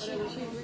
Συνήθω.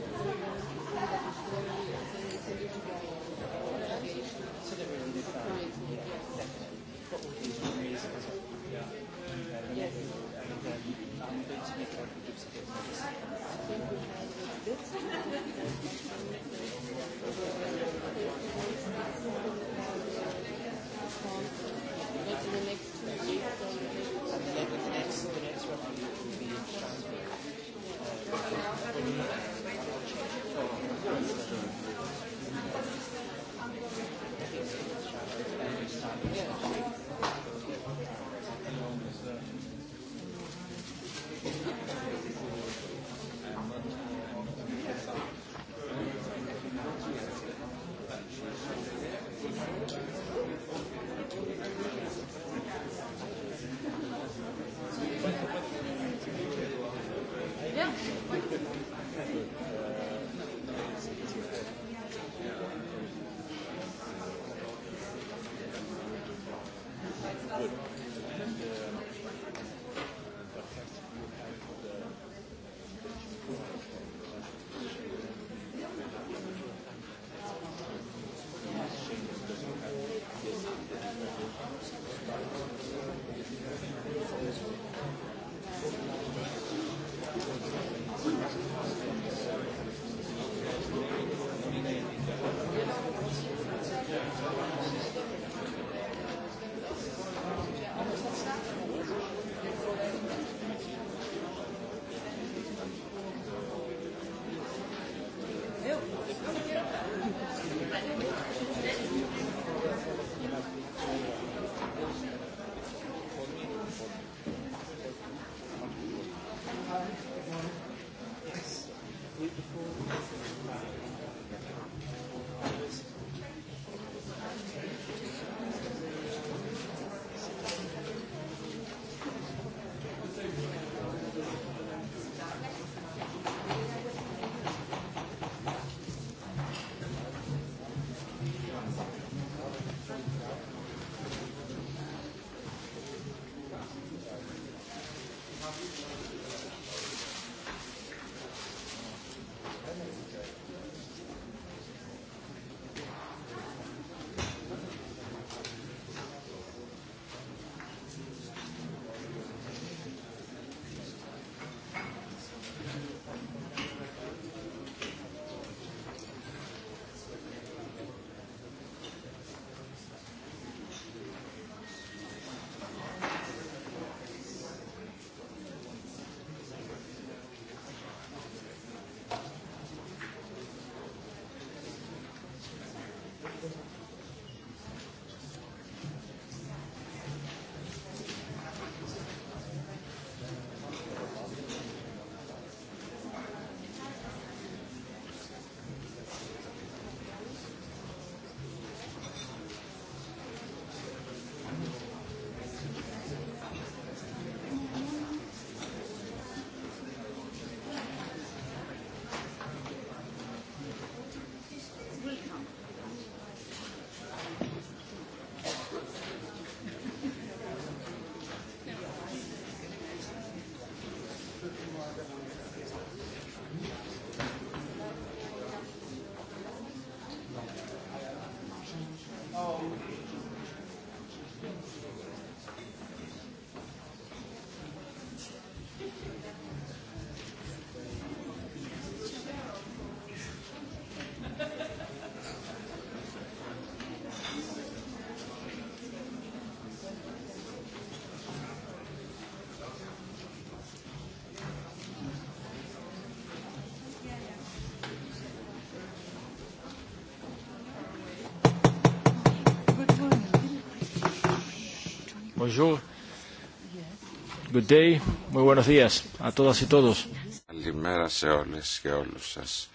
Καλημέρα σε όλες και όλους σας.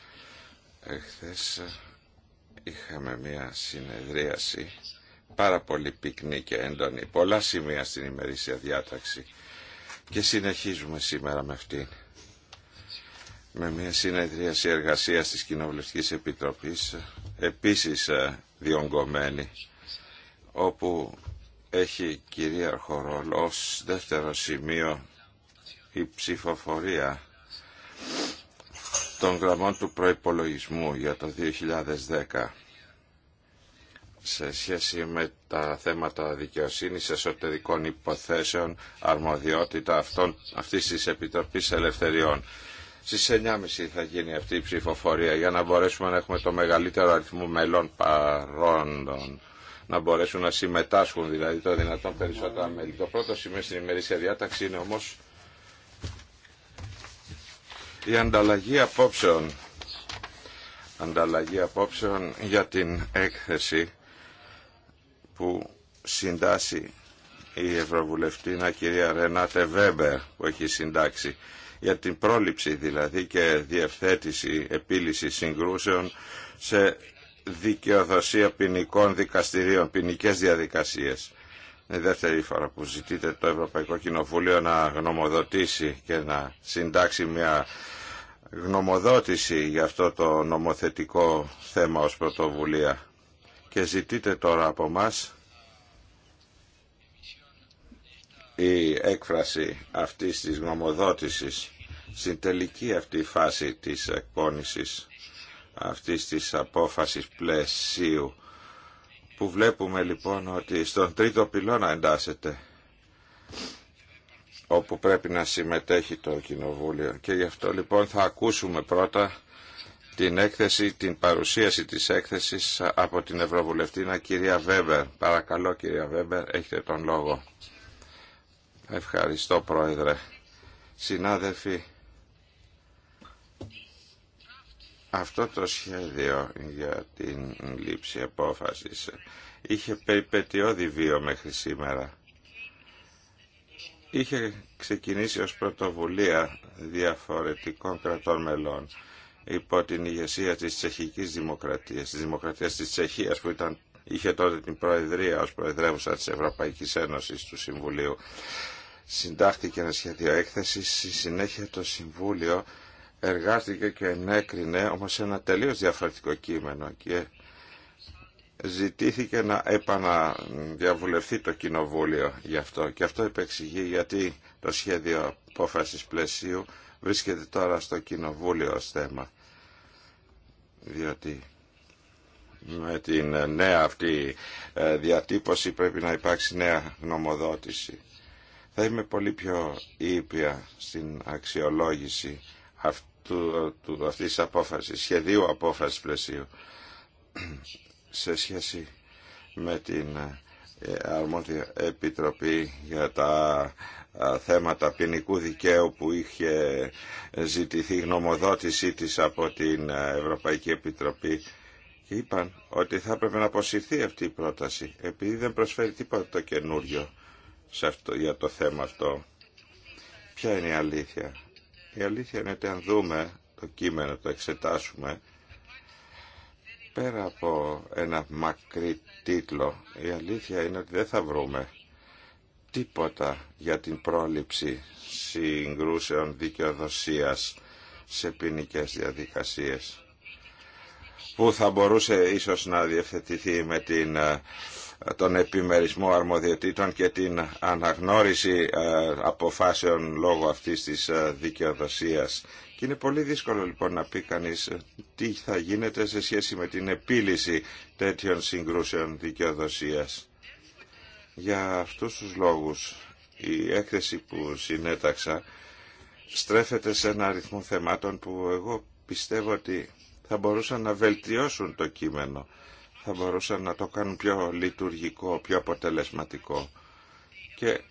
Εχθές είχαμε μια συνεδρίαση πάρα πολύ πυκνή και έντονη. Πολλά σημεία στην ημερήσια διάταξη. Και συνεχίζουμε σήμερα με αυτήν. Με μια συνεδρίαση εργασίας της Κοινοβουλευτικής Επιτροπής, επίσης ε, διονγκωμένη, όπου έχει κυρίαρχο ρόλο ως δεύτερο σημείο η ψηφοφορία των γραμμών του προϋπολογισμού για το 2010 σε σχέση με τα θέματα δικαιοσύνης εσωτερικών υποθέσεων αρμοδιότητα αυτών, αυτής της Επιτροπής Ελευθεριών. Στις 9.30 θα γίνει αυτή η ψηφοφορία για να μπορέσουμε να έχουμε το μεγαλύτερο αριθμό μελών παρόντων να μπορέσουν να συμμετάσχουν δηλαδή το δυνατόν περισσότερα μέλη. Το πρώτο σημείο στην ημερήσια διάταξη είναι όμως η ανταλλαγή απόψεων. Ανταλλαγή απόψεων για την έκθεση που συντάσσει η Ευρωβουλευτήνα κυρία Ρενάτε Βέμπερ που έχει συντάξει για την πρόληψη δηλαδή και διευθέτηση επίλυση συγκρούσεων σε δικαιοδοσία ποινικών δικαστηρίων, ποινικέ διαδικασίες. Είναι η δεύτερη φορά που ζητείτε το Ευρωπαϊκό Κοινοβούλιο να γνωμοδοτήσει και να συντάξει μια γνωμοδότηση για αυτό το νομοθετικό θέμα ως πρωτοβουλία. Και ζητείτε τώρα από μας η έκφραση αυτής της γνωμοδότησης στην τελική αυτή φάση της εκπόνησης αυτής της απόφασης πλαισίου που βλέπουμε λοιπόν ότι στον τρίτο πυλώνα εντάσσεται όπου πρέπει να συμμετέχει το Κοινοβούλιο και γι' αυτό λοιπόν θα ακούσουμε πρώτα την έκθεση, την παρουσίαση της έκθεσης από την Ευρωβουλευτήνα κυρία Βέμπερ. Παρακαλώ κυρία Βέμπερ, έχετε τον λόγο. Ευχαριστώ Πρόεδρε. Συνάδελφοι, Αυτό το σχέδιο για την λήψη απόφασης είχε περιπετειώδη βίο μέχρι σήμερα. Είχε ξεκινήσει ως πρωτοβουλία διαφορετικών κρατών μελών υπό την ηγεσία της τσεχικής δημοκρατίας, της δημοκρατίας της Τσεχίας που ήταν, είχε τότε την Προεδρία ως Προεδρεύουσα της Ευρωπαϊκής Ένωσης του Συμβουλίου. Συντάχθηκε ένα σχέδιο έκθεσης, στη συνέχεια το Συμβούλιο εργάστηκε και ενέκρινε όμως ένα τελείως διαφορετικό κείμενο και ζητήθηκε να επαναδιαβουλευτεί το Κοινοβούλιο γι' αυτό και αυτό επεξηγεί γιατί το σχέδιο απόφασης πλαισίου βρίσκεται τώρα στο Κοινοβούλιο ως θέμα διότι με την νέα αυτή ε, διατύπωση πρέπει να υπάρξει νέα νομοδότηση. Θα είμαι πολύ πιο ήπια στην αξιολόγηση αυτή του, αυτής της απόφασης, σχεδίου απόφασης πλαισίου σε σχέση με την ε, αρμόδια επιτροπή για τα θέματα ποινικού δικαίου που είχε ζητηθεί γνωμοδότησή της από την ε, Ευρωπαϊκή Επιτροπή και είπαν ότι θα έπρεπε να αποσυρθεί αυτή η πρόταση επειδή δεν προσφέρει τίποτα το καινούριο σε αυτό, για το θέμα αυτό. Ποια είναι η αλήθεια. Η αλήθεια είναι ότι αν δούμε το κείμενο, το εξετάσουμε, πέρα από ένα μακρύ τίτλο, η αλήθεια είναι ότι δεν θα βρούμε τίποτα για την πρόληψη συγκρούσεων δικαιοδοσίας σε ποινικέ διαδικασίες που θα μπορούσε ίσως να διευθετηθεί με την ε, τον επιμερισμό αρμοδιοτήτων και την αναγνώριση ε, αποφάσεων λόγω αυτής της ε, δικαιοδοσίας. Και είναι πολύ δύσκολο λοιπόν να πει κανείς τι θα γίνεται σε σχέση με την επίλυση τέτοιων συγκρούσεων δικαιοδοσίας. Για αυτούς τους λόγους η έκθεση που συνέταξα στρέφεται σε ένα αριθμό θεμάτων που εγώ πιστεύω ότι θα μπορούσαν να βελτιώσουν το κείμενο θα μπορούσαν να το κάνουν πιο λειτουργικό, πιο αποτελεσματικό. Και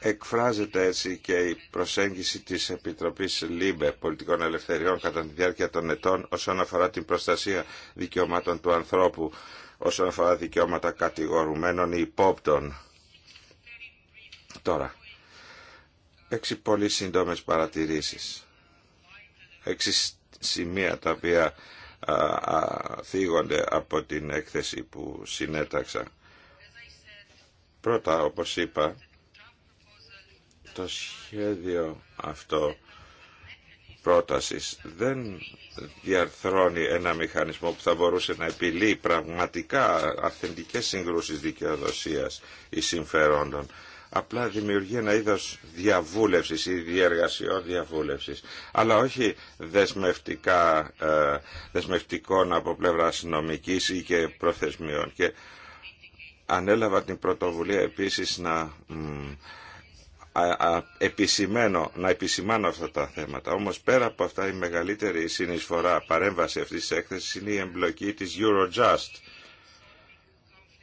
εκφράζεται έτσι και η προσέγγιση της Επιτροπής ΛΥΜΠΕ Πολιτικών Ελευθεριών κατά τη διάρκεια των ετών όσον αφορά την προστασία δικαιωμάτων του ανθρώπου, όσον αφορά δικαιώματα κατηγορουμένων ή υπόπτων. Τώρα, έξι πολύ σύντομες παρατηρήσεις. Έξι σημεία τα οποία θίγονται από την έκθεση που συνέταξα. Πρώτα, όπως είπα, το σχέδιο αυτό πρότασης δεν διαρθρώνει ένα μηχανισμό που θα μπορούσε να επιλύει πραγματικά αυθεντικές συγκρούσεις δικαιοδοσίας ή συμφερόντων απλά δημιουργεί ένα είδος διαβούλευσης ή διεργασιών διαβούλευσης, αλλά όχι δεσμευτικά, ε, δεσμευτικών από πλευράς νομικής ή και προθεσμιών. Και ανέλαβα την πρωτοβουλία επίσης να επισημαίνω, να επισημάνω αυτά τα θέματα. Όμως πέρα από αυτά η μεγαλύτερη συνεισφορά παρέμβαση αυτής της πλευρά είναι η και προθεσμιων και ανελαβα την πρωτοβουλια επισης να να επισημανω αυτα τα θεματα ομως περα απο αυτα η μεγαλυτερη συνεισφορα παρεμβαση αυτης της εκθεσης ειναι η εμπλοκη της Eurojust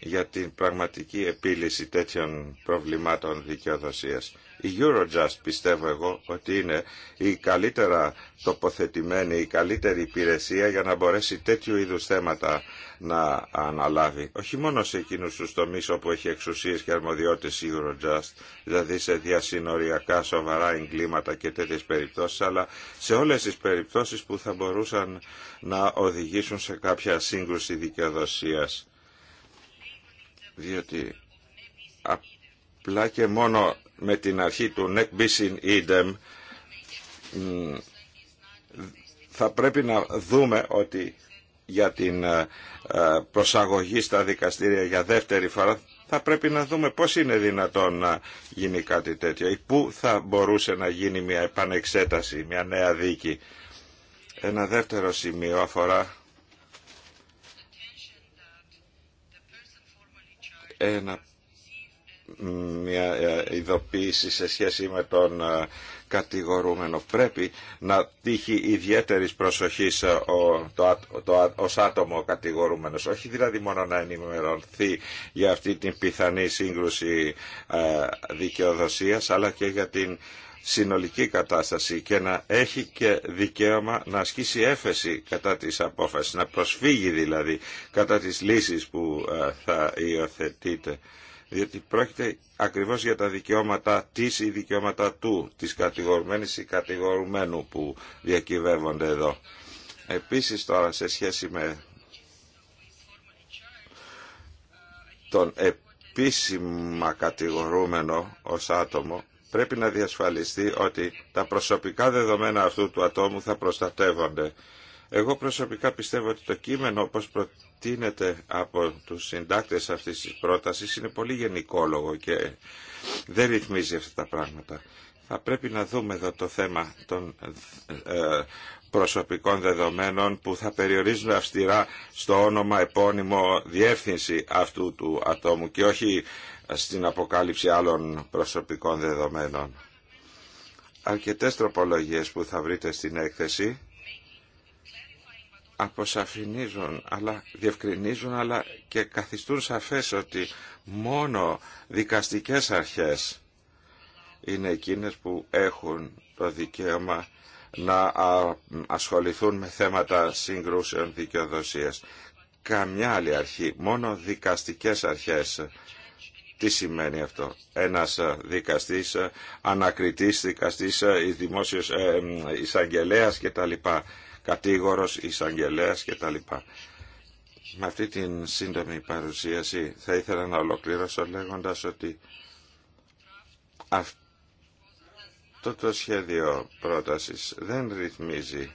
για την πραγματική επίλυση τέτοιων προβλημάτων δικαιοδοσίας. Η Eurojust πιστεύω εγώ ότι είναι η καλύτερα τοποθετημένη, η καλύτερη υπηρεσία για να μπορέσει τέτοιου είδους θέματα να αναλάβει. Όχι μόνο σε εκείνους τους τομείς όπου έχει εξουσίες και αρμοδιότητες η Eurojust, δηλαδή σε διασυνοριακά σοβαρά εγκλήματα και τέτοιες περιπτώσεις, αλλά σε όλες τις περιπτώσεις που θα μπορούσαν να οδηγήσουν σε κάποια σύγκρουση δικαιοδοσίας διότι απλά και μόνο με την αρχή του nec bis in idem θα πρέπει να δούμε ότι για την ε, ε, προσαγωγή στα δικαστήρια για δεύτερη φορά θα πρέπει να δούμε πώς είναι δυνατόν να γίνει κάτι τέτοιο ή πού θα μπορούσε να γίνει μια επανεξέταση, μια νέα δίκη. Ένα δεύτερο σημείο αφορά ένα μια ε, ειδοποίηση σε σχέση με τον ε, κατηγορούμενο. Πρέπει να τύχει ιδιαίτερης προσοχής ε, ο, το, το, ως άτομο ο κατηγορούμενος. Όχι δηλαδή μόνο να ενημερωθεί για αυτή την πιθανή σύγκρουση δικαιοδοσίας, αλλά και για την συνολική κατάσταση και να έχει και δικαίωμα να ασκήσει έφεση κατά της απόφασης, να προσφύγει δηλαδή κατά της λύσης που ε, θα υιοθετείται. Διότι πρόκειται ακριβώς για τα δικαιώματα της ή δικαιώματα του, της κατηγορουμένης ή κατηγορουμένου που διακυβεύονται εδώ. Επίσης τώρα σε σχέση με τον επίσημα κατηγορούμενο ως άτομο, πρέπει να διασφαλιστεί ότι τα προσωπικά δεδομένα αυτού του ατόμου θα προστατεύονται. Εγώ προσωπικά πιστεύω ότι το κείμενο όπως προτείνεται από τους συντάκτες αυτής της πρότασης είναι πολύ γενικόλογο και δεν ρυθμίζει αυτά τα πράγματα. Θα πρέπει να δούμε εδώ το θέμα των ε, προσωπικών δεδομένων που θα περιορίζουν αυστηρά στο όνομα επώνυμο διεύθυνση αυτού του ατόμου και όχι στην αποκάλυψη άλλων προσωπικών δεδομένων. Αρκετές τροπολογίες που θα βρείτε στην έκθεση αποσαφηνίζουν, αλλά διευκρινίζουν, αλλά και καθιστούν σαφές ότι μόνο δικαστικές αρχές είναι εκείνες που έχουν το δικαίωμα να ασχοληθούν με θέματα συγκρούσεων δικαιοδοσίας. Καμιά άλλη αρχή, μόνο δικαστικές αρχές τι σημαίνει αυτό. Ένας ε, δικαστής, ε, ανακριτής δικαστής, ε, δημόσιος ε, εισαγγελέας λοιπά, Κατήγορος εισαγγελέας λοιπά. Με αυτή την σύντομη παρουσίαση θα ήθελα να ολοκληρώσω λέγοντας ότι αυτό το σχέδιο πρότασης δεν ρυθμίζει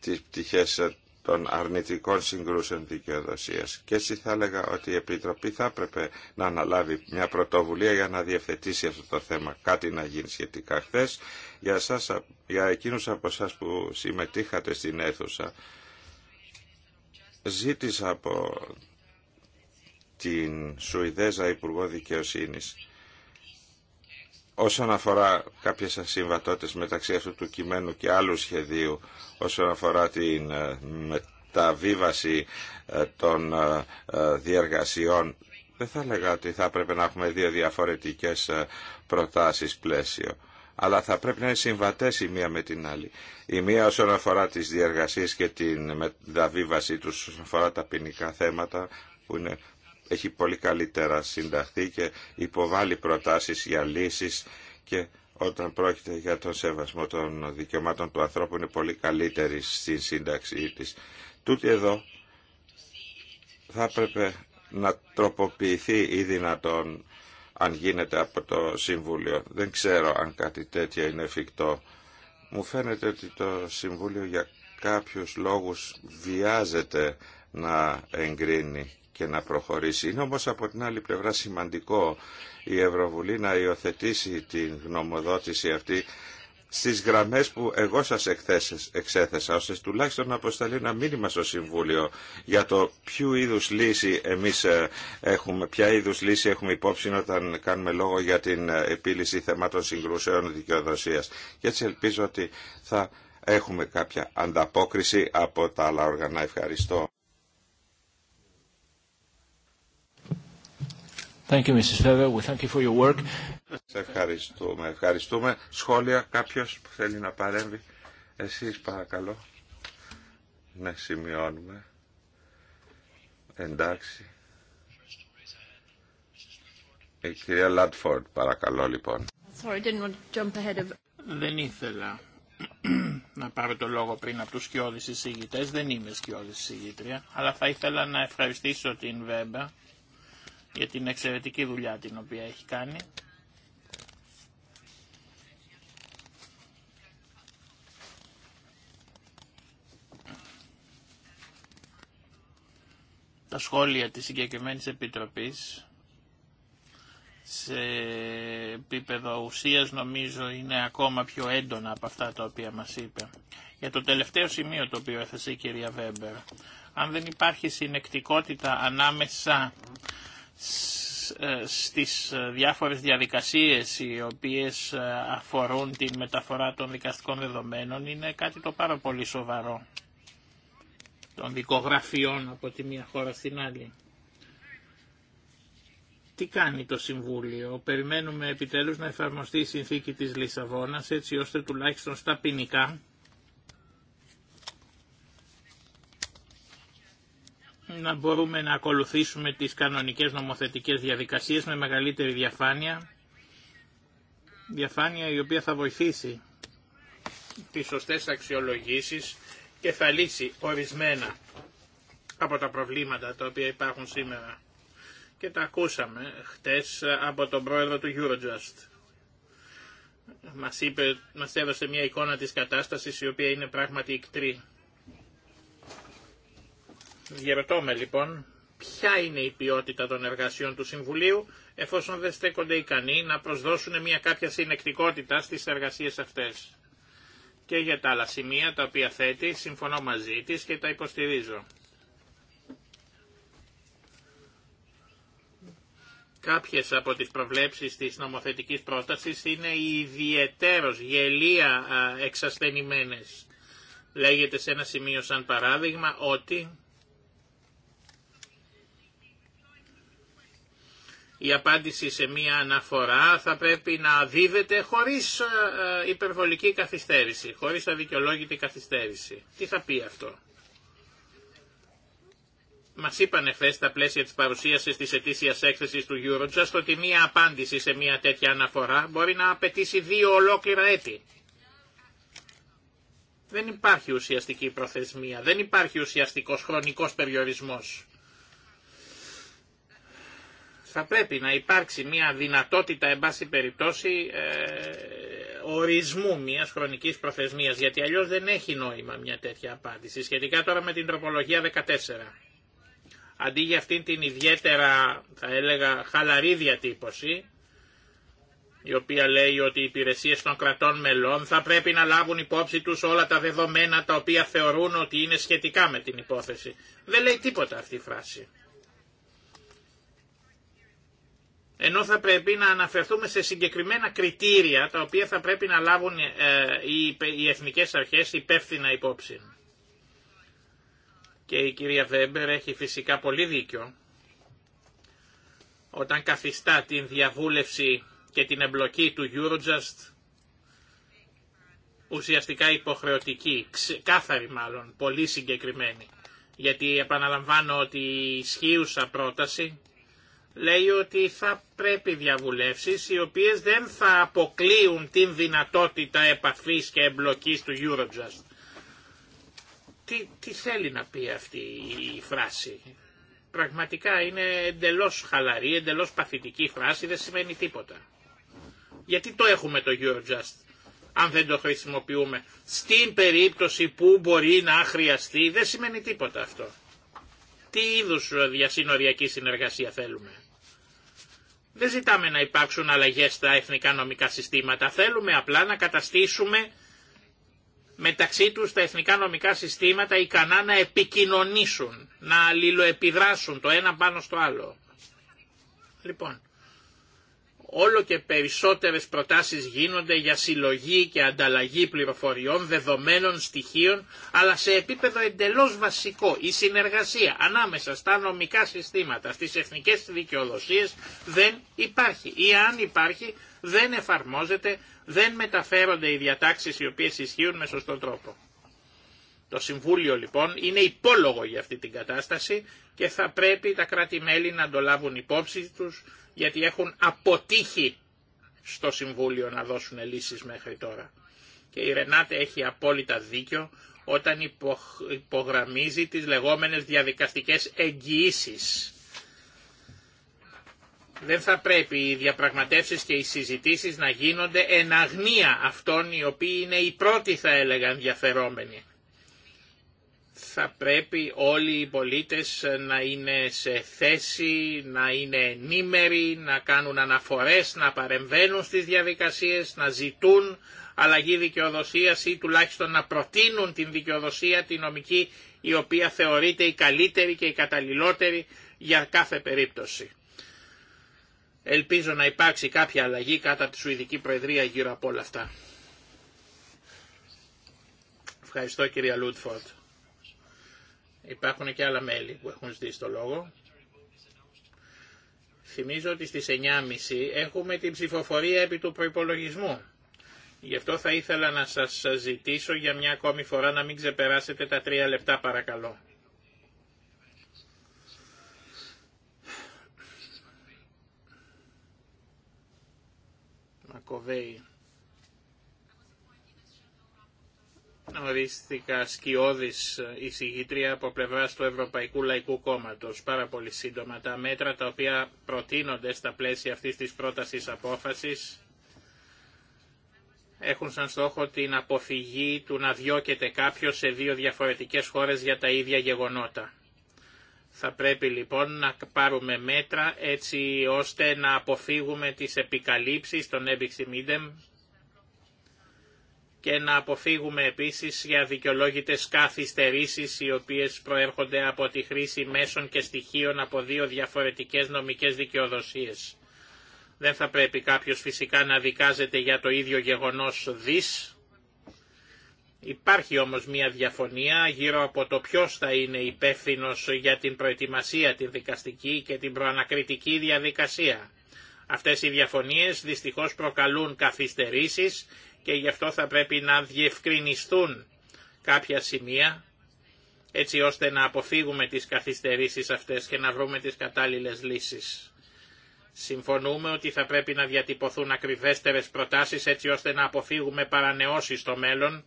τις πτυχές των αρνητικών συγκρούσεων δικαιοδοσίας. Και έτσι θα έλεγα ότι η Επιτροπή θα έπρεπε να αναλάβει μια πρωτοβουλία για να διευθετήσει αυτό το θέμα. Κάτι να γίνει σχετικά χθε. Για, σας, για εκείνους από εσά που συμμετείχατε στην αίθουσα, ζήτησα από την Σουηδέζα Υπουργό Δικαιοσύνης όσον αφορά κάποιες ασύμβατότητες μεταξύ αυτού του κειμένου και άλλου σχεδίου όσον αφορά την ε, μεταβίβαση ε, των ε, διεργασιών δεν θα έλεγα ότι θα πρέπει να έχουμε δύο διαφορετικές προτάσεις πλαίσιο αλλά θα πρέπει να είναι συμβατές η μία με την άλλη. Η μία όσον αφορά τις διεργασίες και την μεταβίβασή τους όσον αφορά τα ποινικά θέματα που είναι έχει πολύ καλύτερα συνταχθεί και υποβάλει προτάσεις για λύσεις και όταν πρόκειται για τον σεβασμό των δικαιωμάτων του ανθρώπου είναι πολύ καλύτερη στην σύνταξή της. Τούτη εδώ θα έπρεπε να τροποποιηθεί ή δυνατόν αν γίνεται από το Συμβούλιο. Δεν ξέρω αν κάτι τέτοιο είναι εφικτό. Μου φαίνεται ότι το Συμβούλιο για κάποιους λόγους βιάζεται να εγκρίνει και να προχωρήσει. Είναι όμως από την άλλη πλευρά σημαντικό η Ευρωβουλή να υιοθετήσει την γνωμοδότηση αυτή στις γραμμές που εγώ σας εξέθεσα, ώστε τουλάχιστον να αποσταλεί ένα μήνυμα στο Συμβούλιο για το ποιο είδους λύση εμείς ε, έχουμε, ποια είδους λύση έχουμε υπόψη όταν κάνουμε λόγο για την ε, επίλυση θεμάτων συγκρούσεων δικαιοδοσίας. Και έτσι ελπίζω ότι θα έχουμε κάποια ανταπόκριση από τα άλλα όργανα. Ευχαριστώ. ευχαριστούμε. Ευχαριστούμε. Σχόλια κάποιος που θέλει να παρέμβει. Εσείς παρακαλώ. Ναι, σημειώνουμε. Εντάξει. Η κυρία Λάτφορντ, παρακαλώ λοιπόν. Sorry, to jump ahead of... Δεν ήθελα να πάρω το λόγο πριν από τους σκιώδεις εισηγητές, δεν είμαι σκιώδης εισηγήτρια, αλλά θα ήθελα να ευχαριστήσω την Βέμπα για την εξαιρετική δουλειά την οποία έχει κάνει. Τα σχόλια της συγκεκριμένη Επιτροπής σε επίπεδο ουσίας νομίζω είναι ακόμα πιο έντονα από αυτά τα οποία μας είπε. Για το τελευταίο σημείο το οποίο έθεσε η κυρία Βέμπερ, αν δεν υπάρχει συνεκτικότητα ανάμεσα στις ε, διάφορες διαδικασίες οι οποίες ε, αφορούν την μεταφορά των δικαστικών δεδομένων είναι κάτι το πάρα πολύ σοβαρό των δικογραφιών από τη μία χώρα στην άλλη. Τι κάνει το Συμβούλιο. Περιμένουμε επιτέλους να εφαρμοστεί η συνθήκη της Λισαβόνας έτσι ώστε τουλάχιστον στα ποινικά να μπορούμε να ακολουθήσουμε τις κανονικές νομοθετικές διαδικασίες με μεγαλύτερη διαφάνεια, διαφάνεια η οποία θα βοηθήσει τις σωστές αξιολογήσεις και θα λύσει ορισμένα από τα προβλήματα τα οποία υπάρχουν σήμερα. Και τα ακούσαμε χτες από τον πρόεδρο του Eurojust. Μας, είπε, μας έδωσε μια εικόνα της κατάστασης η οποία είναι πράγματι εκτρή. Διερωτώ λοιπόν ποια είναι η ποιότητα των εργασιών του Συμβουλίου εφόσον δεν στέκονται ικανοί να προσδώσουν μια κάποια συνεκτικότητα στις εργασίες αυτές. Και για τα άλλα σημεία τα οποία θέτει συμφωνώ μαζί της και τα υποστηρίζω. Κάποιες από τις προβλέψεις της νομοθετικής πρότασης είναι ιδιαιτέρως γελία εξασθενημένες. Λέγεται σε ένα σημείο σαν παράδειγμα ότι η απάντηση σε μία αναφορά θα πρέπει να δίδεται χωρίς ε, ε, υπερβολική καθυστέρηση, χωρίς αδικαιολόγητη καθυστέρηση. Τι θα πει αυτό. Μα είπαν εχθέ στα πλαίσια τη παρουσίαση τη ετήσια έκθεση του Eurojust ότι μία απάντηση σε μία τέτοια αναφορά μπορεί να απαιτήσει δύο ολόκληρα έτη. Δεν υπάρχει ουσιαστική προθεσμία, δεν υπάρχει ουσιαστικός χρονικός περιορισμός. Θα πρέπει να υπάρξει μια δυνατότητα, εν πάση περιπτώσει, ε, ορισμού μιας χρονικής προθεσμίας, γιατί αλλιώς δεν έχει νόημα μια τέτοια απάντηση. Σχετικά τώρα με την τροπολογία 14. Αντί για αυτήν την ιδιαίτερα, θα έλεγα, χαλαρή διατύπωση, η οποία λέει ότι οι υπηρεσίες των κρατών μελών θα πρέπει να λάβουν υπόψη τους όλα τα δεδομένα τα οποία θεωρούν ότι είναι σχετικά με την υπόθεση. Δεν λέει τίποτα αυτή η φράση. ενώ θα πρέπει να αναφερθούμε σε συγκεκριμένα κριτήρια τα οποία θα πρέπει να λάβουν ε, οι εθνικές αρχές υπεύθυνα υπόψη. Και η κυρία Βέμπερ έχει φυσικά πολύ δίκιο όταν καθιστά την διαβούλευση και την εμπλοκή του Eurojust ουσιαστικά υποχρεωτική, κάθαρη μάλλον, πολύ συγκεκριμένη. Γιατί επαναλαμβάνω ότι η ισχύουσα πρόταση λέει ότι θα πρέπει διαβουλεύσεις οι οποίες δεν θα αποκλείουν την δυνατότητα επαφής και εμπλοκής του Eurojust. Τι, θέλει να πει αυτή η φράση. Πραγματικά είναι εντελώς χαλαρή, εντελώς παθητική φράση, δεν σημαίνει τίποτα. Γιατί το έχουμε το Eurojust αν δεν το χρησιμοποιούμε. Στην περίπτωση που μπορεί να χρειαστεί δεν σημαίνει τίποτα αυτό. Τι είδους διασυνοριακή συνεργασία θέλουμε. Δεν ζητάμε να υπάρξουν αλλαγές στα εθνικά νομικά συστήματα. Θέλουμε απλά να καταστήσουμε μεταξύ τους τα εθνικά νομικά συστήματα ικανά να επικοινωνήσουν, να αλληλοεπιδράσουν το ένα πάνω στο άλλο. Λοιπόν, όλο και περισσότερες προτάσεις γίνονται για συλλογή και ανταλλαγή πληροφοριών, δεδομένων, στοιχείων, αλλά σε επίπεδο εντελώς βασικό. Η συνεργασία ανάμεσα στα νομικά συστήματα, στις εθνικές δικαιοδοσίες δεν υπάρχει ή αν υπάρχει δεν εφαρμόζεται, δεν μεταφέρονται οι διατάξεις οι οποίες ισχύουν με σωστό τρόπο. Το Συμβούλιο λοιπόν είναι υπόλογο για αυτή την κατάσταση και θα πρέπει τα κράτη-μέλη να το λάβουν υπόψη τους γιατί έχουν αποτύχει στο Συμβούλιο να δώσουν λύσεις μέχρι τώρα. Και η Ρενάτε έχει απόλυτα δίκιο όταν υπογραμμίζει τις λεγόμενες διαδικαστικές εγγυήσει. Δεν θα πρέπει οι διαπραγματεύσεις και οι συζητήσεις να γίνονται εν αγνία αυτών οι οποίοι είναι οι πρώτοι θα έλεγαν ενδιαφερόμενοι θα πρέπει όλοι οι πολίτες να είναι σε θέση, να είναι ενήμεροι, να κάνουν αναφορές, να παρεμβαίνουν στις διαδικασίες, να ζητούν αλλαγή δικαιοδοσίας ή τουλάχιστον να προτείνουν την δικαιοδοσία, την νομική, η οποία θεωρείται η καλύτερη και η καταλληλότερη για κάθε περίπτωση. Ελπίζω να υπάρξει κάποια αλλαγή κατά τη Σουηδική Προεδρία γύρω από όλα αυτά. Ευχαριστώ κυρία Λούτφορντ. Υπάρχουν και άλλα μέλη που έχουν ζητήσει το λόγο. Θυμίζω ότι στις 9.30 έχουμε την ψηφοφορία επί του προϋπολογισμού. Γι' αυτό θα ήθελα να σας ζητήσω για μια ακόμη φορά να μην ξεπεράσετε τα τρία λεπτά παρακαλώ. Μακοβέη. ορίστηκα σκιώδης εισηγήτρια από πλευράς του Ευρωπαϊκού Λαϊκού Κόμματος. Πάρα πολύ σύντομα τα μέτρα τα οποία προτείνονται στα πλαίσια αυτής της πρότασης απόφασης έχουν σαν στόχο την αποφυγή του να διώκεται κάποιο σε δύο διαφορετικές χώρες για τα ίδια γεγονότα. Θα πρέπει λοιπόν να πάρουμε μέτρα έτσι ώστε να αποφύγουμε τις επικαλύψεις των μίντεμ και να αποφύγουμε επίσης για δικαιολόγητες καθυστερήσεις οι οποίες προέρχονται από τη χρήση μέσων και στοιχείων από δύο διαφορετικές νομικές δικαιοδοσίες. Δεν θα πρέπει κάποιος φυσικά να δικάζεται για το ίδιο γεγονός δις. Υπάρχει όμως μια διαφωνία γύρω από το ποιος θα είναι υπεύθυνο για την προετοιμασία, την δικαστική και την προανακριτική διαδικασία. Αυτές οι διαφωνίες δυστυχώς προκαλούν καθυστερήσεις και γι' αυτό θα πρέπει να διευκρινιστούν κάποια σημεία έτσι ώστε να αποφύγουμε τις καθυστερήσεις αυτές και να βρούμε τις κατάλληλες λύσεις. Συμφωνούμε ότι θα πρέπει να διατυπωθούν ακριβέστερες προτάσεις έτσι ώστε να αποφύγουμε παρανεώσεις στο μέλλον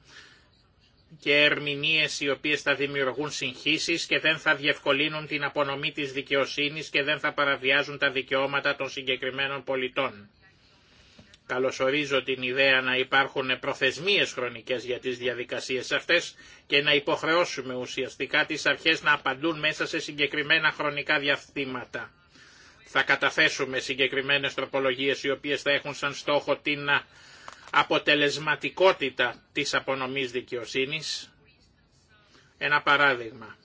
και ερμηνείες οι οποίες θα δημιουργούν συγχύσεις και δεν θα διευκολύνουν την απονομή της δικαιοσύνης και δεν θα παραβιάζουν τα δικαιώματα των συγκεκριμένων πολιτών. Καλωσορίζω την ιδέα να υπάρχουν προθεσμίες χρονικές για τις διαδικασίες αυτές και να υποχρεώσουμε ουσιαστικά τις αρχές να απαντούν μέσα σε συγκεκριμένα χρονικά διαστήματα. Θα καταθέσουμε συγκεκριμένες τροπολογίες οι οποίες θα έχουν σαν στόχο την αποτελεσματικότητα της απονομής δικαιοσύνης. Ένα παράδειγμα.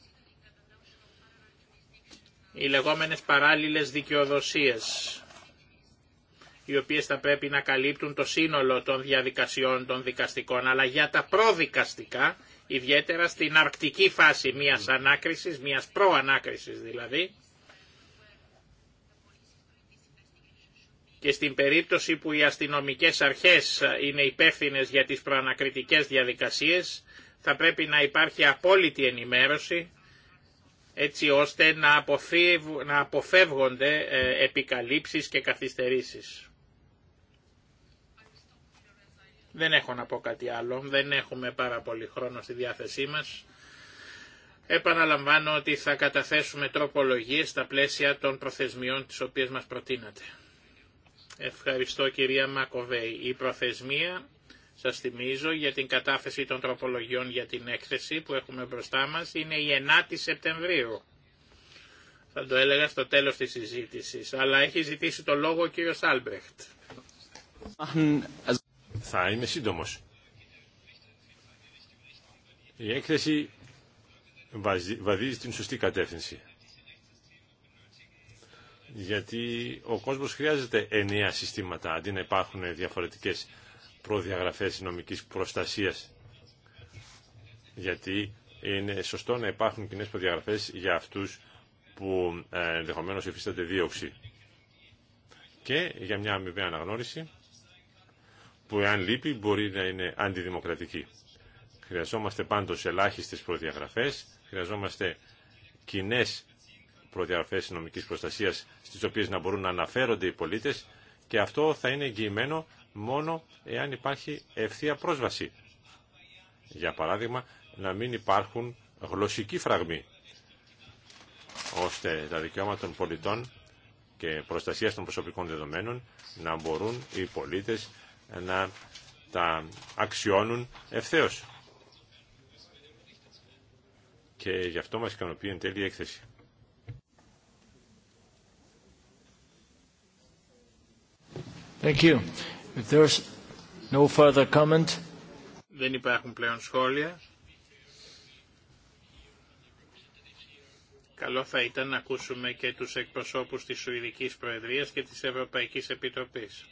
Οι λεγόμενες παράλληλες δικαιοδοσίες οι οποίες θα πρέπει να καλύπτουν το σύνολο των διαδικασιών των δικαστικών, αλλά για τα προδικαστικά, ιδιαίτερα στην αρκτική φάση μιας ανάκρισης, μιας προανάκρισης δηλαδή, και στην περίπτωση που οι αστυνομικές αρχές είναι υπεύθυνες για τις προανακριτικές διαδικασίες, θα πρέπει να υπάρχει απόλυτη ενημέρωση έτσι ώστε να αποφεύγονται ε, επικαλύψεις και καθυστερήσεις. Δεν έχω να πω κάτι άλλο, δεν έχουμε πάρα πολύ χρόνο στη διάθεσή μας. Επαναλαμβάνω ότι θα καταθέσουμε τροπολογίες στα πλαίσια των προθεσμιών τις οποίες μας προτείνατε. Ευχαριστώ κυρία Μακοβέη. Η προθεσμία, σας θυμίζω, για την κατάθεση των τροπολογιών για την έκθεση που έχουμε μπροστά μας είναι η 9η Σεπτεμβρίου. Θα το έλεγα στο τέλος της συζήτησης, αλλά έχει ζητήσει το λόγο ο κύριος Άλμπρεχτ. Θα είμαι σύντομος. Η έκθεση βαδίζει την σωστή κατεύθυνση. Γιατί ο κόσμος χρειάζεται εννέα συστήματα αντί να υπάρχουν διαφορετικές προδιαγραφές νομικής προστασίας. Γιατί είναι σωστό να υπάρχουν κοινέ προδιαγραφές για αυτούς που ε, ενδεχομένω υφίσταται δίωξη. Και για μια αμοιβαία αναγνώριση που εάν λείπει μπορεί να είναι αντιδημοκρατική. Χρειαζόμαστε πάντως ελάχιστες προδιαγραφές, χρειαζόμαστε κοινέ προδιαγραφές νομικής προστασίας στις οποίες να μπορούν να αναφέρονται οι πολίτες και αυτό θα είναι εγγυημένο μόνο εάν υπάρχει ευθεία πρόσβαση. Για παράδειγμα, να μην υπάρχουν γλωσσικοί φραγμοί, ώστε τα δικαιώματα των πολιτών και προστασία των προσωπικών δεδομένων να μπορούν οι πολίτες να τα αξιώνουν ευθέως. Και γι' αυτό μας ικανοποιεί εν τέλει η έκθεση. Δεν υπάρχουν πλέον σχόλια. Καλό θα ήταν να ακούσουμε και τους εκπροσώπους της Σουηδικής Προεδρίας και της Ευρωπαϊκής Επιτροπής.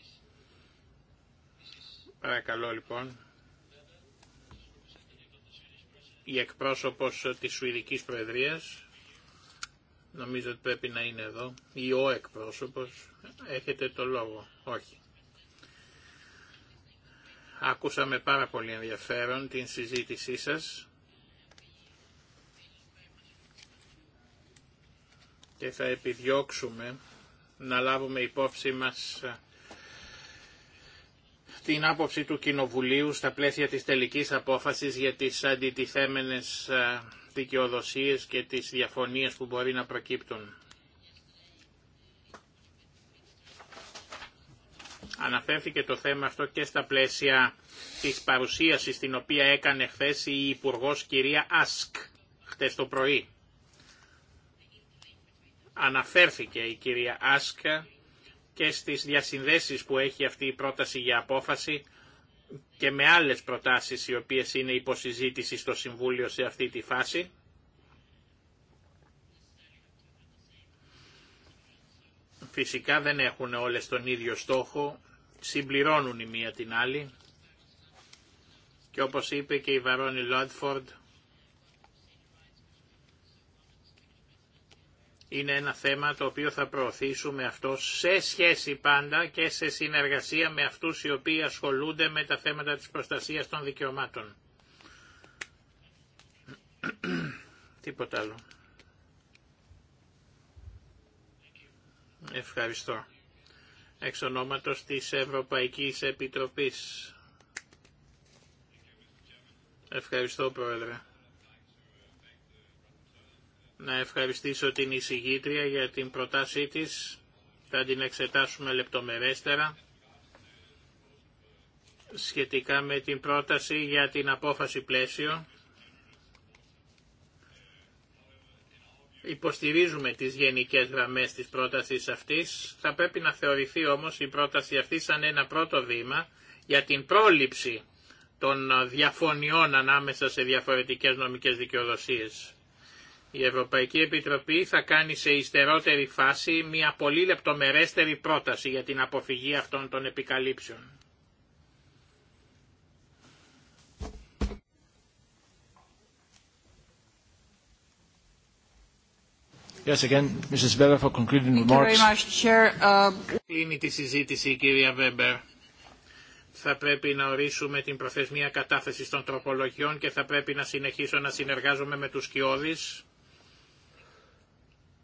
Παρακαλώ λοιπόν η εκπρόσωπος της Σουηδικής Προεδρίας, νομίζω ότι πρέπει να είναι εδώ, ή ο εκπρόσωπος, έχετε το λόγο, όχι. Άκουσαμε πάρα πολύ ενδιαφέρον την συζήτησή σας και θα επιδιώξουμε να λάβουμε υπόψη μας την άποψη του Κοινοβουλίου στα πλαίσια της τελικής απόφασης για τις αντιτιθέμενες ε, δικαιοδοσίες και τις διαφωνίες που μπορεί να προκύπτουν. Αναφέρθηκε το θέμα αυτό και στα πλαίσια της παρουσίασης την οποία έκανε χθε η Υπουργός κυρία Άσκ χτες το πρωί. Αναφέρθηκε η κυρία Άσκα και στις διασυνδέσεις που έχει αυτή η πρόταση για απόφαση και με άλλες προτάσεις οι οποίες είναι υποσυζήτηση στο Συμβούλιο σε αυτή τη φάση. Φυσικά δεν έχουν όλες τον ίδιο στόχο, συμπληρώνουν η μία την άλλη και όπως είπε και η Βαρόνι Λόντφορντ, είναι ένα θέμα το οποίο θα προωθήσουμε αυτό σε σχέση πάντα και σε συνεργασία με αυτούς οι οποίοι ασχολούνται με τα θέματα της προστασίας των δικαιωμάτων. Τίποτα άλλο. Ευχαριστώ. Εξ ονόματος της Ευρωπαϊκής Επιτροπής. Ευχαριστώ Πρόεδρε να ευχαριστήσω την εισηγήτρια για την προτάσή της. Θα την εξετάσουμε λεπτομερέστερα σχετικά με την πρόταση για την απόφαση πλαίσιο. Υποστηρίζουμε τις γενικές γραμμές της πρότασης αυτής. Θα πρέπει να θεωρηθεί όμως η πρόταση αυτή σαν ένα πρώτο βήμα για την πρόληψη των διαφωνιών ανάμεσα σε διαφορετικές νομικές δικαιοδοσίες. Η Ευρωπαϊκή Επιτροπή θα κάνει σε υστερότερη φάση μια πολύ λεπτομερέστερη πρόταση για την αποφυγή αυτών των επικαλύψεων. Yes, again, Mrs. Weber for concluding remarks. Uh, Κλείνει τη συζήτηση η κυρία Βέμπερ. Θα πρέπει να ορίσουμε την προθεσμία κατάθεση των τροπολογιών και θα πρέπει να συνεχίσω να συνεργάζομαι με τους Κιώδης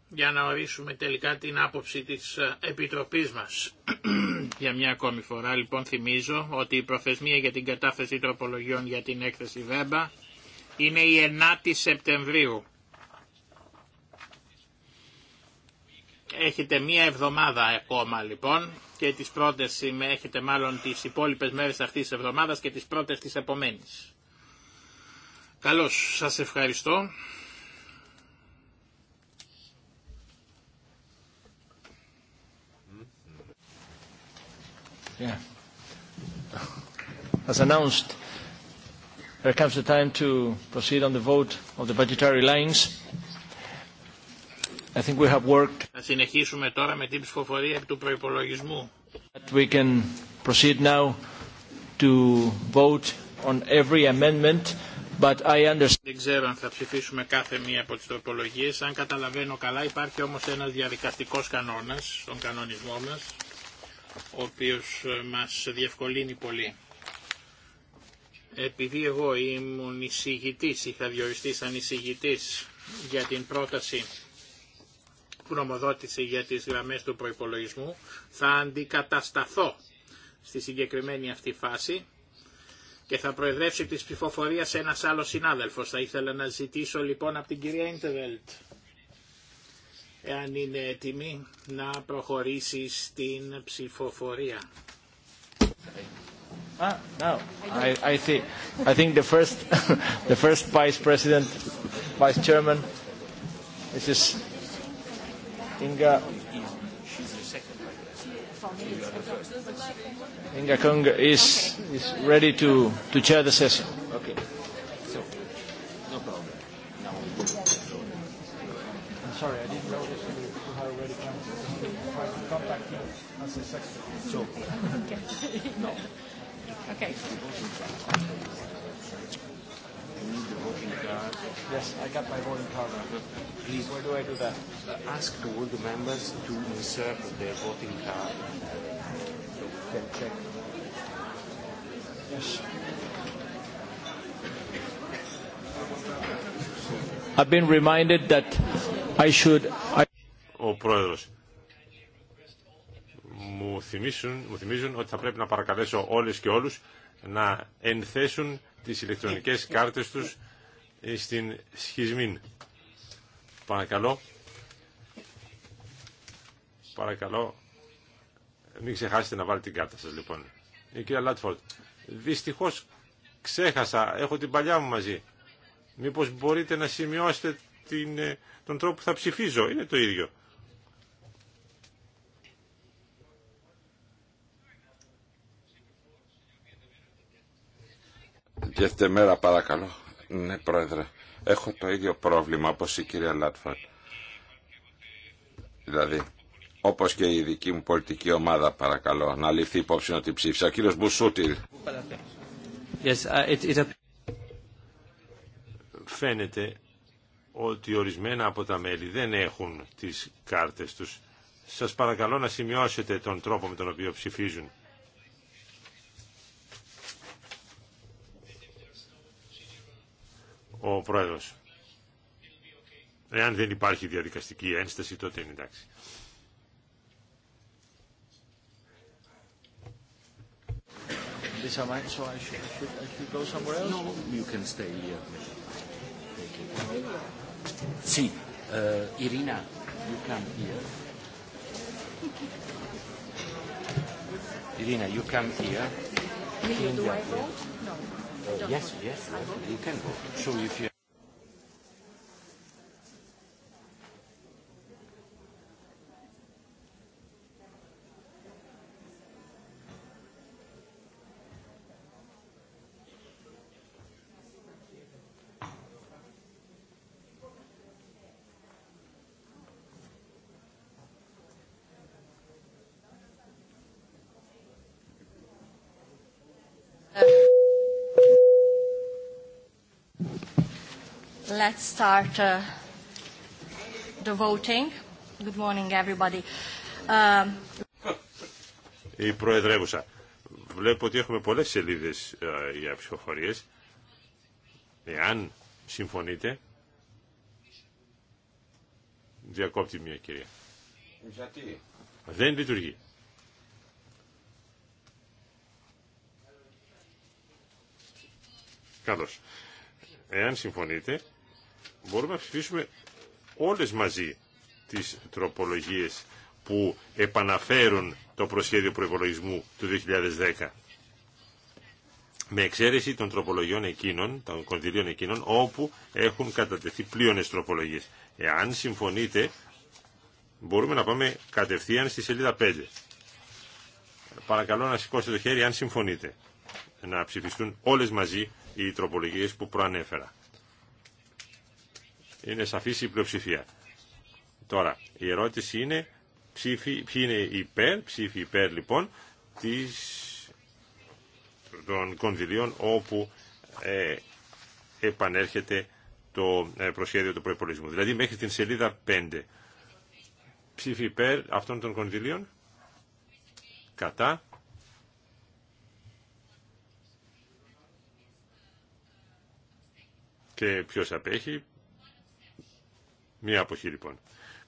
για να ορίσουμε τελικά την άποψη της ε, Επιτροπής μας. για μια ακόμη φορά λοιπόν θυμίζω ότι η προθεσμία για την κατάθεση τροπολογιών για την έκθεση ΒΕΜΠΑ είναι η 9η Σεπτεμβρίου. Έχετε μία εβδομάδα ακόμα λοιπόν και τις πρώτες, έχετε μάλλον τις υπόλοιπες μέρες αυτής της εβδομάδας και τις πρώτες της επομένης. Καλώς, σας ευχαριστώ. Yeah. As announced, there comes the time to proceed on the vote of the budgetary lines. I think we have worked. Θα συνεχίσουμε τώρα με την ψηφοφορία του προϋπολογισμού. That we can proceed now to vote on every amendment, but I understand. Δεν ξέρω αν θα ψηφίσουμε κάθε μία από τις προϋπολογίες. Αν καταλαβαίνω καλά υπάρχει όμως ένας διαδικαστικός κανόνας τον κανονισμό μας ο οποίος ε, μας διευκολύνει πολύ. Επειδή εγώ ήμουν εισηγητής, είχα διοριστεί σαν εισηγητής για την πρόταση που νομοδότησε για τις γραμμές του προϋπολογισμού, θα αντικατασταθώ στη συγκεκριμένη αυτή φάση και θα προεδρεύσει τη ψηφοφορία σε ένας άλλος συνάδελφος. Θα ήθελα να ζητήσω λοιπόν από την κυρία Ιντεβελτ εάν είναι έτοιμη να προχωρήσει στην ψηφοφορία. Ah, no. I, I see. I think the first, the first vice president, vice chairman, Mrs. Inga. Inga Kunga is, is ready to, to chair the session. Okay. So, no problem. No. I'm sorry, I didn't. So. Okay. No. Okay. Yes, I got my voting card. Please, where do I do that? Ask all the members to insert their voting card. So check. Yes. I've been reminded that I should. I... Ο πρόεδρος μου, θυμίσουν, μου θυμίζουν ότι θα πρέπει να παρακαλέσω όλες και όλους να ενθέσουν τις ηλεκτρονικές κάρτες τους ε, στην σχισμήν. Παρακαλώ. Παρακαλώ. Μην ξεχάσετε να βάλετε την κάρτα σας λοιπόν. Η ε, κυρία Λάτφορντ. Δυστυχώς ξέχασα. Έχω την παλιά μου μαζί. Μήπως μπορείτε να σημειώσετε την, ε, τον τρόπο που θα ψηφίζω. Είναι το ίδιο. Διέθετε μέρα παρακαλώ. Ναι πρόεδρε. Έχω το ίδιο πρόβλημα όπως η κυρία Λάτφορντ. Δηλαδή, όπως και η δική μου πολιτική ομάδα παρακαλώ, να ληφθεί υπόψη ότι ψήφισα. κύριος Μπουσούτιλ. Uh, Φαίνεται ότι ορισμένα από τα μέλη δεν έχουν τις κάρτες τους. Σας παρακαλώ να σημειώσετε τον τρόπο με τον οποίο ψηφίζουν. ο Πρόεδρος. Εάν δεν υπάρχει διαδικαστική ένσταση, τότε είναι εντάξει. This I so I should, I should, I should go somewhere else? No, you can stay here. Si, uh, Irina, you come here. Irina, you come here. Will do I vote? Yes, yes, you can go. Show if you. Uh, Let's start uh, the voting. Good morning, everybody. Um, Η Προεδρεύουσα. Βλέπω ότι έχουμε πολλές σελίδες ε, για ψηφοφορίες. Εάν συμφωνείτε, διακόπτει μια κυρία. Γιατί? Δεν λειτουργεί. Καλώς. Εάν συμφωνείτε, μπορούμε να ψηφίσουμε όλες μαζί τις τροπολογίες που επαναφέρουν το προσχέδιο προϋπολογισμού του 2010 με εξαίρεση των τροπολογιών εκείνων, των κονδυλίων εκείνων, όπου έχουν κατατεθεί πλήρωνε τροπολογίες. Εάν συμφωνείτε, μπορούμε να πάμε κατευθείαν στη σελίδα 5. Παρακαλώ να σηκώσετε το χέρι αν συμφωνείτε να ψηφιστούν όλες μαζί οι τροπολογίες που προανέφερα. Είναι σαφή η πλειοψηφία. Τώρα, η ερώτηση είναι ψήφι, ποιοι είναι υπέρ, ψήφοι υπέρ λοιπόν, της, των κονδυλίων όπου ε, επανέρχεται το ε, προσχέδιο του προϋπολογισμού. Δηλαδή μέχρι την σελίδα 5. Ψήφι υπέρ αυτών των κονδυλίων. Κατά. Και ποιος απέχει, Μία αποχή λοιπόν.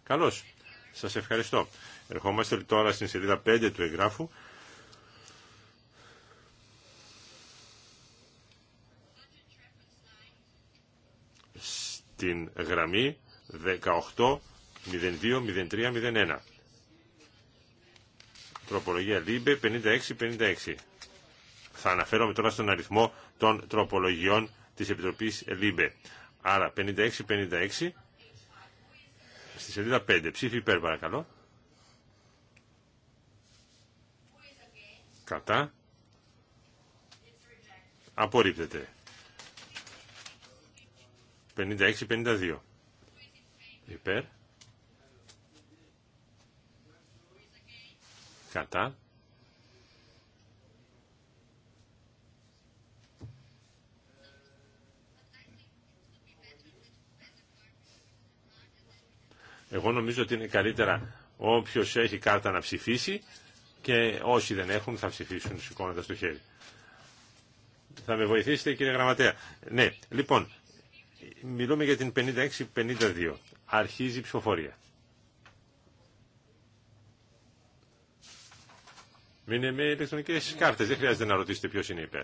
Καλώς. Σας ευχαριστώ. Ερχόμαστε τώρα στην σελίδα 5 του εγγράφου. Στην γραμμή 18-02-03-01. Τροπολογία ΛΥΜΠΕ 56-56. Θα αναφέρομαι τώρα στον αριθμό των τροπολογιών της Επιτροπής ΛΥΜΠΕ. Άρα 56-56 Στη σελίδα 5. Ψήφι υπέρ παρακαλώ. Κατά. Απορρίπτεται. 56-52. Υπέρ. Κατά. Εγώ νομίζω ότι είναι καλύτερα όποιο έχει κάρτα να ψηφίσει και όσοι δεν έχουν θα ψηφίσουν σηκώνοντα το χέρι. Θα με βοηθήσετε κύριε Γραμματέα. Ναι, λοιπόν, μιλούμε για την 56-52. Αρχίζει η ψηφοφορία. Μείνε με ηλεκτρονικές κάρτες, δεν χρειάζεται να ρωτήσετε ποιος είναι υπέρ.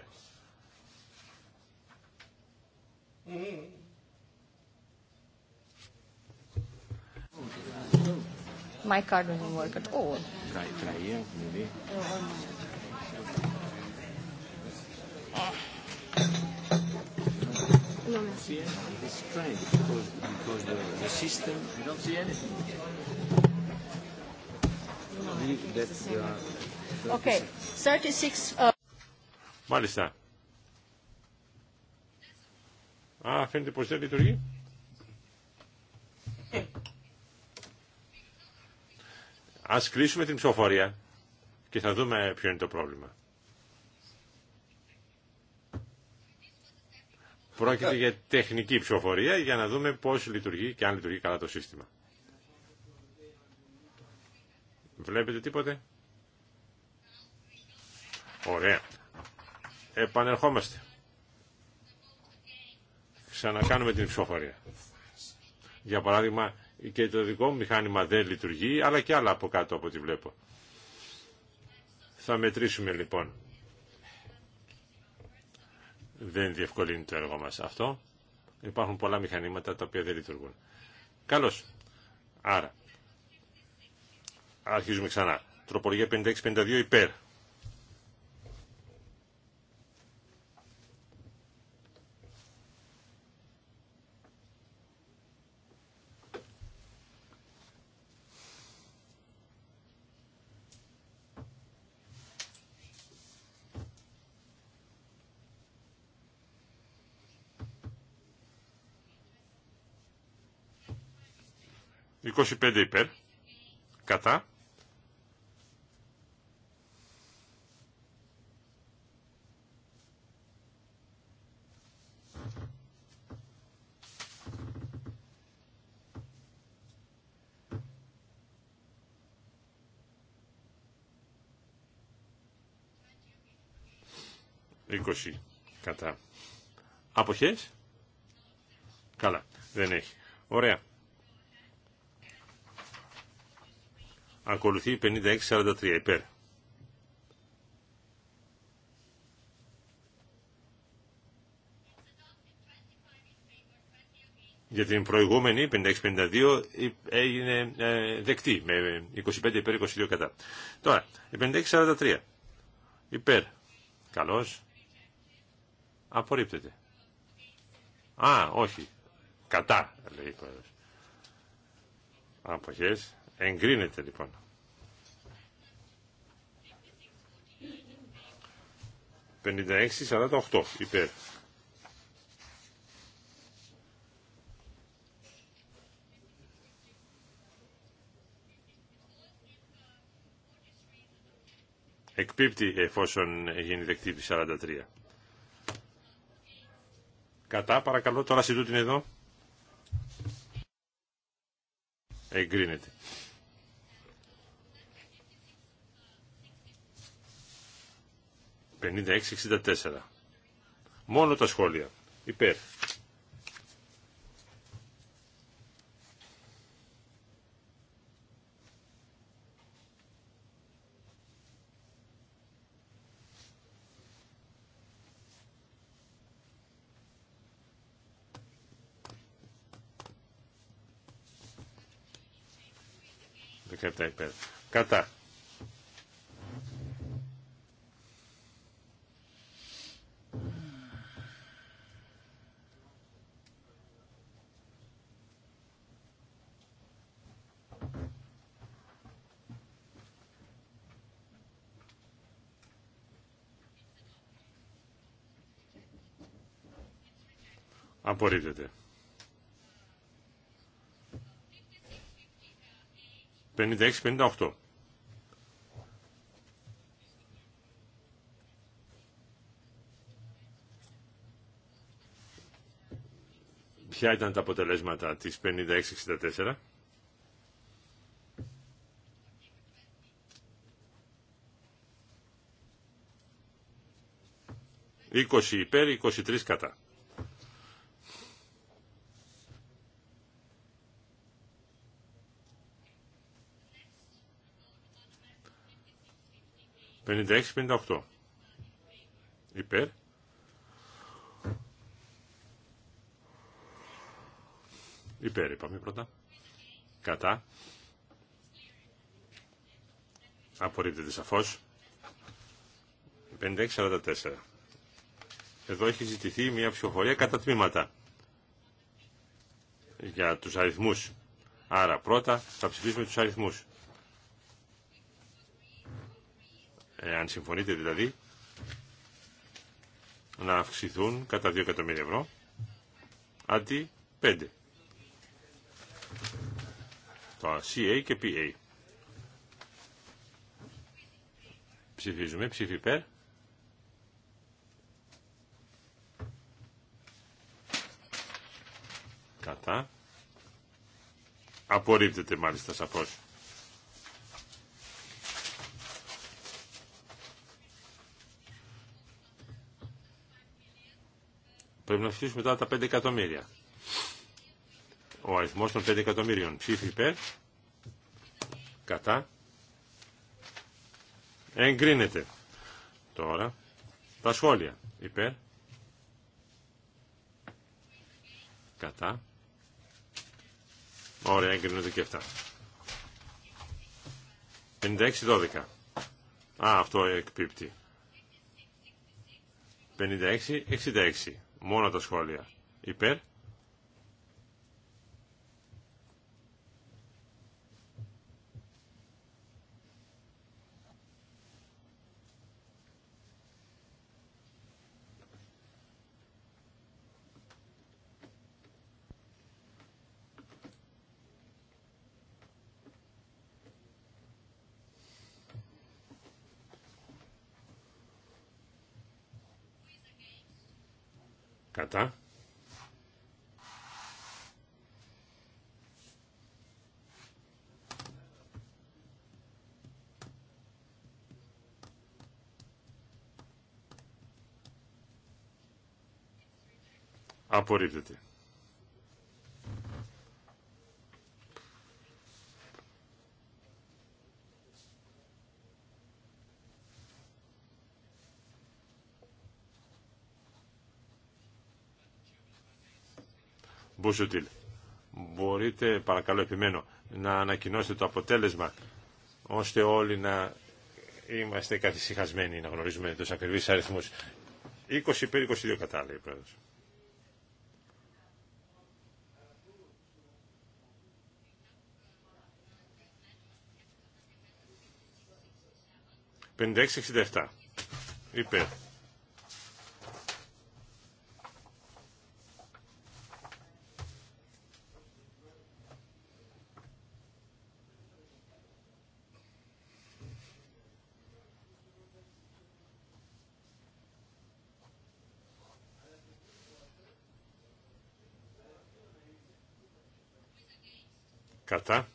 My card doesn't work at all. Try, try here, maybe. No, no. See It's strange the, the system, you see anything. Μάλιστα. Α, φαίνεται πως δεν λειτουργεί. Ας κλείσουμε την ψηφοφορία και θα δούμε ποιο είναι το πρόβλημα. Πρόκειται για τεχνική ψηφοφορία για να δούμε πώς λειτουργεί και αν λειτουργεί καλά το σύστημα. Βλέπετε τίποτε. Ωραία. Επανερχόμαστε. Ξανακάνουμε την ψηφοφορία. Για παράδειγμα, και το δικό μου μηχάνημα δεν λειτουργεί, αλλά και άλλα από κάτω από ό,τι βλέπω. Θα μετρήσουμε λοιπόν. Δεν διευκολύνει το έργο μας αυτό. Υπάρχουν πολλά μηχανήματα τα οποία δεν λειτουργούν. Καλώς. Άρα, αρχίζουμε ξανά. Τροπολογία 56-52 υπέρ. 25 υπέρ. Κατά. Είκοσι κατά. Αποχές. Καλά. Δεν έχει. Ωραία. Ακολουθεί 56-43 υπέρ. Για την προηγούμενη 56-52 έγινε ε, δεκτή με 25 υπέρ 22 κατά. Τώρα, 56-43 υπέρ. Καλώς. Απορρίπτεται. Α, όχι. Κατά, λέει η πρόεδρος. Αποχές. Εγκρίνεται λοιπόν. 56-48 υπέρ. Εκπίπτει εφόσον γίνει δεκτή 43. Κατά, παρακαλώ, τώρα συντούτην εδώ. Εγκρίνεται. 56-64. Μόνο τα σχόλια. Υπέρ. Υπέρ. Κατά. Απορρίπτεται. 56-58. Ποια ήταν τα αποτελέσματα της 56-64. Είκοσι υπέρ, 23 κατά. 56-58. Υπέρ. Υπέρ είπαμε πρώτα. Κατά. Απορρίπτεται σαφώς. 56-44. Εδώ έχει ζητηθεί μια ψηφοφορία κατά τμήματα για τους αριθμούς. Άρα πρώτα θα ψηφίσουμε τους αριθμούς. Ε, αν συμφωνείτε δηλαδή, να αυξηθούν κατά 2 εκατομμύρια ευρώ, αντί 5. Το CA και PA. Ψηφίζουμε, ψήφι υπέρ. Κατά. Απορρίπτεται μάλιστα σαφώς. Πρέπει να ψηφίσουμε τώρα τα 5 εκατομμύρια. Ο αριθμός των 5 εκατομμύριων. Ψήφι υπέρ. Κατά. Εγκρίνεται. Τώρα τα σχόλια. Υπέρ. Κατά. Ωραία, εγκρίνονται και αυτά. 56-12. Α, αυτό εκπίπτει. 56-66. Μόνο τα σχόλια. Υπέρ. Κατά. Απορρίπτεται. Μπουσουτίλ. Μπορείτε, παρακαλώ επιμένω, να ανακοινώσετε το αποτέλεσμα, ώστε όλοι να είμαστε καθυσυχασμένοι, να γνωρίζουμε τους ακριβείς αριθμούς. 20 υπέρ 22 κατάλληλοι πρώτος. πρόεδρος. Υπέρ. κατά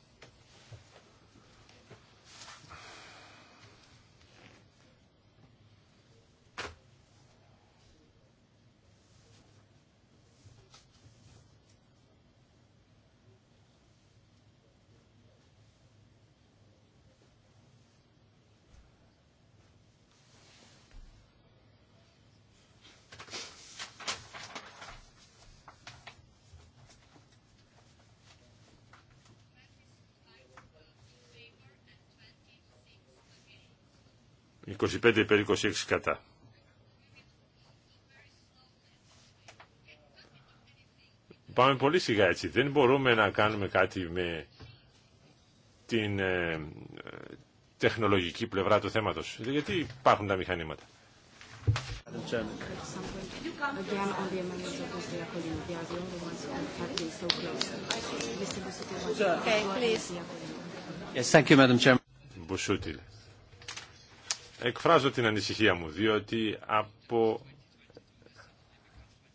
25 υπέρ 26 κατά. Πάμε πολύ σιγά έτσι. Δεν μπορούμε να κάνουμε κάτι με την ε, τεχνολογική πλευρά του θέματος. Γιατί υπάρχουν τα μηχανήματα. Yes, εκφράζω την ανησυχία μου, διότι από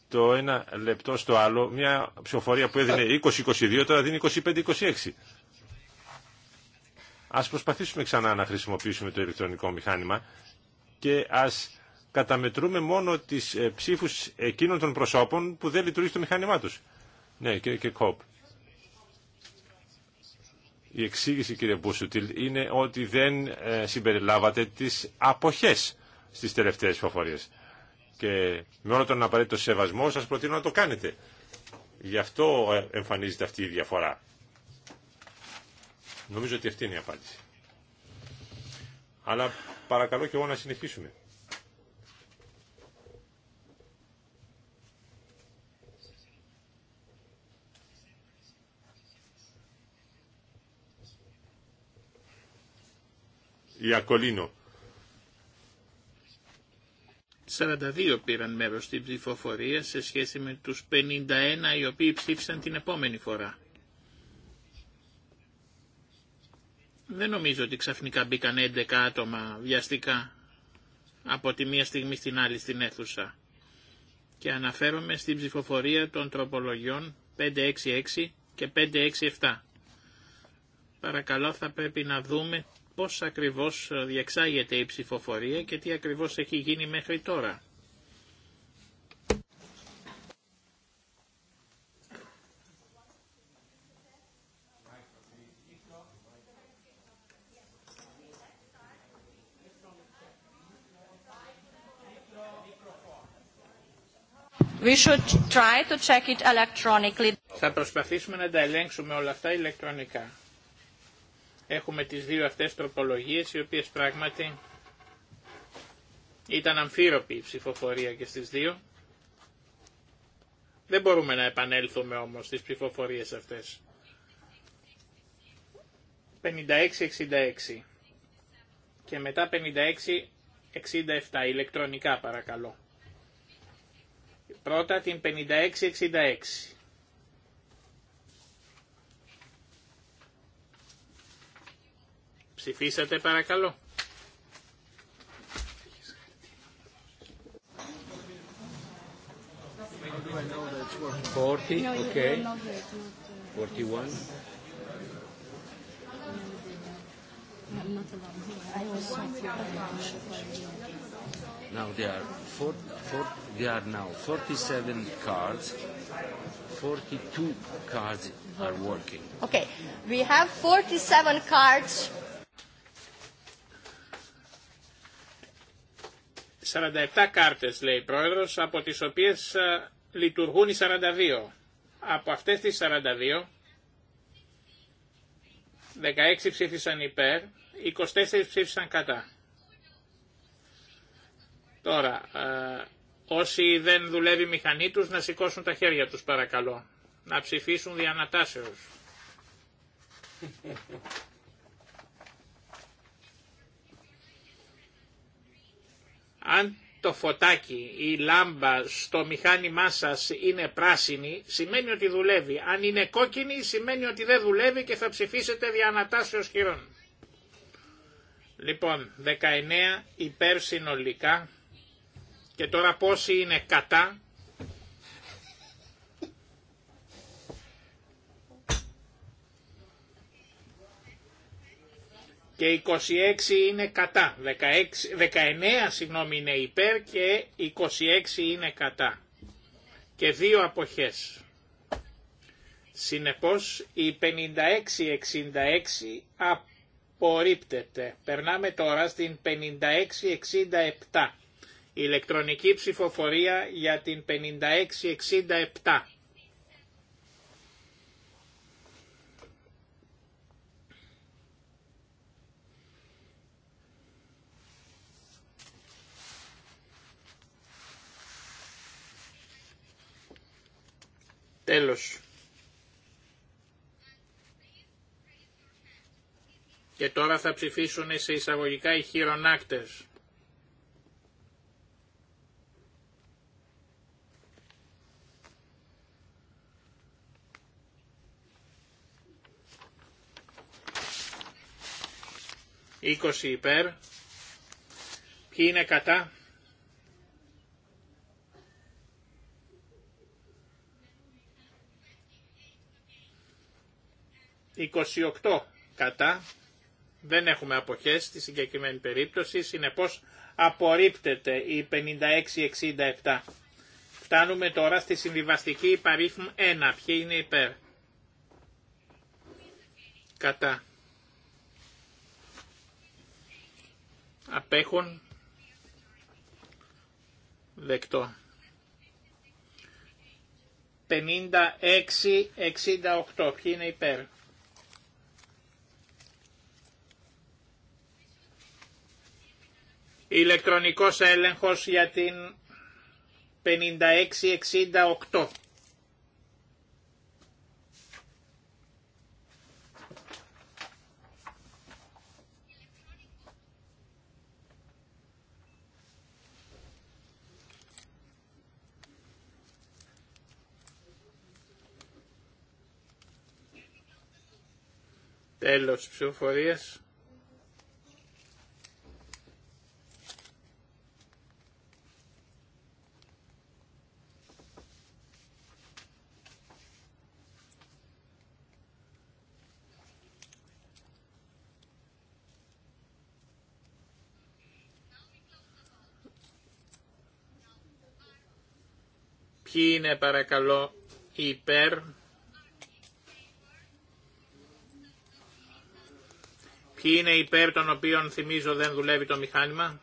το ένα λεπτό στο άλλο, μια ψηφοφορία που έδινε 20-22, τώρα δίνει 25-26. Ας προσπαθήσουμε ξανά να χρησιμοποιήσουμε το ηλεκτρονικό μηχάνημα και ας καταμετρούμε μόνο τις ε, ψήφους εκείνων των προσώπων που δεν λειτουργεί στο μηχάνημά τους. Ναι, και Κόπ. Η εξήγηση κύριε Μπούσουτιλ είναι ότι δεν ε, συμπεριλάβατε τις αποχές στις τελευταίες φοφορίες. Και με όλο τον απαραίτητο σεβασμό σας προτείνω να το κάνετε. Γι' αυτό ε, εμφανίζεται αυτή η διαφορά. Νομίζω ότι αυτή είναι η απάντηση. Αλλά παρακαλώ και εγώ να συνεχίσουμε. Ιακολίνο. 42 πήραν μέρος στην ψηφοφορία σε σχέση με τους 51 οι οποίοι ψήφισαν την επόμενη φορά. Δεν νομίζω ότι ξαφνικά μπήκαν 11 άτομα βιαστικά από τη μία στιγμή στην άλλη στην αίθουσα. Και αναφέρομαι στην ψηφοφορία των τροπολογιών 566 και 567. Παρακαλώ θα πρέπει να δούμε πώς ακριβώς ε, διεξάγεται η ψηφοφορία και τι ακριβώς έχει γίνει μέχρι τώρα. We should try to check it electronically. Θα προσπαθήσουμε να τα ελέγξουμε όλα αυτά ηλεκτρονικά. Έχουμε τις δύο αυτές τροπολογίες οι οποίες πράγματι ήταν αμφίροπη η ψηφοφορία και στις δύο. Δεν μπορούμε να επανέλθουμε όμως στις ψηφοφορίες αυτές. 56-66 και μετά 56-67 ηλεκτρονικά παρακαλώ. Πρώτα την 56-66. Ψηφίσατε παρακαλώ. Forty, okay. forty Now there are four, four, there are now 47 cards. 42 cards are working. Okay, we have 47 cards 47 κάρτες λέει η πρόεδρος, από τις οποίες ε, λειτουργούν οι 42. Από αυτές τις 42, 16 ψήφισαν υπέρ, 24 ψήφισαν κατά. Τώρα, ε, όσοι δεν δουλεύει η μηχανή τους να σηκώσουν τα χέρια τους παρακαλώ. Να ψηφίσουν διανατάσεως. Αν το φωτάκι, η λάμπα στο μηχάνημά σας είναι πράσινη, σημαίνει ότι δουλεύει. Αν είναι κόκκινη, σημαίνει ότι δεν δουλεύει και θα ψηφίσετε δια ανατάσσεως χειρών. Λοιπόν, 19 υπέρ συνολικά και τώρα πόσοι είναι κατά και 26 είναι κατά, 16, 19 συγγνώμη είναι υπέρ και 26 είναι κατά και δύο αποχές. Συνεπώς η 56-66 απορρίπτεται. Περνάμε τώρα στην 5667. Ηλεκτρονική ψηφοφορία για την 56-67. Τέλος. Και τώρα θα ψηφίσουν σε εισαγωγικά οι χειρονάκτες. Είκοσι υπέρ. Ποιοι είναι κατά. 28 κατά. Δεν έχουμε αποχές στη συγκεκριμένη περίπτωση, συνεπώς απορρίπτεται η 56-67. Φτάνουμε τώρα στη συμβιβαστική υπαρίθμου 1. Ποιοι είναι υπέρ. Κατά. Απέχουν. Δεκτό. 56-68. Ποιοι είναι υπέρ. Ηλεκτρονικός έλεγχος για την 5668. Τέλος ψηφοφορίας. Ποιοι είναι παρακαλώ υπέρ. Ποιοι είναι υπέρ των οποίων θυμίζω δεν δουλεύει το μηχάνημα.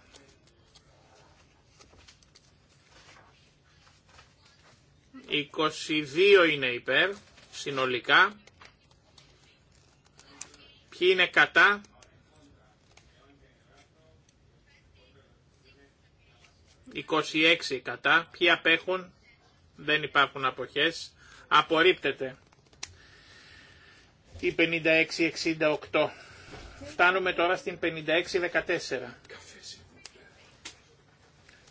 «22 είναι υπέρ, συνολικά. Ποιοι είναι κατά. «26 κατά. Ποιοι απέχουν δεν υπάρχουν αποχές, απορρίπτεται. Η 56-68. Φτάνουμε τώρα στην 56-14.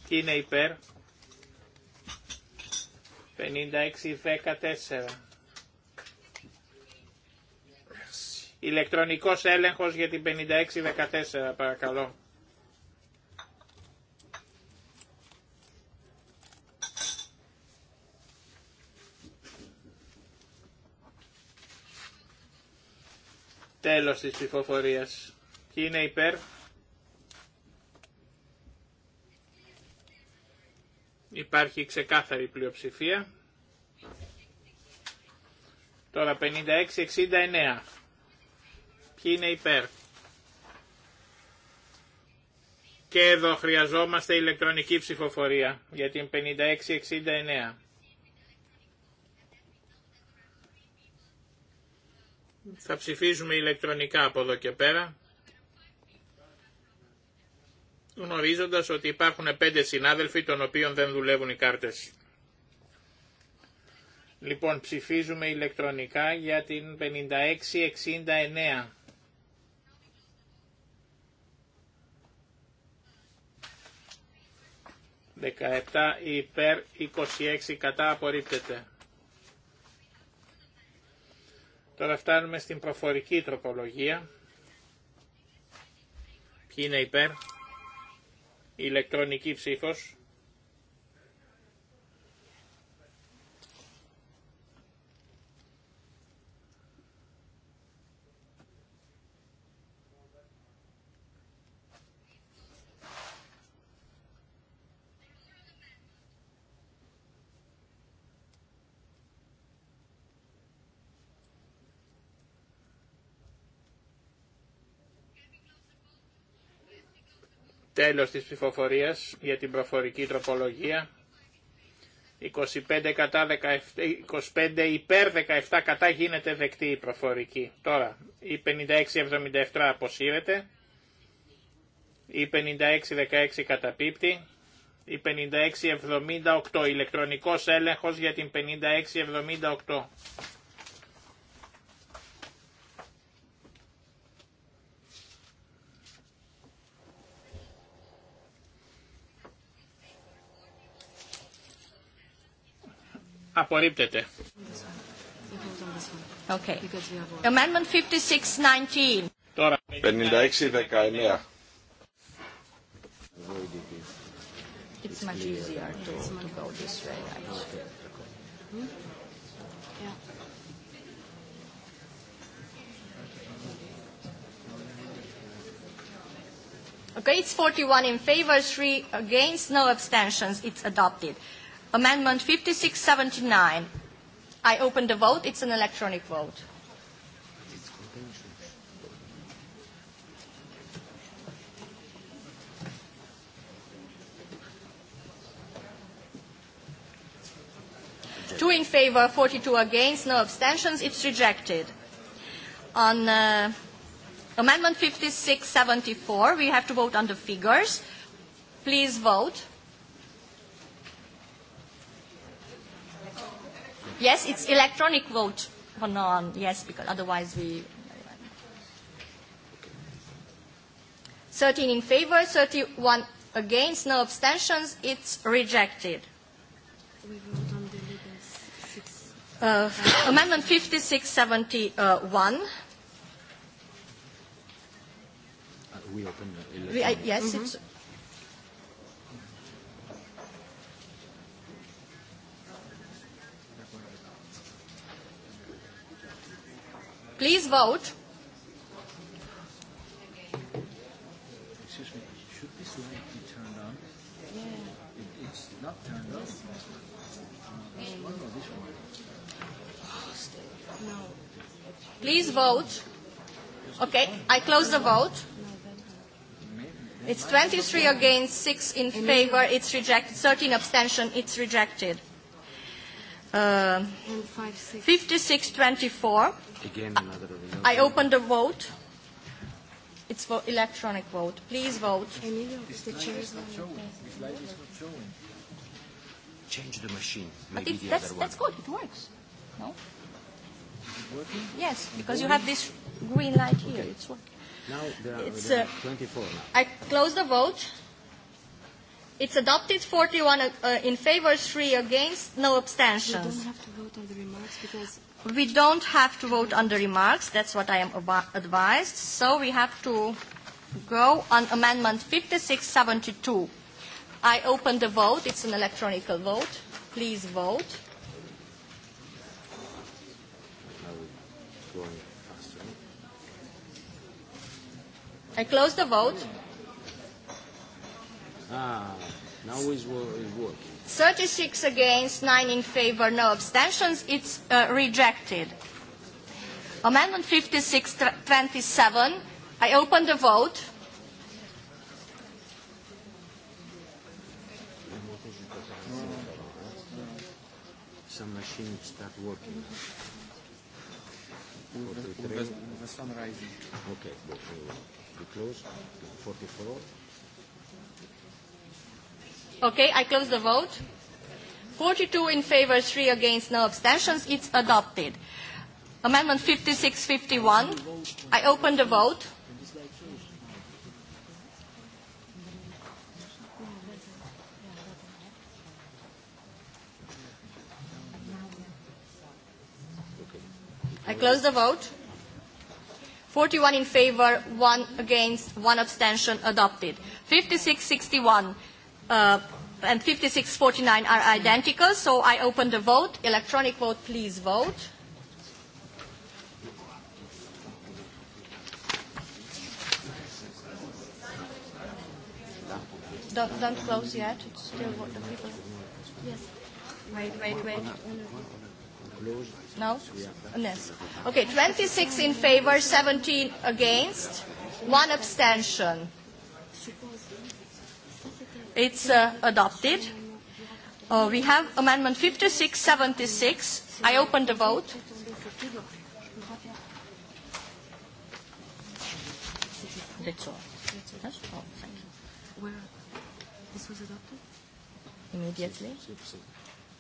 Και είναι υπέρ. 56-14. Ηλεκτρονικός έλεγχος για την 56-14 παρακαλώ. Τέλος της ψηφοφορίας. Ποιοι είναι υπέρ. Υπάρχει ξεκάθαρη πλειοψηφία. Τώρα 56-69. Ποιοι είναι υπέρ. Και εδώ χρειαζόμαστε ηλεκτρονική ψηφοφορία για την 56-69. Θα ψηφίζουμε ηλεκτρονικά από εδώ και πέρα, γνωρίζοντας ότι υπάρχουν πέντε συνάδελφοι των οποίων δεν δουλεύουν οι κάρτες. Λοιπόν, ψηφίζουμε ηλεκτρονικά για την 5669. Δεκαεπτά υπέρ 26 κατά απορρίπτεται. Τώρα φτάνουμε στην προφορική τροπολογία. Ποιοι είναι υπέρ. Η ηλεκτρονική ψήφος. Τέλος της ψηφοφορίας για την προφορική τροπολογία. 25, κατά 25 υπέρ 17 κατά γίνεται δεκτή η προφορική. Τώρα η 56-77 αποσύρεται. Η 56 καταπίπτει. Η 56.78 ηλεκτρονικός έλεγχος για την 56.78 Απορρίπτεται. Okay. Amendment 5619. Τώρα. 5619. It's much easier to, to go this way, Okay, it's 41 in favor, 3 against, no abstentions. It's adopted. Amendment 5679. I open the vote. It's an electronic vote. Two in favor, 42 against, no abstentions. It's rejected. On Amendment 5674, we have to vote on the figures. Please vote. Yes, it's electronic vote for on. Yes, because otherwise we. 13 in favor, 31 against, no abstentions. It's rejected. We Amendment 5671. We open. Yes, it's Please vote. Excuse should this light be turned on? it's not turned on. Please vote. Okay, I close the vote. It's 23 against, 6 in favor, it's rejected, 13 abstention, it's rejected. 5624. I open the vote. It's for electronic vote. Please vote. Change the machine. Maybe the other one. That's good. It works. No? working? Yes, because you have this green light here. It's working. Now there are, 24 now. I close the vote. It's adopted 41 in favor, 3 against, no abstentions. We don't have to vote on the remarks because... We don't have to vote on the remarks. That's what I am advised. So we have to go on Amendment 5672. I open the vote. It's an electronic vote. Please vote. I close the vote now it's, working. 36 against, 9 in favor, no abstentions. It's rejected. Amendment 5627. I open the vote. Some machines start working. Okay, we close. 44. Okay, I close the vote. 42 in favor, 3 against, no abstentions. It's adopted. Amendment 5651. I open the vote. I close the vote. 41 in favor, 1 against, 1 abstention adopted. 5661 and 5649 are identical, so I open the vote. Electronic vote, please vote. Don't, don't close yet. It's still what the people. Yes. Wait, wait, wait. No? Yes. Okay, 26 in favor, 17 against, one abstention. It's adopted. We have Amendment 5676. I open the vote. That's all. this was adopted? Immediately.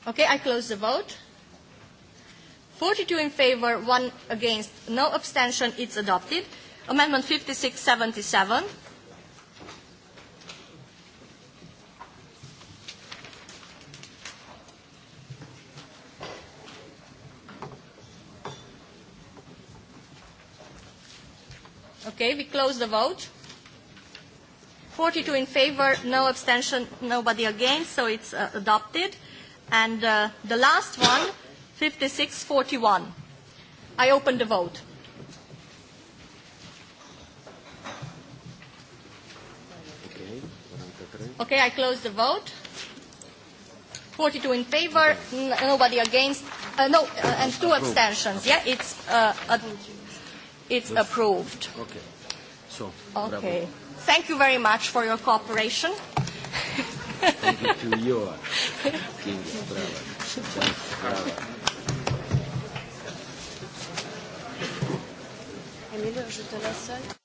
Okay, I close the vote. 42 in favor, one against, no abstention. It's adopted. Amendment 5677. Okay, we close the vote. 42 in favor, no abstention, nobody against, so it's adopted. And the last one, 56-41. I open the vote. Okay, I close the vote. 42 in favor, nobody against, no, and two abstentions. Yeah, it's it's approved. Okay. So, okay. Thank you very much for your cooperation. Thank you to you. Emilio, je te laisse seule.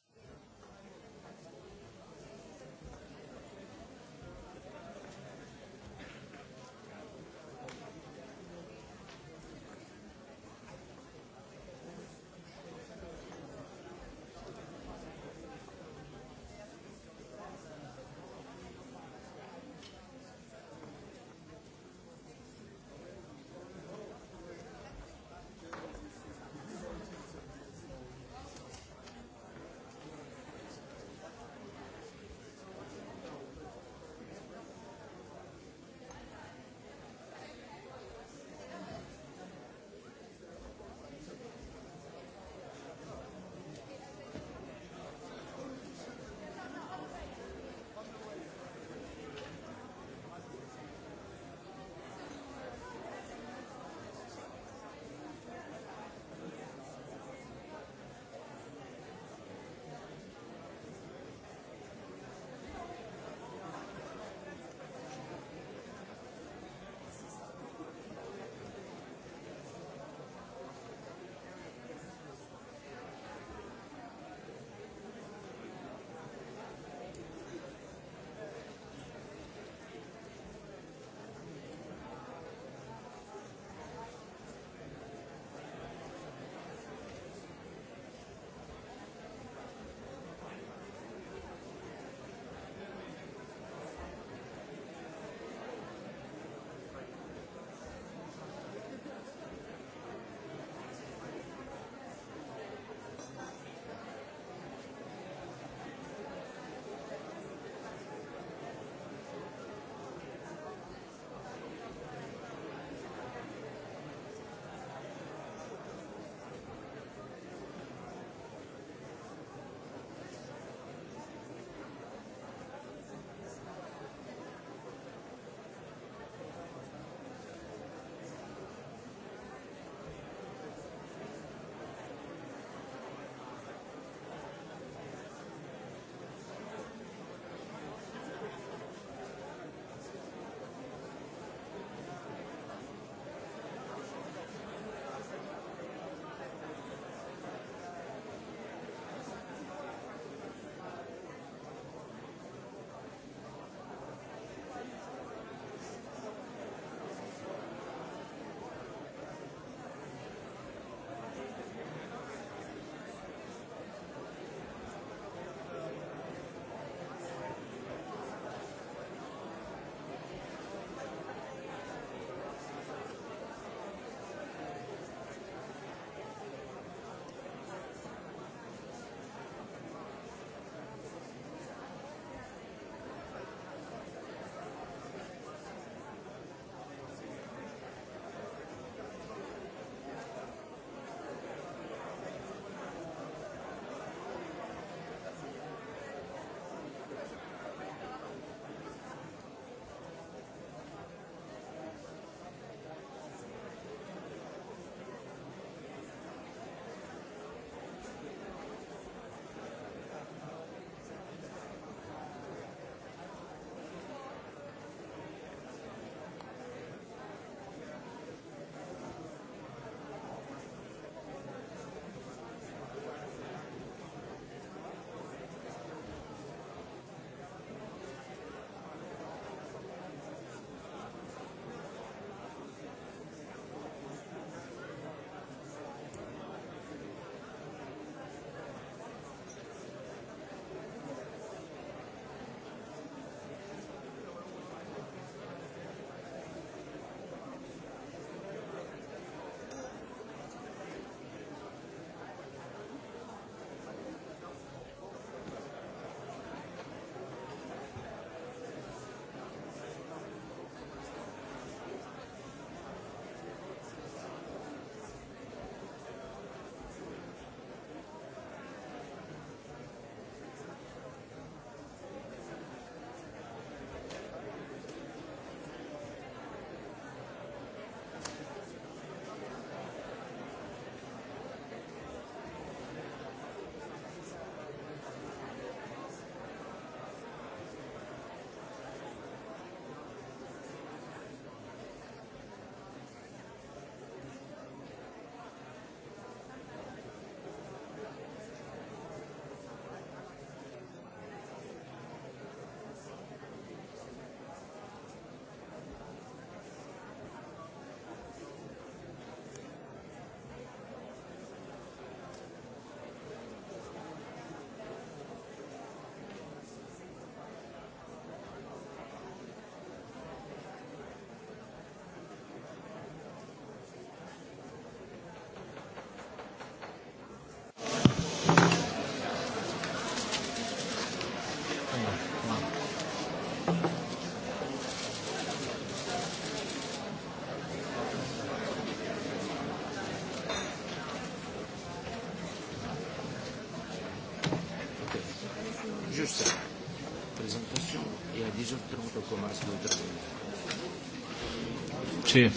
Sí.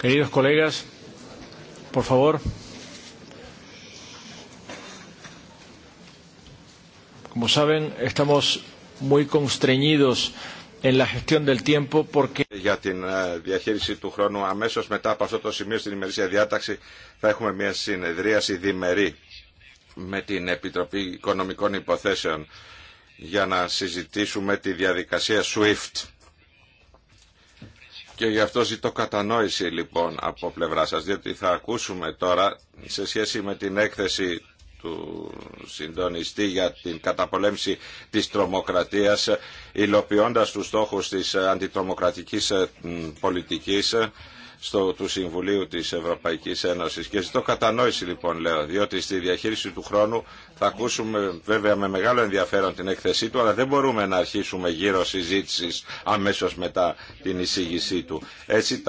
Queridos colegas, por favor. Como saben, estamos muy constreñidos en la gestión del tiempo porque... Για την ε, διαχείριση του χρόνου αμέσω, μετά από αυτό το σημείο στην ημερήσια διάταξη θα έχουμε μια συνεδρίαση διμερή με την Επιτροπή Οικονομικών Υποθέσεων για να συζητήσουμε τη διαδικασία SWIFT. Και γι' αυτό ζητώ κατανόηση λοιπόν από πλευρά σας, διότι θα ακούσουμε τώρα σε σχέση με την έκθεση του συντονιστή για την καταπολέμηση της τρομοκρατίας, υλοποιώντας τους στόχους της αντιτρομοκρατικής ε, πολιτικής, στο, του Συμβουλίου της Ευρωπαϊκής Ένωσης. Και ζητώ κατανόηση λοιπόν λέω, διότι στη διαχείριση του χρόνου θα ακούσουμε βέβαια με μεγάλο ενδιαφέρον την έκθεσή του, αλλά δεν μπορούμε να αρχίσουμε γύρω συζήτηση αμέσως μετά την εισήγησή του. Έτσι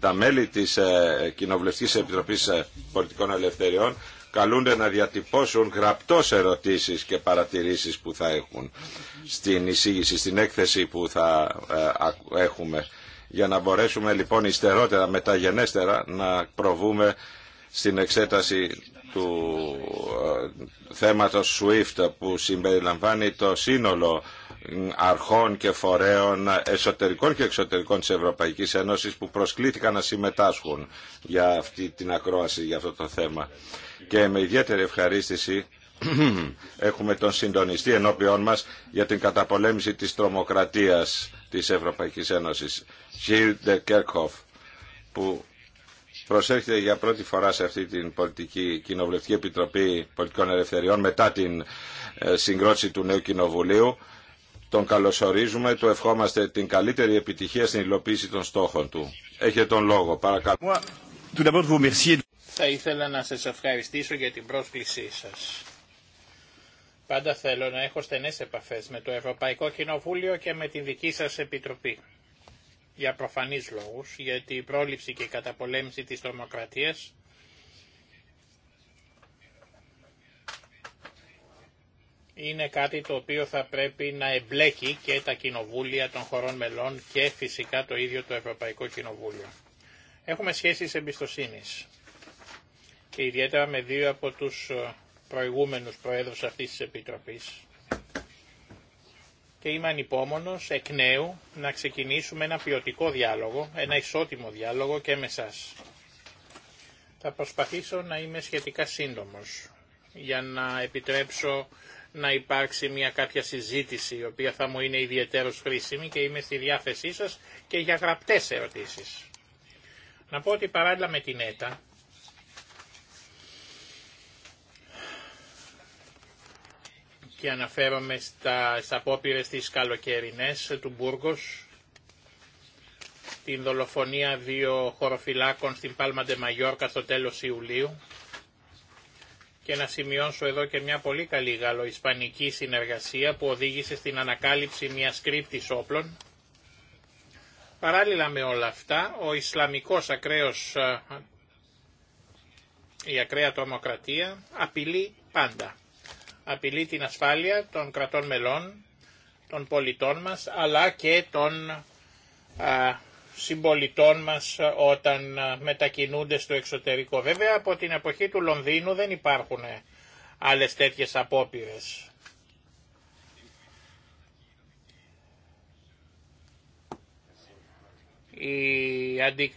τα, μέλη της ε, Κοινοβουλευτικής Επιτροπής ε, Πολιτικών Ελευθεριών καλούνται να διατυπώσουν γραπτώς ερωτήσεις και παρατηρήσεις που θα έχουν στην εισήγηση, στην έκθεση που θα ε, έχουμε για να μπορέσουμε λοιπόν ιστερότερα, μεταγενέστερα να προβούμε στην εξέταση του ε, θέματος SWIFT που συμπεριλαμβάνει το σύνολο αρχών και φορέων εσωτερικών και εξωτερικών της Ευρωπαϊκής Ένωσης που προσκλήθηκαν να συμμετάσχουν για αυτή την ακρόαση, για αυτό το θέμα. Και με ιδιαίτερη ευχαρίστηση έχουμε τον συντονιστή ενώπιόν μας για την καταπολέμηση της τρομοκρατίας της Ευρωπαϊκής Ένωσης, Γιλντε Κέρκοφ, που προσέρχεται για πρώτη φορά σε αυτή την πολιτική κοινοβουλευτική επιτροπή πολιτικών ελευθεριών μετά την ε, συγκρότηση του νέου κοινοβουλίου. Τον καλωσορίζουμε, του ευχόμαστε την καλύτερη επιτυχία στην υλοποίηση των στόχων του. Έχετε τον λόγο, παρακαλώ. Θα ήθελα να σας ευχαριστήσω για την πρόσκλησή σας. Πάντα θέλω να έχω στενές επαφές με το Ευρωπαϊκό Κοινοβούλιο και με την δική σας Επιτροπή. Για προφανείς λόγους, γιατί η πρόληψη και η καταπολέμηση της τρομοκρατίας είναι κάτι το οποίο θα πρέπει να εμπλέκει και τα κοινοβούλια των χωρών μελών και φυσικά το ίδιο το Ευρωπαϊκό Κοινοβούλιο. Έχουμε σχέσεις εμπιστοσύνης και ιδιαίτερα με δύο από τους ε, προηγούμενους προέδρους αυτής της Επιτροπής και είμαι ανυπόμονος εκ νέου να ξεκινήσουμε ένα ποιοτικό διάλογο, ένα ισότιμο διάλογο και με σας. Θα προσπαθήσω να είμαι σχετικά σύντομος για να επιτρέψω να υπάρξει μια κάποια συζήτηση η οποία θα μου είναι ιδιαίτερο χρήσιμη και είμαι στη διάθεσή σας και για γραπτές ερωτήσεις. Να πω ότι παράλληλα με την ΕΤΑ και αναφέρομαι στα, στα απόπειρε της καλοκαιρινέ του Μπούργο, την δολοφονία δύο χωροφυλάκων στην Πάλμα Μαγιόρκα στο τέλο Ιουλίου και να σημειώσω εδώ και μια πολύ καλή γαλλο-ισπανική συνεργασία που οδήγησε στην ανακάλυψη μιας κρύπτη όπλων. Παράλληλα με όλα αυτά, ο Ισλαμικός ακραίο ε, η ακραία τρομοκρατία απειλεί πάντα απειλεί την ασφάλεια των κρατών μελών, των πολιτών μας, αλλά και των α, συμπολιτών μας όταν μετακινούνται στο εξωτερικό. Βέβαια από την εποχή του Λονδίνου δεν υπάρχουν άλλες τέτοιες απόπειρες. οι, αντι...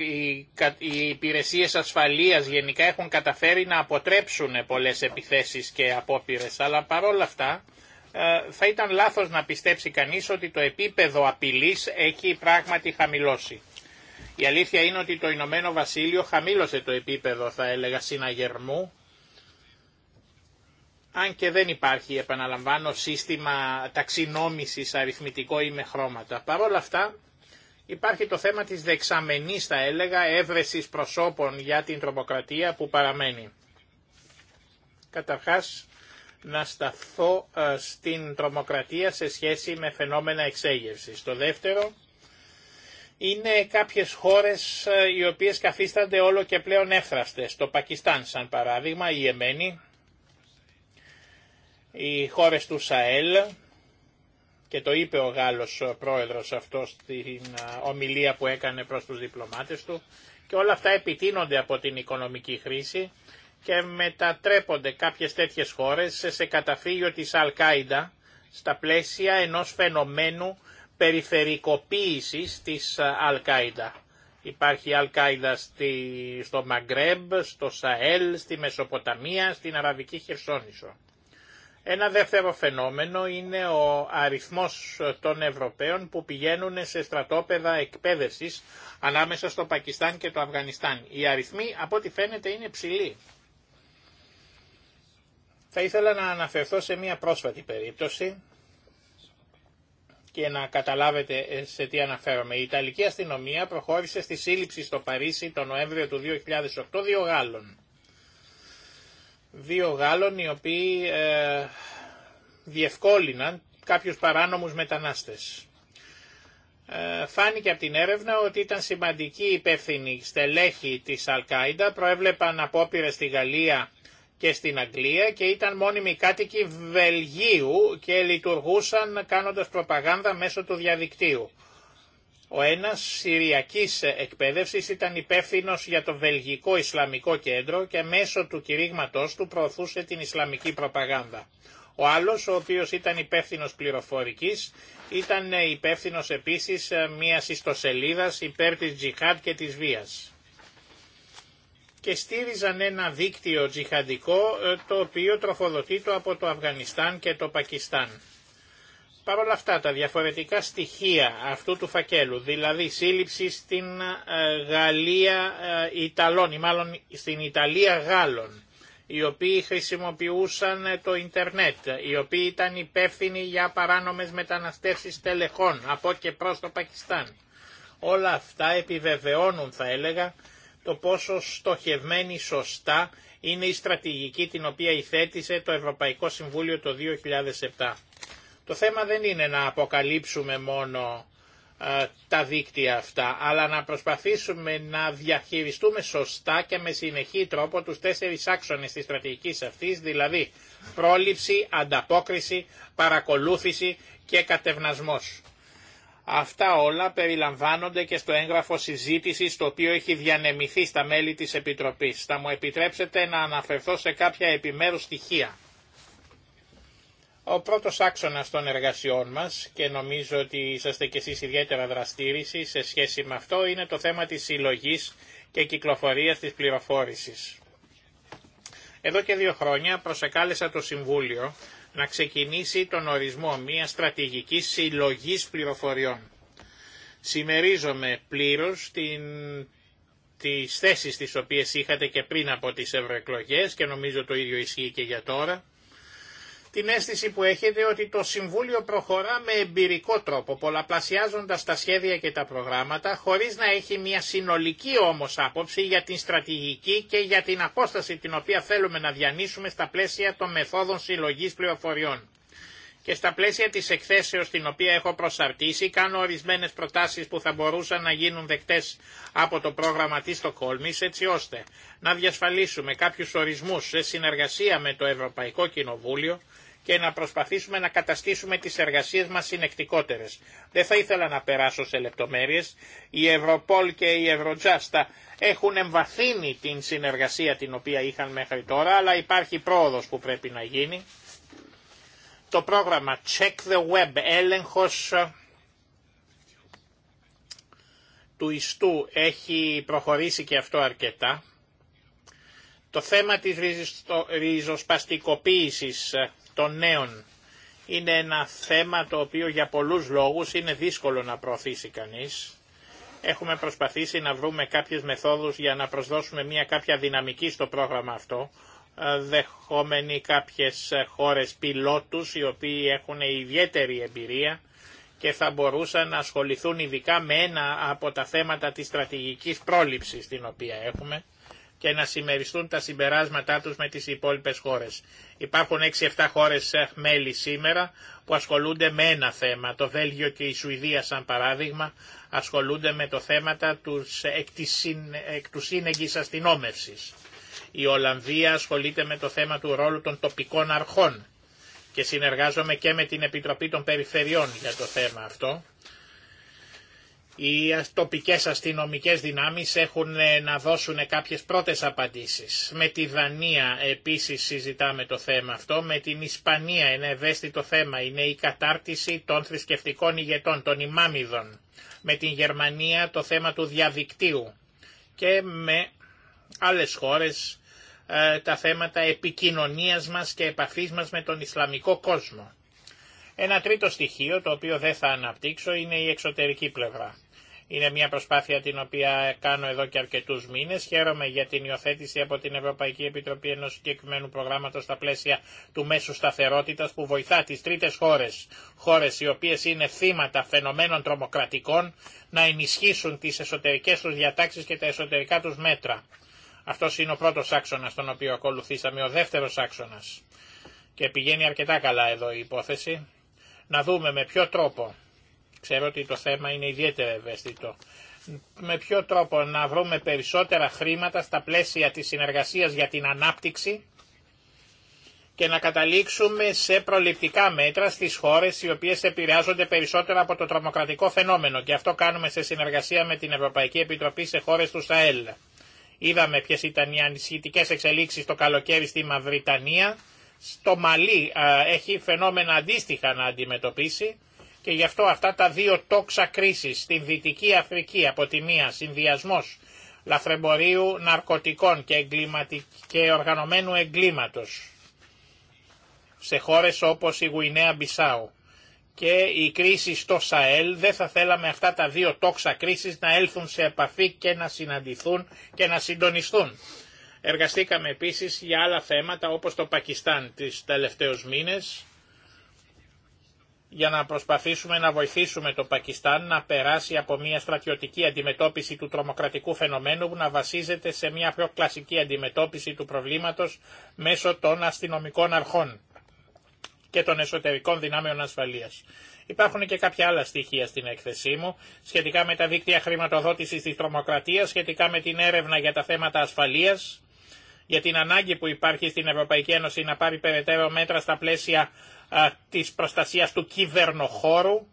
οι υπηρεσίες ασφαλείας γενικά έχουν καταφέρει να αποτρέψουν πολλές επιθέσεις και απόπειρες, αλλά παρόλα αυτά ε, θα ήταν λάθος να πιστέψει κανείς ότι το επίπεδο απειλής έχει πράγματι χαμηλώσει. Η αλήθεια είναι ότι το Ηνωμένο Βασίλειο χαμήλωσε το επίπεδο, θα έλεγα, συναγερμού, αν και δεν υπάρχει, επαναλαμβάνω, σύστημα ταξινόμησης αριθμητικό ή με χρώματα. Παρ' αυτά, Υπάρχει το θέμα της δεξαμενής, θα έλεγα, έβρεσης προσώπων για την τρομοκρατία που παραμένει. Καταρχάς, να σταθώ ε, στην τρομοκρατία σε σχέση με φαινόμενα εξέγερσης. Το δεύτερο είναι κάποιες χώρες ε, οι οποίες καθίστανται όλο και πλέον έφραστες. Το Πακιστάν, σαν παράδειγμα, η Εμένη, οι χώρες του Σαέλ, και το είπε ο Γάλλος πρόεδρος αυτό στην ομιλία που έκανε προς τους διπλωμάτες του και όλα αυτά επιτείνονται από την οικονομική χρήση και μετατρέπονται κάποιες τέτοιες χώρες σε καταφύγιο της Αλκάιντα στα πλαίσια ενός φαινομένου περιφερικοποίησης της Αλκάιντα. Υπάρχει Αλκάιντα στο Μαγκρέμπ, στο Σαέλ, στη Μεσοποταμία, στην Αραβική Χερσόνησο. Ένα δεύτερο φαινόμενο είναι ο αριθμός των Ευρωπαίων που πηγαίνουν σε στρατόπεδα εκπαίδευσης ανάμεσα στο Πακιστάν και το Αφγανιστάν. Οι αριθμοί από ό,τι φαίνεται είναι ψηλοί. Θα ήθελα να αναφερθώ σε μια πρόσφατη περίπτωση και να καταλάβετε ε, σε τι αναφέρομαι. Η Ιταλική αστυνομία προχώρησε στη σύλληψη στο Παρίσι το Νοέμβριο του 2008 δύο Γάλλων δύο Γάλλων οι οποίοι ε, διευκόλυναν κάποιους παράνομους μετανάστες. Ε, φάνηκε από την έρευνα ότι ήταν σημαντική υπεύθυνη στελέχη της Αλκάιντα, προέβλεπαν απόπειρε στη Γαλλία και στην Αγγλία και ήταν μόνιμοι κάτοικοι Βελγίου και λειτουργούσαν κάνοντας προπαγάνδα μέσω του διαδικτύου. Ο ένας Συριακής εκπαίδευσης ήταν υπεύθυνο για το Βελγικό Ισλαμικό Κέντρο και μέσω του κηρύγματός του προωθούσε την Ισλαμική προπαγάνδα. Ο άλλος, ο οποίος ήταν υπεύθυνο πληροφορικής, ήταν υπεύθυνο επίσης μιας ιστοσελίδας υπέρ της τζιχάτ και της βίας. Και στήριζαν ένα δίκτυο τζιχαντικό ε, το οποίο τροφοδοτείται από το Αφγανιστάν και το Πακιστάν. Παρ' όλα αυτά τα διαφορετικά στοιχεία αυτού του φακέλου, δηλαδή σύλληψη στην ε, Γαλλία ε, Ιταλών ή μάλλον στην Ιταλία Γάλλων, οι οποίοι χρησιμοποιούσαν ε, το ίντερνετ, οι οποίοι ήταν υπεύθυνοι για παράνομες μεταναστεύσεις τελεχών από και προς το Πακιστάν. Όλα αυτά επιβεβαιώνουν θα έλεγα το πόσο στοχευμένη σωστά είναι η στρατηγική την οποία υθέτησε το Ευρωπαϊκό Συμβούλιο το 2007. Το θέμα δεν είναι να αποκαλύψουμε μόνο ε, τα δίκτυα αυτά, αλλά να προσπαθήσουμε να διαχειριστούμε σωστά και με συνεχή τρόπο τους τέσσερις άξονες της στρατηγικής αυτής, δηλαδή πρόληψη, ανταπόκριση, παρακολούθηση και κατευνασμός. Αυτά όλα περιλαμβάνονται και στο έγγραφο συζήτηση το οποίο έχει διανεμηθεί στα μέλη της Επιτροπής. Θα μου επιτρέψετε να αναφερθώ σε κάποια επιμέρους στοιχεία. Ο πρώτος άξονας των εργασιών μας και νομίζω ότι είσαστε κι εσείς ιδιαίτερα δραστήριση σε σχέση με αυτό είναι το θέμα της συλλογή και κυκλοφορίας της πληροφόρησης. Εδώ και δύο χρόνια προσεκάλεσα το Συμβούλιο να ξεκινήσει τον ορισμό μιας στρατηγικής συλλογής πληροφοριών. Σημερίζομαι πλήρως την τις θέσεις τις οποίες είχατε και πριν από τις ευρωεκλογέ και νομίζω το ίδιο ισχύει και για τώρα την αίσθηση που έχετε ότι το Συμβούλιο προχωρά με εμπειρικό τρόπο, πολλαπλασιάζοντας τα σχέδια και τα προγράμματα, χωρίς να έχει μια συνολική όμως άποψη για την στρατηγική και για την απόσταση την οποία θέλουμε να διανύσουμε στα πλαίσια των μεθόδων συλλογής πληροφοριών. Και στα πλαίσια της εκθέσεως την οποία έχω προσαρτήσει κάνω ορισμένες προτάσεις που θα μπορούσαν να γίνουν δεκτές από το πρόγραμμα της Στοκόλμης έτσι ώστε να διασφαλίσουμε κάποιους ορισμούς σε συνεργασία με το Ευρωπαϊκό Κοινοβούλιο και να προσπαθήσουμε να καταστήσουμε τις εργασίες μας συνεκτικότερες. Δεν θα ήθελα να περάσω σε λεπτομέρειες. Η Ευρωπόλ και η Ευρωτζάστα έχουν εμβαθύνει την συνεργασία την οποία είχαν μέχρι τώρα, αλλά υπάρχει πρόοδος που πρέπει να γίνει. Το πρόγραμμα Check the Web, έλεγχος του ιστού έχει προχωρήσει και αυτό αρκετά. Το θέμα της ριζοσπαστικοποίησης των νέων. Είναι ένα θέμα το οποίο για πολλούς λόγους είναι δύσκολο να προωθήσει κανείς. Έχουμε προσπαθήσει να βρούμε κάποιες μεθόδους για να προσδώσουμε μια κάποια δυναμική στο πρόγραμμα αυτό, ε, δεχόμενοι κάποιες ε, χώρες πιλότους οι οποίοι έχουν ιδιαίτερη εμπειρία και θα μπορούσαν να ασχοληθούν ειδικά με ένα από τα θέματα της στρατηγικής πρόληψης την οποία έχουμε και να συμμεριστούν τα συμπεράσματά τους με τις υπόλοιπες χώρες. Υπάρχουν 6-7 χώρες ε, μέλη σήμερα που ασχολούνται με ένα θέμα. Το Βέλγιο και η Σουηδία σαν παράδειγμα ασχολούνται με το θέμα τους εκ, του σύνεγγης αστυνόμευσης. Η Ολλανδία ασχολείται με το θέμα του ρόλου των τοπικών αρχών και συνεργάζομαι και με την Επιτροπή των Περιφερειών για το θέμα αυτό οι τοπικές αστυνομικές δυνάμεις έχουν ε, να δώσουν κάποιες πρώτες απαντήσεις. Με τη Δανία επίσης συζητάμε το θέμα αυτό, με την Ισπανία είναι ευαίσθητο θέμα, είναι η κατάρτιση των θρησκευτικών ηγετών, των ημάμιδων. Με την Γερμανία το θέμα του διαδικτύου και με άλλες χώρες ε, τα θέματα επικοινωνίας μας και επαφής μας με τον Ισλαμικό κόσμο. Ένα τρίτο στοιχείο το οποίο δεν θα αναπτύξω είναι η εξωτερική πλευρά. Είναι μια προσπάθεια την οποία κάνω εδώ και αρκετού μήνε. Χαίρομαι για την υιοθέτηση από την Ευρωπαϊκή Επιτροπή ενό συγκεκριμένου προγράμματο στα πλαίσια του μέσου σταθερότητα που βοηθά τι τρίτε χώρε, χώρε οι οποίε είναι θύματα φαινομένων τρομοκρατικών, να ενισχύσουν τι εσωτερικέ του διατάξει και τα εσωτερικά του μέτρα. Αυτό είναι ο πρώτο άξονα τον οποίο ακολουθήσαμε, ο δεύτερο άξονα. Και πηγαίνει αρκετά καλά εδώ η υπόθεση. Να δούμε με ποιο τρόπο Ξέρω ότι το θέμα είναι ιδιαίτερα ευαίσθητο. Με ποιο τρόπο να βρούμε περισσότερα χρήματα στα πλαίσια της συνεργασίας για την ανάπτυξη και να καταλήξουμε σε προληπτικά μέτρα στις χώρες οι οποίες επηρεάζονται περισσότερο από το τρομοκρατικό φαινόμενο και αυτό κάνουμε σε συνεργασία με την Ευρωπαϊκή Επιτροπή σε χώρες του ΣΑΕΛ. Είδαμε ποιε ήταν οι ανησυχητικέ εξελίξεις το καλοκαίρι στη Μαυριτανία. Στο Μαλί έχει φαινόμενα αντίστοιχα να αντιμετωπίσει και γι' αυτό αυτά τα δύο τόξα κρίσης στην Δυτική Αφρική από τη μία συνδυασμός λαθρεμπορίου ναρκωτικών και, και οργανωμένου εγκλήματος σε χώρες όπως η Γουινέα Μπισάου και η κρίση στο ΣΑΕΛ δεν θα θέλαμε αυτά τα δύο τόξα κρίσης να έλθουν σε επαφή και να συναντηθούν και να συντονιστούν. Εργαστήκαμε επίσης για άλλα θέματα όπως το Πακιστάν τις τελευταίους μήνες για να προσπαθήσουμε να βοηθήσουμε το Πακιστάν να περάσει από μια στρατιωτική αντιμετώπιση του τρομοκρατικού φαινομένου που να βασίζεται σε μια πιο κλασική αντιμετώπιση του προβλήματος μέσω των αστυνομικών αρχών και των εσωτερικών δυνάμεων ασφαλείας. Υπάρχουν και κάποια άλλα στοιχεία στην έκθεσή μου σχετικά με τα δίκτυα χρηματοδότησης της τρομοκρατίας, σχετικά με την έρευνα για τα θέματα ασφαλείας, για την ανάγκη που υπάρχει στην Ευρωπαϊκή Ένωση να πάρει περαιτέρω μέτρα στα πλαίσια της προστασίας του κυβερνοχώρου,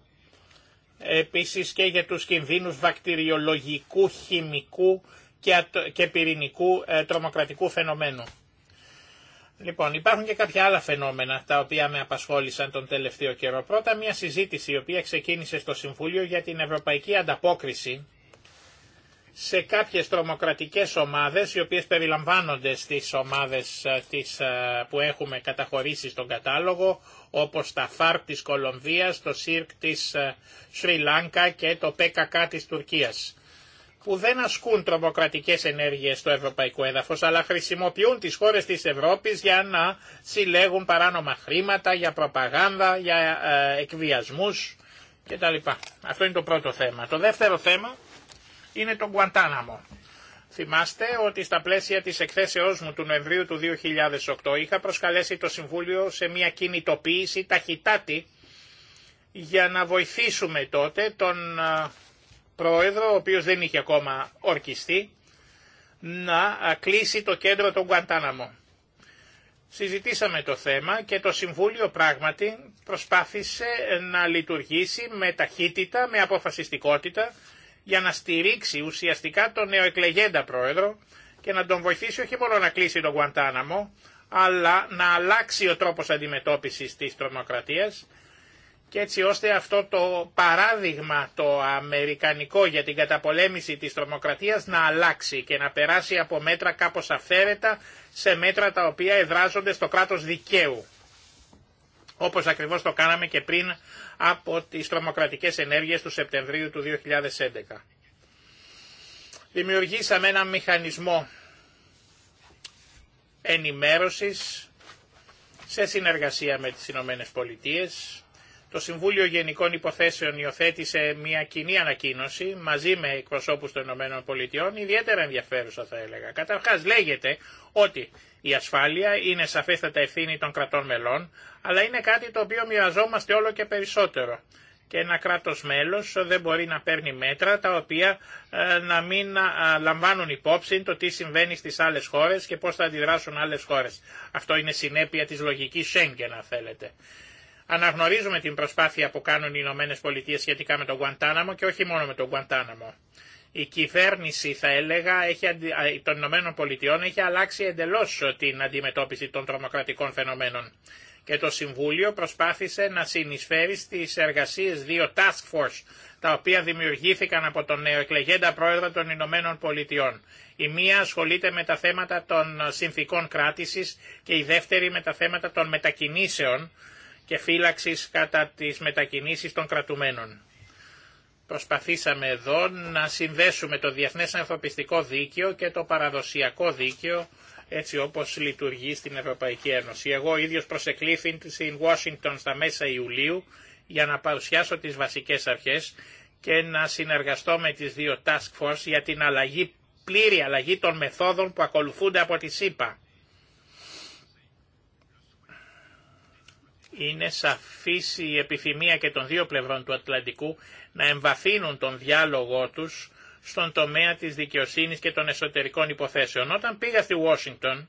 επίσης και για τους κινδύνους βακτηριολογικού, χημικού και πυρηνικού ε, τρομοκρατικού φαινομένου. Λοιπόν, υπάρχουν και κάποια άλλα φαινόμενα τα οποία με απασχόλησαν τον τελευταίο καιρό. Πρώτα, μια συζήτηση η οποία ξεκίνησε στο Συμβούλιο για την ευρωπαϊκή ανταπόκριση σε κάποιες τρομοκρατικές ομάδες, οι οποίες περιλαμβάνονται στις ομάδες ε, της, ε, που έχουμε καταχωρήσει στον κατάλογο, όπως τα ΦΑΡΚ της Κολομβίας, το ΣΥΡΚ της ε, Σρι Λάνκα και το ΠΚΚ της Τουρκίας, που δεν ασκούν τρομοκρατικές ενέργειες στο ευρωπαϊκό έδαφος, αλλά χρησιμοποιούν τις χώρες της Ευρώπης για να συλλέγουν παράνομα χρήματα, για προπαγάνδα, για εκβιασμούς κτλ. Αυτό είναι το πρώτο θέμα. Το δεύτερο θέμα είναι τον Γκουαντάναμο. Θυμάστε ότι στα πλαίσια της εκθέσεώς μου του Νοεμβρίου του 2008 είχα προσκαλέσει το Συμβούλιο σε μια κινητοποίηση ταχυτάτη για να βοηθήσουμε τότε τον πρόεδρο, ο οποίος δεν είχε ακόμα ορκιστεί, να κλείσει το κέντρο του Γκουαντάναμο. Συζητήσαμε το θέμα και το Συμβούλιο πράγματι προσπάθησε να λειτουργήσει με ταχύτητα, με αποφασιστικότητα για να στηρίξει ουσιαστικά τον νεοεκλεγέντα πρόεδρο και να τον βοηθήσει όχι μόνο να κλείσει τον Γουαντάναμο, αλλά να αλλάξει ο τρόπος αντιμετώπισης της τρομοκρατίας και έτσι ώστε αυτό το παράδειγμα το αμερικανικό για την καταπολέμηση της τρομοκρατίας να αλλάξει και να περάσει από μέτρα κάπως αυθαίρετα σε μέτρα τα οποία εδράζονται στο κράτος δικαίου όπως ακριβώς το κάναμε και πριν από τις τρομοκρατικές ενέργειες του Σεπτεμβρίου του 2011. Δημιουργήσαμε ένα μηχανισμό ενημέρωσης σε συνεργασία με τις Ηνωμένε Πολιτείες. Το Συμβούλιο Γενικών Υποθέσεων υιοθέτησε μια κοινή ανακοίνωση μαζί με εκπροσώπους των Ηνωμένων Πολιτειών, ιδιαίτερα ενδιαφέρουσα θα έλεγα. Καταρχάς λέγεται ότι η ασφάλεια είναι σαφέστατα ευθύνη των κρατών μελών, αλλά είναι κάτι το οποίο μοιραζόμαστε όλο και περισσότερο. Και ένα κράτος μέλος δεν μπορεί να παίρνει μέτρα τα οποία ε, να μην λαμβάνουν υπόψη το τι συμβαίνει στις άλλες χώρες και πώς θα αντιδράσουν άλλες χώρες. Αυτό είναι συνέπεια της λογικής Σέγγεν, αν θέλετε. Αναγνωρίζουμε την προσπάθεια που κάνουν οι Ηνωμένε Πολιτείε σχετικά με τον Γκουαντάναμο και όχι μόνο με τον Γκουαντάναμο η κυβέρνηση θα έλεγα έχει, των Ηνωμένων Πολιτειών έχει αλλάξει εντελώς την αντιμετώπιση των τρομοκρατικών φαινομένων. Και το Συμβούλιο προσπάθησε να συνεισφέρει στις εργασίες δύο task force, τα οποία δημιουργήθηκαν από τον νεοεκλεγέντα πρόεδρο των Ηνωμένων Πολιτειών. Η μία ασχολείται με τα θέματα των συνθήκων κράτησης και η δεύτερη με τα θέματα των μετακινήσεων και φύλαξης κατά τις μετακινήσεις των κρατουμένων. Προσπαθήσαμε εδώ να συνδέσουμε το Διεθνές Ανθρωπιστικό Δίκαιο και το παραδοσιακό δίκαιο έτσι όπως λειτουργεί στην Ευρωπαϊκή Ένωση. Εγώ ίδιος προσεκλήθη στην Washington στα μέσα Ιουλίου για να παρουσιάσω τις βασικές αρχές και να συνεργαστώ με τις δύο task force για την αλλαγή, πλήρη αλλαγή των μεθόδων που ακολουθούνται από τη ΣΥΠΑ. είναι σαφής η επιθυμία και των δύο πλευρών του Ατλαντικού να εμβαθύνουν τον διάλογό τους στον τομέα της δικαιοσύνης και των εσωτερικών υποθέσεων. Όταν πήγα στη Ουάσιγκτον,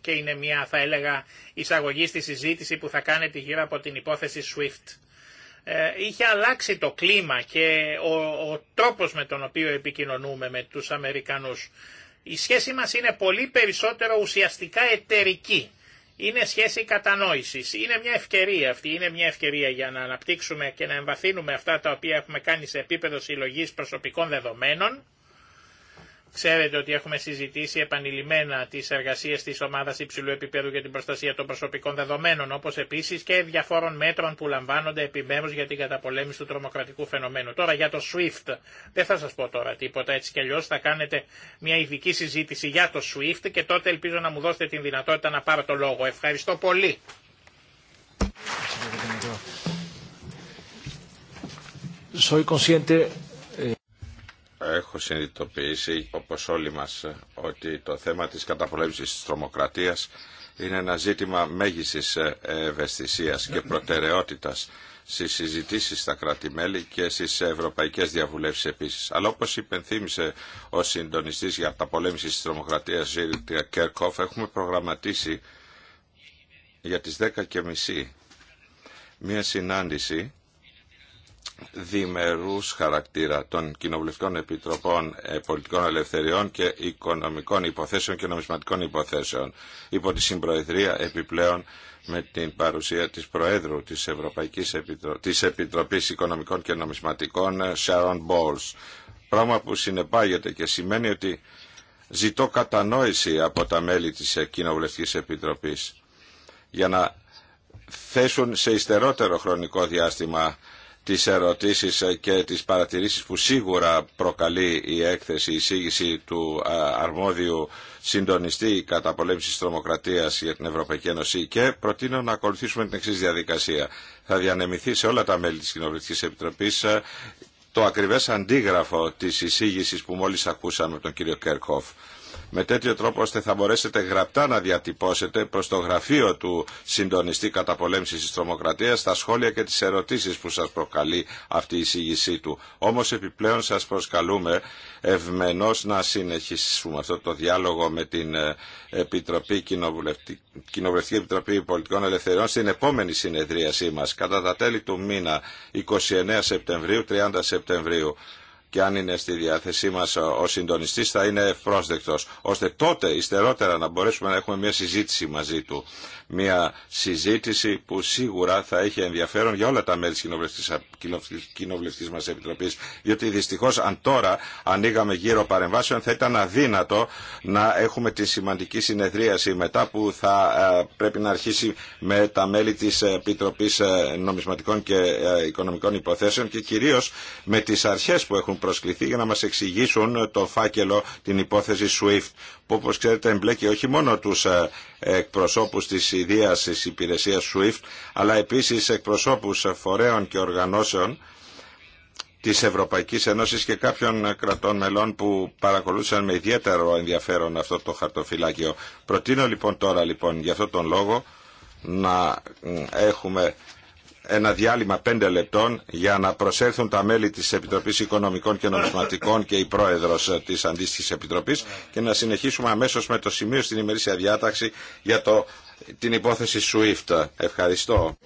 και είναι μια θα έλεγα εισαγωγή στη συζήτηση που θα κάνετε γύρω από την υπόθεση SWIFT, ε, είχε αλλάξει το κλίμα και ο, τρόπος με τον οποίο επικοινωνούμε με τους Αμερικανούς. Η σχέση μας είναι πολύ περισσότερο ουσιαστικά εταιρική είναι σχέση κατανόησης. Είναι μια ευκαιρία αυτή, είναι μια ευκαιρία για να αναπτύξουμε και να εμβαθύνουμε αυτά τα οποία έχουμε κάνει σε επίπεδο συλλογής προσωπικών δεδομένων Ξέρετε ότι έχουμε συζητήσει επανειλημμένα τι εργασίε τη ομάδα υψηλού επίπεδου για την προστασία των προσωπικών δεδομένων, όπω επίση και διαφόρων μέτρων που λαμβάνονται επιμέρου για την καταπολέμηση του τρομοκρατικού φαινομένου. Τώρα για το SWIFT, δεν θα σα πω τώρα τίποτα, έτσι κι αλλιώ. θα κάνετε μια ειδική συζήτηση για το SWIFT και τότε ελπίζω να μου δώσετε την δυνατότητα να πάρω το λόγο. Ευχαριστώ πολύ. Soy consciente έχω συνειδητοποιήσει, όπως όλοι μας, ότι το θέμα της καταπολέμησης της τρομοκρατίας είναι ένα ζήτημα μέγιστη ευαισθησίας και προτεραιότητας στις συζητήσεις στα κράτη-μέλη και στις ευρωπαϊκές διαβουλεύσεις επίσης. Αλλά όπως υπενθύμισε ο συντονιστής για τα πολέμηση της τρομοκρατίας Ζήρ Κέρκοφ, έχουμε προγραμματίσει για τις 10.30 μία συνάντηση διμερούς χαρακτήρα των κοινοβουλευτικών επιτροπών ε, πολιτικών ελευθεριών και οικονομικών υποθέσεων και νομισματικών υποθέσεων υπό τη συμπροεδρία επιπλέον με την παρουσία της Προέδρου της Ευρωπαϊκής της Επιτροπής Οικονομικών και Νομισματικών ε, Sharon Bowles πράγμα που συνεπάγεται και σημαίνει ότι ζητώ κατανόηση από τα μέλη της ε, Κοινοβουλευτικής Επιτροπής για να θέσουν σε ιστερότερο χρονικό διάστημα τις ερωτήσεις ε, και τις παρατηρήσεις που σίγουρα προκαλεί η έκθεση, η εισήγηση του ε, αρμόδιου συντονιστή κατά πολέμησης τρομοκρατίας για την Ευρωπαϊκή Ένωση και προτείνω να ακολουθήσουμε την εξής διαδικασία. Θα διανεμηθεί σε όλα τα μέλη της Κοινοβουλευτικής Επιτροπής ε, το ακριβές αντίγραφο της εισήγησης που μόλις ακούσαμε τον κύριο Κέρκοφ με τέτοιο τρόπο ώστε θα μπορέσετε γραπτά να διατυπώσετε προς το γραφείο του συντονιστή καταπολέμησης της τρομοκρατίας τα σχόλια και τις ερωτήσεις που σας προκαλεί αυτή η εισήγησή του. Όμως επιπλέον σας προσκαλούμε ευμενώς να συνεχίσουμε αυτό το διάλογο με την ε, Επιτροπή Κοινοβουλευτική, Κοινοβουλευτική Επιτροπή Πολιτικών Ελευθεριών στην επόμενη συνεδρίασή μας κατά τα τέλη του μήνα 29 Σεπτεμβρίου 30 Σεπτεμβρίου και αν είναι στη διάθεσή μας ο συντονιστής θα είναι πρόσδεκτος, ώστε τότε, υστερότερα, να μπορέσουμε να έχουμε μια συζήτηση μαζί του μια συζήτηση που σίγουρα θα έχει ενδιαφέρον για όλα τα μέλη της κοινοβουλευτής μας Επιτροπής, διότι δυστυχώς αν τώρα ανοίγαμε γύρω παρεμβάσεων θα ήταν αδύνατο να έχουμε τη σημαντική συνεδρίαση μετά που θα ε, πρέπει να αρχίσει με τα μέλη της Επιτροπής ε, Νομισματικών και ε, Οικονομικών Υποθέσεων και κυρίως με τις αρχές που έχουν προσκληθεί για να μας εξηγήσουν το φάκελο την υπόθεση SWIFT που όπως ξέρετε εμπλέκει όχι μόνο τους ε, εκπροσώπους της ιδίας της υπηρεσίας SWIFT αλλά επίσης εκπροσώπους φορέων και οργανώσεων της Ευρωπαϊκής Ένωσης και κάποιων κρατών μελών που παρακολούθησαν με ιδιαίτερο ενδιαφέρον αυτό το χαρτοφυλάκιο. Προτείνω λοιπόν τώρα λοιπόν για αυτόν τον λόγο να έχουμε ένα διάλειμμα πέντε λεπτών για να προσέλθουν τα μέλη της Επιτροπής Οικονομικών και Νομισματικών και η πρόεδρος της αντίστοιχης Επιτροπής και να συνεχίσουμε αμέσως με το σημείο στην ημερήσια διάταξη για το, την υπόθεση SWIFT. Ευχαριστώ.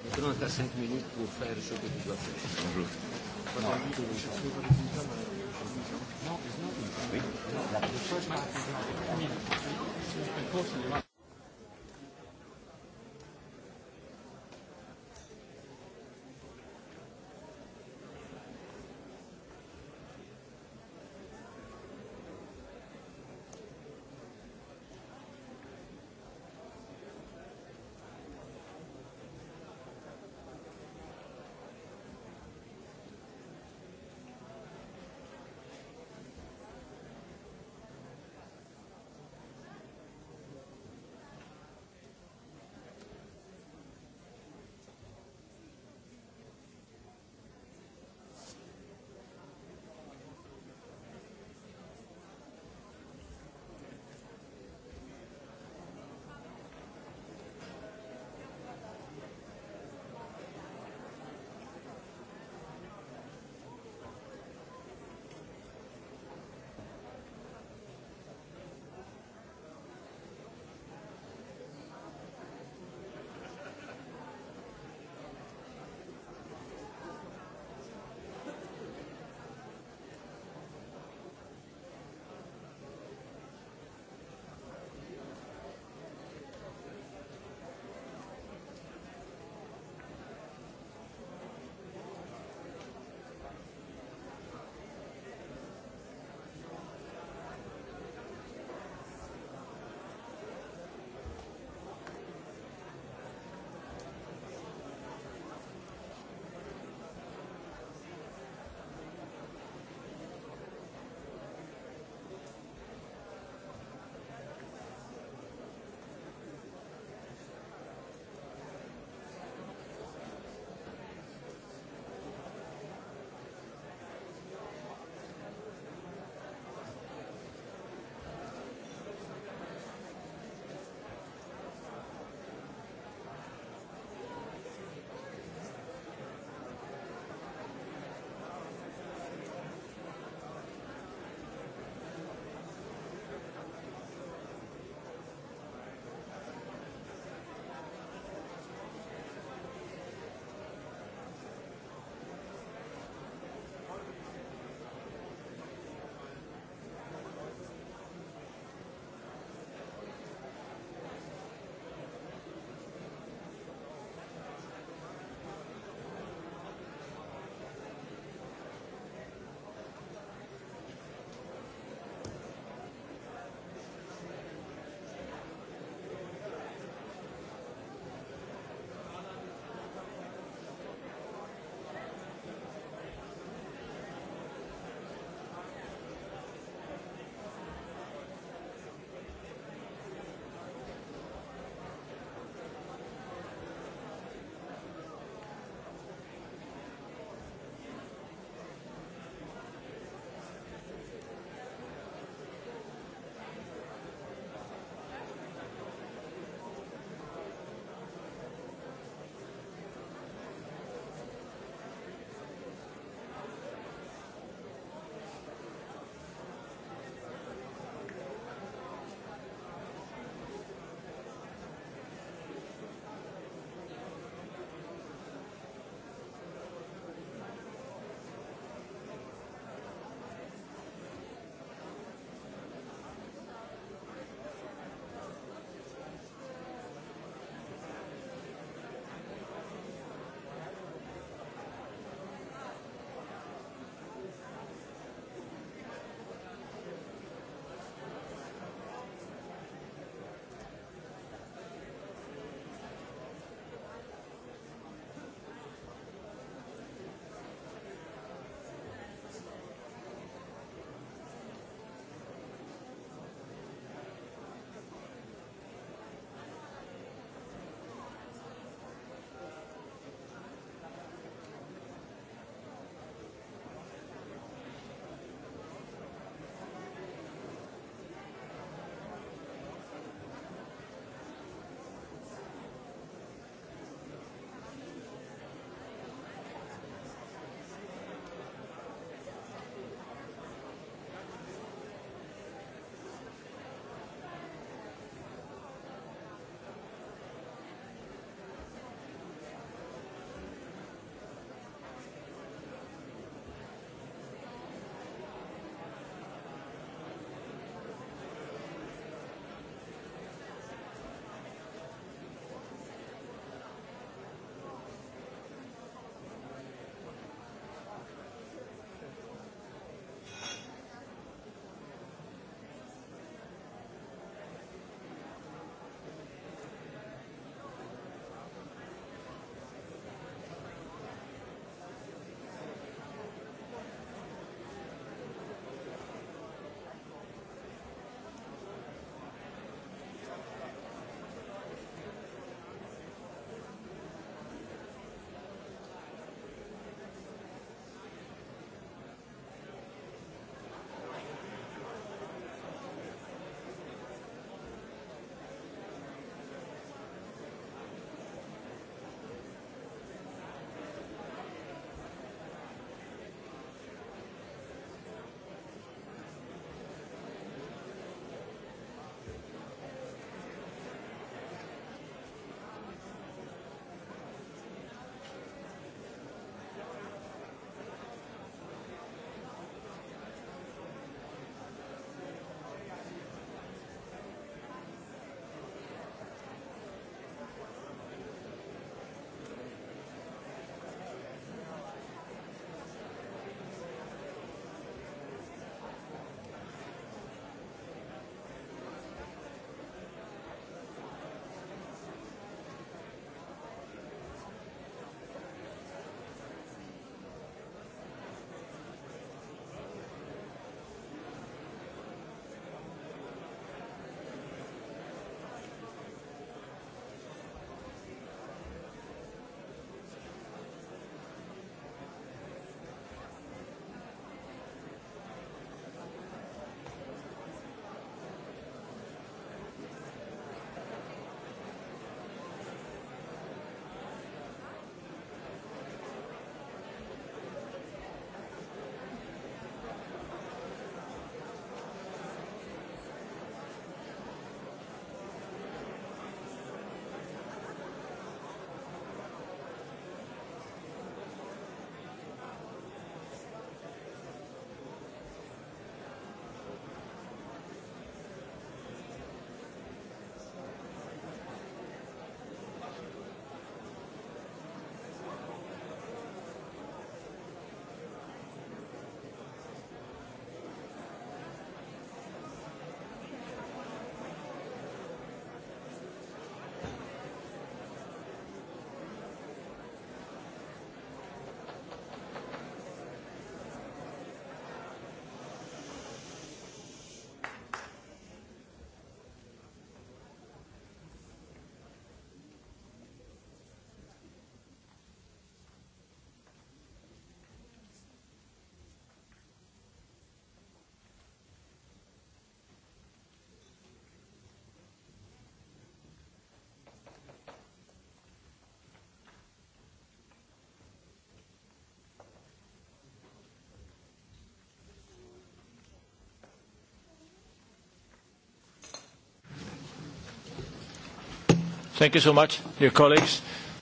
Thank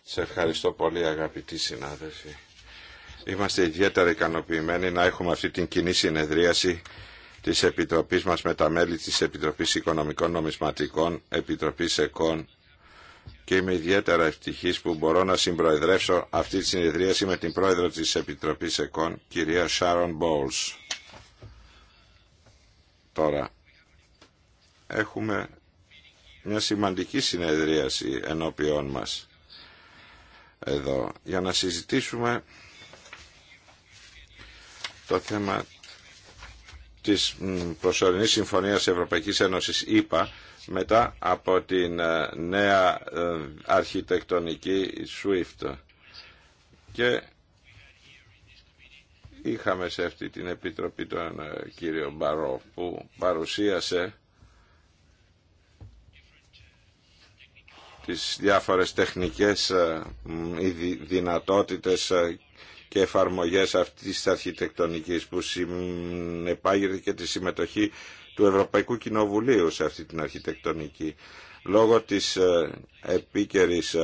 Σε ευχαριστώ πολύ αγαπητοί συνάδελφοι. Είμαστε ιδιαίτερα ικανοποιημένοι να έχουμε αυτή την κοινή συνεδρίαση της Επιτροπής μας με τα μέλη της Επιτροπής Οικονομικών Νομισματικών, Επιτροπής ΕΚΟΝ και είμαι ιδιαίτερα ευτυχής που μπορώ να συμπροεδρεύσω αυτή τη συνεδρίαση με την πρόεδρο της Επιτροπής ΕΚΟΝ, κυρία Sharon Bowles. Τώρα, έχουμε μια σημαντική συνεδρίαση ενώπιόν μας εδώ για να συζητήσουμε το θέμα της προσωρινής συμφωνίας Ευρωπαϊκής Ένωσης ΕΠΑ μετά από την ε, νέα ε, αρχιτεκτονική SWIFT. Και είχαμε σε αυτή την Επιτροπή τον ε, κύριο Μπαρό που παρουσίασε τις διάφορες τεχνικές ε, δυνατότητες ε, και εφαρμογές αυτής της αρχιτεκτονικής που συνεπάγεται και τη συμμετοχή του Ευρωπαϊκού Κοινοβουλίου σε αυτή την αρχιτεκτονική. Λόγω της ε, επίκαιρης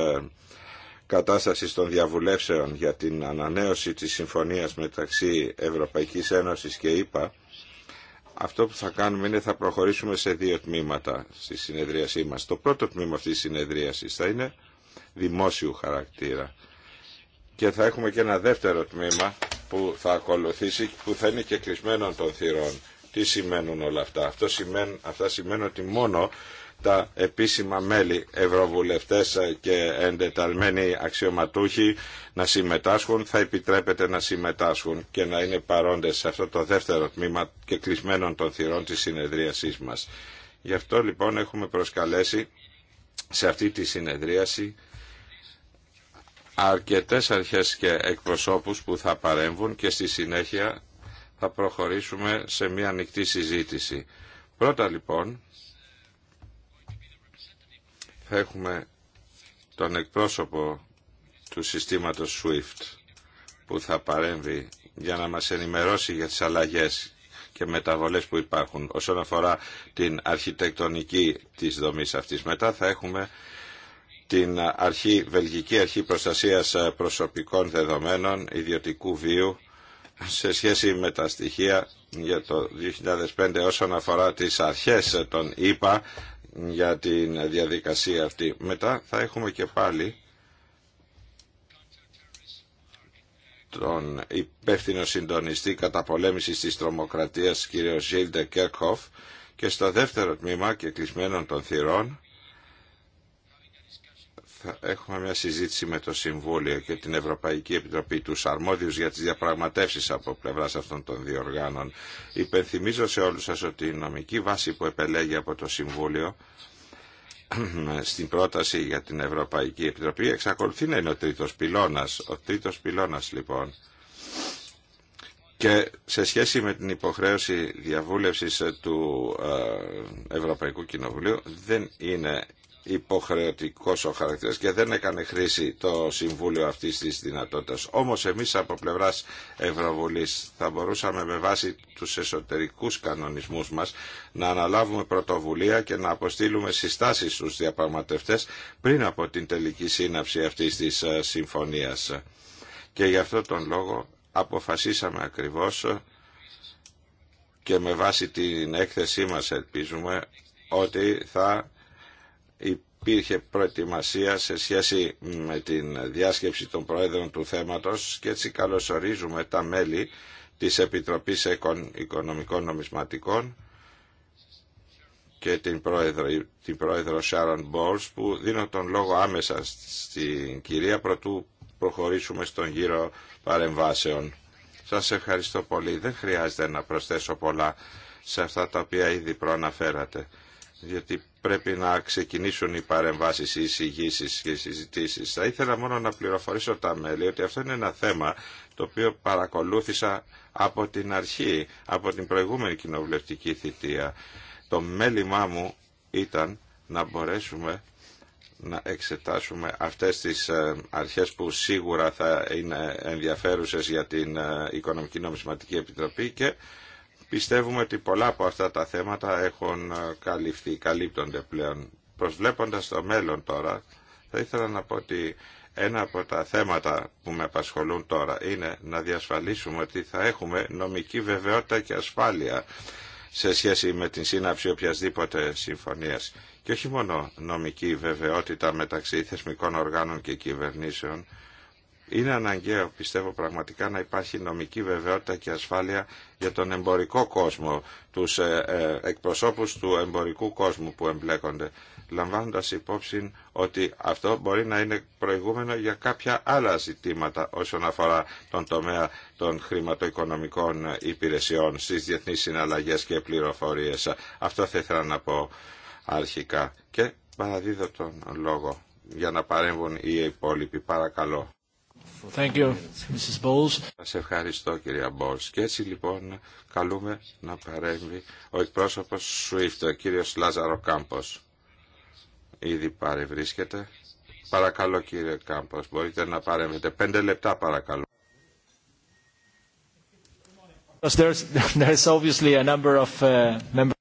κατάστασης των διαβουλεύσεων για την ανανέωση της συμφωνίας μεταξύ Ευρωπαϊκής Ένωσης και ΕΠΑ αυτό που θα κάνουμε είναι θα προχωρήσουμε σε δύο τμήματα στη συνεδρίασή μας. Το πρώτο τμήμα αυτής της συνεδρίασης θα είναι δημόσιου χαρακτήρα. Και θα έχουμε και ένα δεύτερο τμήμα που θα ακολουθήσει που θα είναι και κλεισμένο των θυρών. Τι σημαίνουν όλα αυτά. Αυτό σημαίνει, αυτά σημαίνουν ότι μόνο τα επίσημα μέλη ευρωβουλευτές και εντεταλμένοι αξιωματούχοι να συμμετάσχουν, θα επιτρέπεται να συμμετάσχουν και να είναι παρόντες σε αυτό το δεύτερο τμήμα και κλεισμένων των θυρών της συνεδρίασής μας. Γι' αυτό λοιπόν έχουμε προσκαλέσει σε αυτή τη συνεδρίαση αρκετές αρχές και εκπροσώπους που θα παρέμβουν και στη συνέχεια θα προχωρήσουμε σε μια ανοιχτή συζήτηση. Πρώτα λοιπόν θα έχουμε τον εκπρόσωπο του συστήματος SWIFT που θα παρέμβει για να μας ενημερώσει για τις αλλαγές και μεταβολές που υπάρχουν όσον αφορά την αρχιτεκτονική της δομής αυτής. Μετά θα έχουμε την αρχή, Βελγική Αρχή Προστασίας Προσωπικών Δεδομένων Ιδιωτικού Βίου σε σχέση με τα στοιχεία για το 2005 όσον αφορά τις αρχές των ΙΠΑ για την διαδικασία αυτή. Μετά θα έχουμε και πάλι τον υπεύθυνο συντονιστή καταπολέμησης της τρομοκρατίας κ. Ζίλντε Κέρκοφ και στο δεύτερο τμήμα και κλεισμένων των θυρών θα έχουμε μια συζήτηση με το Συμβούλιο και την Ευρωπαϊκή Επιτροπή του αρμόδιους για τις διαπραγματεύσεις από πλευράς αυτών των δύο οργάνων. Υπενθυμίζω σε όλους σας ότι η νομική βάση που επελέγει από το Συμβούλιο στην πρόταση για την Ευρωπαϊκή Επιτροπή εξακολουθεί να είναι ο τρίτος πυλώνας. Ο τρίτος πυλώνας λοιπόν. Και σε σχέση με την υποχρέωση διαβούλευσης του ε, Ευρωπαϊκού Κοινοβουλίου δεν είναι υποχρεωτικός ο χαρακτήρας και δεν έκανε χρήση το Συμβούλιο αυτής της δυνατότητας. Όμως εμείς από πλευράς Ευρωβουλής θα μπορούσαμε με βάση τους εσωτερικούς κανονισμούς μας να αναλάβουμε πρωτοβουλία και να αποστείλουμε συστάσεις στους διαπραγματευτές πριν από την τελική σύναψη αυτής της ε, συμφωνίας. Και γι' αυτό τον λόγο αποφασίσαμε ακριβώς και με βάση την έκθεσή μας ελπίζουμε ότι θα υπήρχε προετοιμασία σε σχέση με την διάσκεψη των Προέδρων του θέματος και έτσι καλωσορίζουμε τα μέλη της Επιτροπής Οικονομικών Νομισματικών και την πρόεδρο, την πρόεδρο Sharon που δίνω τον λόγο άμεσα στην κυρία προτού προχωρήσουμε στον γύρο παρεμβάσεων. Σας ευχαριστώ πολύ. Δεν χρειάζεται να προσθέσω πολλά σε αυτά τα οποία ήδη προαναφέρατε, διότι πρέπει να ξεκινήσουν οι παρεμβάσεις, οι εισηγήσει και οι συζητήσεις. Θα ήθελα μόνο να πληροφορήσω τα μέλη ότι αυτό είναι ένα θέμα το οποίο παρακολούθησα από την αρχή, από την προηγούμενη κοινοβουλευτική θητεία. Το μέλημά μου ήταν να μπορέσουμε να εξετάσουμε αυτές τις ε, αρχές που σίγουρα θα είναι ενδιαφέρουσες για την ε, Οικονομική Νομισματική Επιτροπή και Πιστεύουμε ότι πολλά από αυτά τα θέματα έχουν ε, καλυφθεί, καλύπτονται πλέον. Προσβλέποντας το μέλλον τώρα, θα ήθελα να πω ότι ένα από τα θέματα που με απασχολούν τώρα είναι να διασφαλίσουμε ότι θα έχουμε νομική βεβαιότητα και ασφάλεια σε σχέση με την σύναψη οποιασδήποτε συμφωνίας. Και όχι μόνο νομική βεβαιότητα μεταξύ θεσμικών οργάνων και κυβερνήσεων, είναι αναγκαίο, πιστεύω πραγματικά, να υπάρχει νομική βεβαιότητα και ασφάλεια για τον εμπορικό κόσμο, τους ε, ε, εκπροσώπους του εμπορικού κόσμου που εμπλέκονται, λαμβάνοντας υπόψη ότι αυτό μπορεί να είναι προηγούμενο για κάποια άλλα ζητήματα όσον αφορά τον τομέα των χρηματοοικονομικών υπηρεσιών στις διεθνείς συναλλαγές και πληροφορίες. Αυτό θα ήθελα να πω αρχικά. Και παραδίδω τον λόγο για να παρέμβουν οι υπόλοιποι. Παρακαλώ. Thank ευχαριστώ κυρία Μπόλς. Και έτσι λοιπόν καλούμε να παρέμβει ο εκπρόσωπο SWIFT, ο κύριος Λάζαρο Κάμπος. Ήδη παρευρίσκεται. Παρακαλώ κύριε Κάμπος, μπορείτε να παρέμβετε. Πέντε λεπτά παρακαλώ.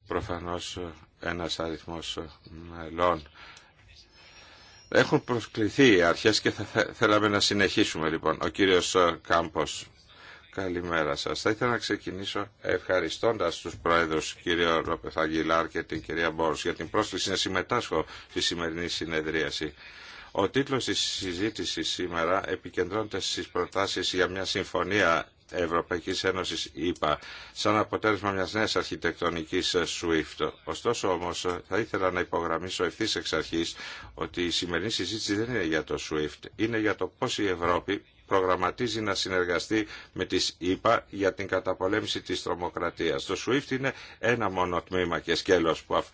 Προφανώ, ένα αριθμό αριθμός ε, μελών έχουν προσκληθεί οι αρχές και θα θέλαμε να συνεχίσουμε λοιπόν. Ο κύριος ε, Κάμπος, καλημέρα σας. Θα ήθελα να ξεκινήσω ευχαριστώντας τους πρόεδρους κύριο Ροπεθαγγιλάρ και την κυρία Μπόρς για την πρόσκληση να συμμετάσχω στη σημερινή συνεδρίαση. Ο τίτλος της συζήτησης σήμερα επικεντρώνεται στις προτάσεις για μια συμφωνία Ευρωπαϊκής Ένωσης είπα σαν αποτέλεσμα μιας νέας αρχιτεκτονικής SWIFT. Ωστόσο όμως θα ήθελα να υπογραμμίσω ευθύ εξ αρχής ότι η σημερινή συζήτηση δεν είναι για το SWIFT, είναι για το πώς η Ευρώπη προγραμματίζει να συνεργαστεί με τις ΗΠΑ για την καταπολέμηση της τρομοκρατίας. Το SWIFT είναι ένα μόνο τμήμα και σκέλος που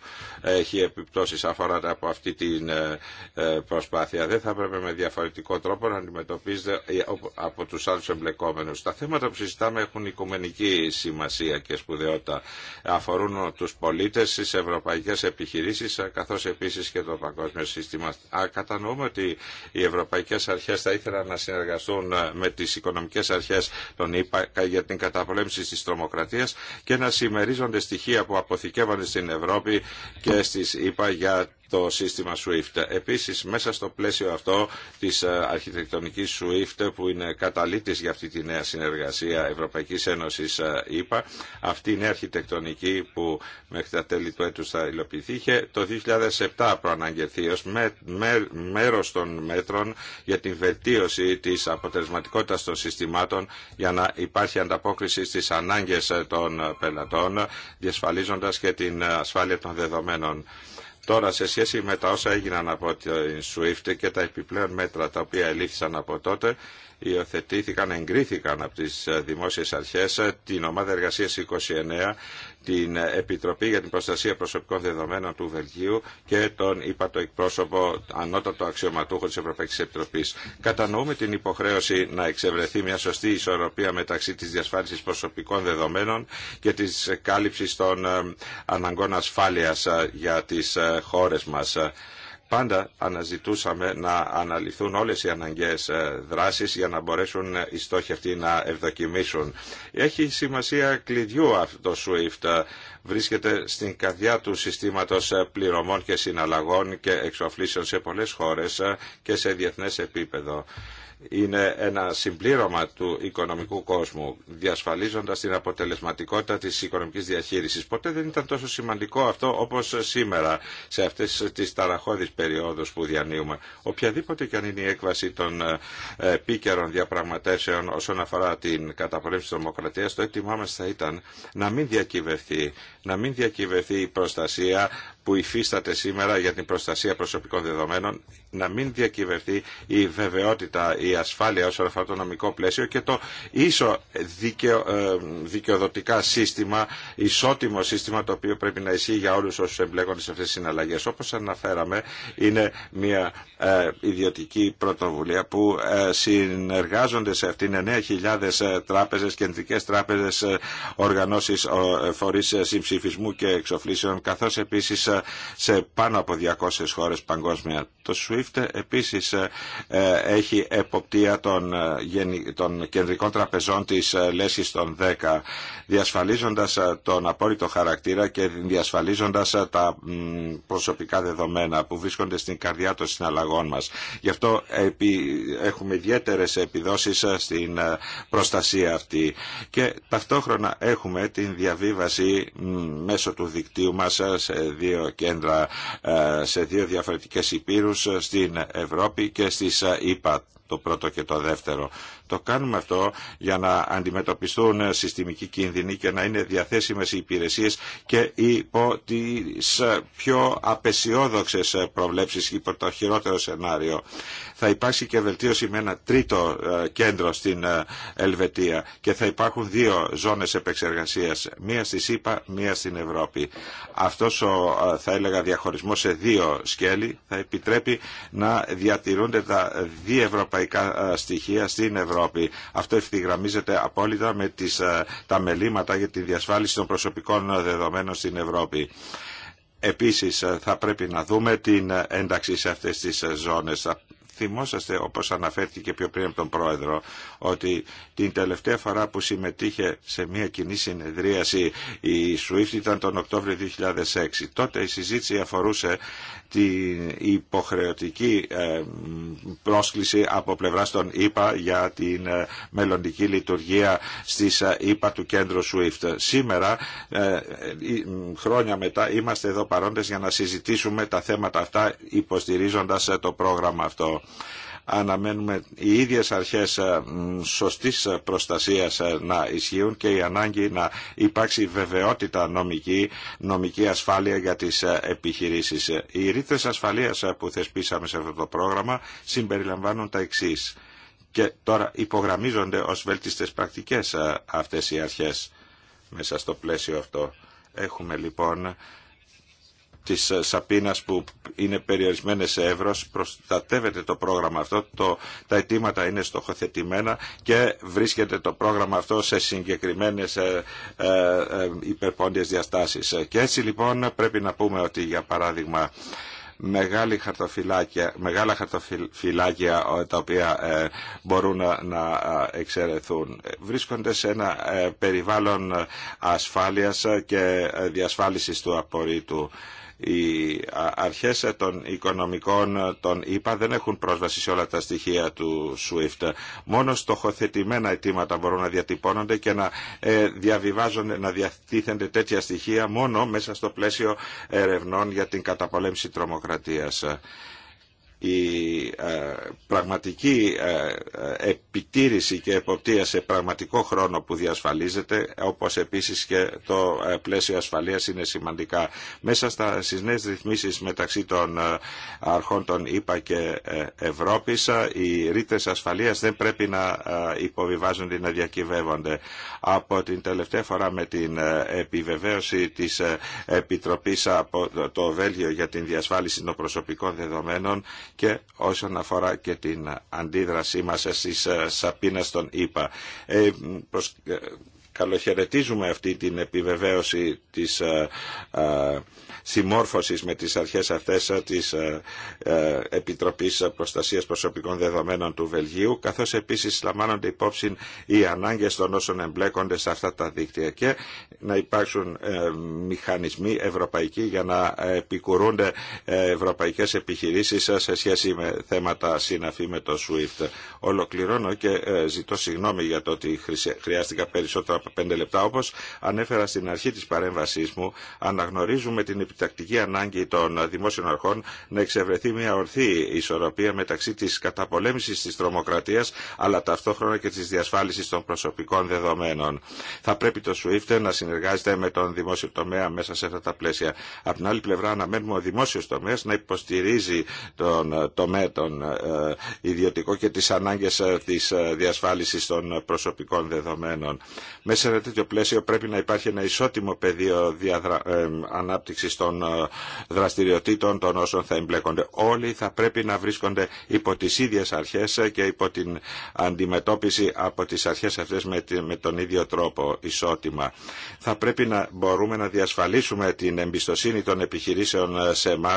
έχει επιπτώσεις αφορά από αυτή την ε, ε, προσπάθεια. Δεν θα έπρεπε με διαφορετικό τρόπο να αντιμετωπίζεται ε, από τους άλλους εμπλεκόμενους. Τα θέματα που συζητάμε έχουν οικουμενική σημασία και σπουδαιότητα. Αφορούν τους πολίτες, τις ευρωπαϊκές επιχειρήσεις, καθώς επίσης και το παγκόσμιο σύστημα. Κατανοούμε ότι οι ευρωπαϊκές αρχές θα ήθελαν να συνεργαστούν ε, με τις οικονομικές αρχές των ΗΠΑ για την καταπολέμηση της τρομοκρατίας και να συμμερίζονται στοιχεία που αποθηκεύονται στην Ευρώπη και στις ΗΠΑ για το σύστημα SWIFT. Επίσης, μέσα στο πλαίσιο αυτό της ε, αρχιτεκτονικής SWIFT που είναι καταλήτης για αυτή τη νέα συνεργασία Ευρωπαϊκής Ένωσης ε, ΕΠΑ, αυτή η νέα αρχιτεκτονική που μέχρι τα τέλη του έτους θα υλοποιηθεί, είχε το 2007 προαναγγελθεί ως με, με, μέρος των μέτρων για την βελτίωση της αποτελεσματικότητας των συστημάτων για να υπάρχει ανταπόκριση στις ανάγκες ε, των πελατών, διασφαλίζοντας και την ασφάλεια των δεδομένων. Τώρα σε σχέση με τα όσα έγιναν από την SWIFT και τα επιπλέον μέτρα τα οποία ελήφθησαν από τότε, υιοθετήθηκαν, εγκρίθηκαν από τις δημόσιες αρχές την ομάδα εργασίας 29 την Επιτροπή για την Προστασία Προσωπικών Δεδομένων του Βελγίου και τον υπατο εκπρόσωπο ανώτατο αξιωματούχο της Ευρωπαϊκής Επιτροπής. Κατανοούμε την υποχρέωση να εξευρεθεί μια σωστή ισορροπία μεταξύ της διασφάλισης προσωπικών δεδομένων και της κάλυψης των ε, αναγκών ασφάλειας ε, για τις ε, χώρες μας πάντα αναζητούσαμε να αναλυθούν όλες οι αναγκαίες ε, δράσεις για να μπορέσουν ε, οι στόχοι αυτοί να ευδοκιμήσουν. Έχει σημασία κλειδιού αυτό το SWIFT. Ε, βρίσκεται στην καρδιά του συστήματος πληρωμών και συναλλαγών και εξοφλήσεων σε πολλές χώρες και σε διεθνές επίπεδο είναι ένα συμπλήρωμα του οικονομικού κόσμου, διασφαλίζοντας την αποτελεσματικότητα της οικονομικής διαχείρισης. Ποτέ δεν ήταν τόσο σημαντικό αυτό όπως σήμερα, σε αυτές τις ταραχώδεις περιόδους που διανύουμε. Οποιαδήποτε και αν είναι η έκβαση των ε, επίκαιρων διαπραγματεύσεων όσον αφορά την καταπολέμηση της δημοκρατίας, το έτοιμά μας θα ήταν να μην διακυβευτεί, να μην διακυβευθεί η προστασία που υφίσταται σήμερα για την προστασία προσωπικών δεδομένων, να μην διακυβευθεί η βεβαιότητα, η ασφάλεια όσον αφορά πλαίσιο και το ίσο δικαιο, ε, δικαιοδοτικά σύστημα, ισότιμο σύστημα το οποίο πρέπει να ισχύει για όλους όσους εμπλέκονται σε αυτές τις συναλλαγές. Όπως αναφέραμε είναι μια ε, ιδιωτική πρωτοβουλία που ε, συνεργάζονται σε αυτήν 9.000 τράπεζες, κεντρικές τράπεζες, οργανώσεις φορείς συμψηφισμού και εξοφλήσεων καθώς επίσης σε πάνω από 200 χώρες παγκόσμια. Το SWIFT επίσης έχει εποπτεία των, ε, των κεντρικών τραπεζών της ε, λέσχης των 10, διασφαλίζοντας ε, τον απόρριτο χαρακτήρα και διασφαλίζοντας τα προσωπικά δεδομένα που βρίσκονται στην καρδιά των συναλλαγών μας. Γι' αυτό έχουμε ιδιαίτερε επιδόσεις στην προστασία αυτή. Και ταυτόχρονα έχουμε την διαβίβαση μέσω του δικτύου μας σε δύο κέντρα, σε δύο διαφορετικές υπήρους στην Ευρώπη και στις ΗΠΑ το πρώτο και το δεύτερο το κάνουμε αυτό για να αντιμετωπιστούν συστημικοί κίνδυνοι και να είναι διαθέσιμες οι υπηρεσίες και υπό τις πιο απεσιόδοξες προβλέψεις υπό το χειρότερο σενάριο. Θα υπάρξει και βελτίωση με ένα τρίτο ε, κέντρο στην ε, Ελβετία και θα υπάρχουν δύο ζώνες επεξεργασίας, μία στη ΣΥΠΑ, μία στην Ευρώπη. Αυτός ο, ε, θα έλεγα, διαχωρισμός σε δύο σκέλη θα επιτρέπει να διατηρούνται τα διευρωπαϊκά στοιχεία στην Ευρώπη Ευρώπη. Αυτό ευθυγραμμίζεται απόλυτα με τις, ε, τα μελήματα για τη διασφάλιση των προσωπικών δεδομένων στην Ευρώπη. Επίσης ε, θα πρέπει να δούμε την ένταξη σε αυτές τις ε, ζώνες θυμόσαστε όπως αναφέρθηκε πιο πριν από τον Πρόεδρο ότι την τελευταία φορά που συμμετείχε σε μια κοινή συνεδρίαση η SWIFT ήταν τον Οκτώβριο 2006. Τότε η συζήτηση αφορούσε την υποχρεωτική ε, πρόσκληση από πλευρά των ΗΠΑ για την ε, μελλοντική λειτουργία στις ε, ΗΠΑ του κέντρου SWIFT. Σήμερα, χρόνια μετά, είμαστε εδώ παρόντες για να συζητήσουμε τα θέματα αυτά υποστηρίζοντας το πρόγραμμα αυτό αναμένουμε οι ίδιες αρχές ε, σωστής ε, προστασίας ε, να ισχύουν και η ανάγκη να υπάρξει βεβαιότητα νομική, νομική ασφάλεια για τις επιχειρήσεις. Οι ρήτρες ασφαλείας που θεσπίσαμε σε αυτό το πρόγραμμα συμπεριλαμβάνουν τα εξής και τώρα υπογραμμίζονται ως βέλτιστες πρακτικές αυτές οι αρχές μέσα στο πλαίσιο αυτό. Έχουμε λοιπόν της ε, Σαπίνας που είναι περιορισμένες σε εύρος, προστατεύεται το πρόγραμμα αυτό, τα αιτήματα είναι στοχοθετημένα και βρίσκεται το πρόγραμμα αυτό σε συγκεκριμένες ε, ε, ε υπερπόντιες διαστάσεις. Και έτσι λοιπόν πρέπει να πούμε ότι για παράδειγμα μεγάλα χαρτοφυλάκια ε, τα οποία ε, μπορούν να, να εξαιρεθούν. Βρίσκονται σε ένα περιβάλλον ασφάλειας και διασφάλισης του απορρίτου οι αρχές των οικονομικών ε, των ΙΠΑ δεν έχουν πρόσβαση σε όλα τα στοιχεία του SWIFT. Μόνο στοχοθετημένα αιτήματα μπορούν να διατυπώνονται και να ε, διαβιβάζονται, να διατίθενται τέτοια στοιχεία μόνο μέσα στο πλαίσιο ερευνών για την καταπολέμηση τρομοκρατίας η ε, πραγματική ε, ε, επιτήρηση και εποπτεία σε πραγματικό χρόνο που διασφαλίζεται, όπως επίσης και το πλαίσιο ασφαλείας είναι σημαντικά. Μέσα στα νέες ρυθμίσεις μεταξύ των αρχών των ΗΠΑ και Ευρώπης, οι ρήτες ασφαλείας δεν πρέπει να υποβιβάζονται ή να διακυβεύονται. Από την τελευταία φορά με την επιβεβαίωση της Επιτροπής από το Βέλγιο για την διασφάλιση των προσωπικών δεδομένων, και όσον αφορά και την αντίδρασή μας στις ε, σαπίνες των ΙΠΑ. Ε, ε, καλοχαιρετίζουμε αυτή την επιβεβαίωση της α, ε, συμμόρφωσης με τις αρχές αυτές της α, Επιτροπής Προστασίας Προσωπικών Δεδομένων του Βελγίου, καθώς επίσης λαμβάνονται υπόψη οι ανάγκες των όσων εμπλέκονται σε αυτά τα δίκτυα. Και να υπάρξουν ε, μηχανισμοί ευρωπαϊκοί για να επικουρούνται ε, ευρωπαϊκές επιχειρήσεις σε σχέση με θέματα συναφή με το SWIFT. Ολοκληρώνω και ε, ζητώ συγγνώμη για το ότι χρειάστηκα περισσότερα από πέντε λεπτά. Όπως ανέφερα στην αρχή της παρέμβασής μου, αναγνωρίζουμε την επιτακτική ανάγκη των δημόσιων αρχών να εξευρεθεί μια ορθή ισορροπία μεταξύ της καταπολέμησης της τρομοκρατίας αλλά ταυτόχρονα και της διασφάλισης των προσωπικών δεδομένων. Θα πρέπει το SWIFT να συνεργάζεται με τον δημόσιο τομέα μέσα σε αυτά τα πλαίσια. Από την άλλη πλευρά αναμένουμε ο δημόσιος τομέας να υποστηρίζει τον τομέα τον ε, ιδιωτικό και τις ανάγκες ε, της ε, διασφάλισης των προσωπικών δεδομένων. Μέσα σε ένα τέτοιο πλαίσιο πρέπει να υπάρχει ένα ισότιμο πεδίο διαδρα... ανάπτυξης των δραστηριοτήτων των όσων θα εμπλέκονται. Όλοι θα πρέπει να βρίσκονται υπό τις ίδιες αρχές και υπό την αντιμετώπιση από τις αρχές αυτές με τον ίδιο τρόπο ισότιμα θα πρέπει να μπορούμε να διασφαλίσουμε την εμπιστοσύνη των επιχειρήσεων σε εμά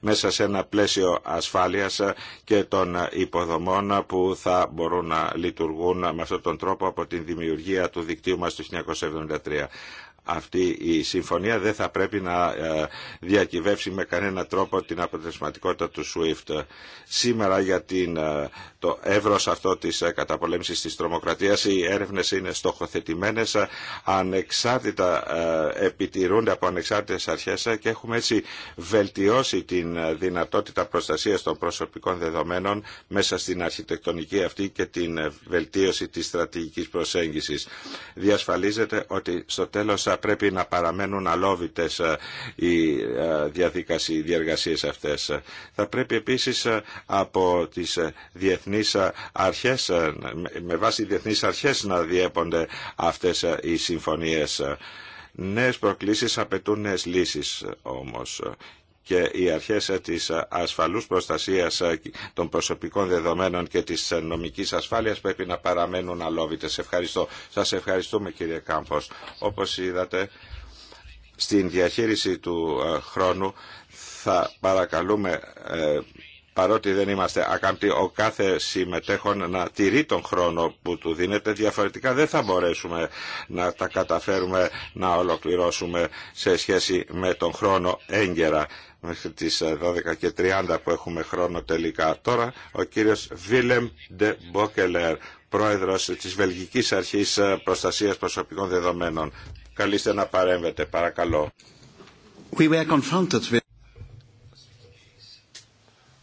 μέσα σε ένα πλαίσιο ασφάλειας και των υποδομών που θα μπορούν να λειτουργούν με αυτόν τον τρόπο από την δημιουργία του δικτύου μας του 1973 αυτή η συμφωνία δεν θα πρέπει να ε, διακυβεύσει με κανένα τρόπο την αποτελεσματικότητα του SWIFT. Σήμερα για την, ε, το εύρος αυτό της ε, καταπολέμησης της τρομοκρατίας οι έρευνες είναι στοχοθετημένες, ανεξάρτητα επιτηρούνται από ανεξάρτητες αρχές και έχουμε έτσι βελτιώσει την δυνατότητα προστασίας των προσωπικών δεδομένων μέσα στην αρχιτεκτονική αυτή και την βελτίωση της στρατηγικής προσέγγισης. Διασφαλίζεται ότι στο τέλος θα πρέπει να παραμένουν αλόβητες ε, οι ε, διαδικασίες, οι διεργασίες αυτές. Θα πρέπει επίσης ε, από τις διεθνείς αρχές, με βάση διεθνείς αρχές να διέπονται αυτές οι συμφωνίες. Νέες προκλήσεις απαιτούν νέες λύσεις όμως και οι αρχές της ασφαλούς προστασίας των προσωπικών δεδομένων και της νομικής ασφάλειας πρέπει να παραμένουν αλόβητες. Ευχαριστώ. Σας ευχαριστούμε κύριε Κάμπος. Όπως είδατε, στην διαχείριση του ε, χρόνου θα παρακαλούμε ε, παρότι δεν είμαστε ακάμπτοι, ο κάθε συμμετέχον να τηρεί τον χρόνο που του δίνεται. Διαφορετικά δεν θα μπορέσουμε να τα καταφέρουμε να ολοκληρώσουμε σε σχέση με τον χρόνο έγκαιρα μέχρι τις 12 ε, και 30 που έχουμε χρόνο τελικά. Τώρα ο κύριος Βίλεμ Ντε Μπόκελερ, πρόεδρος της Βελγικής Αρχής ε, Προστασίας Προσωπικών Δεδομένων. Καλείστε να παρέμβετε, παρακαλώ. We were confronted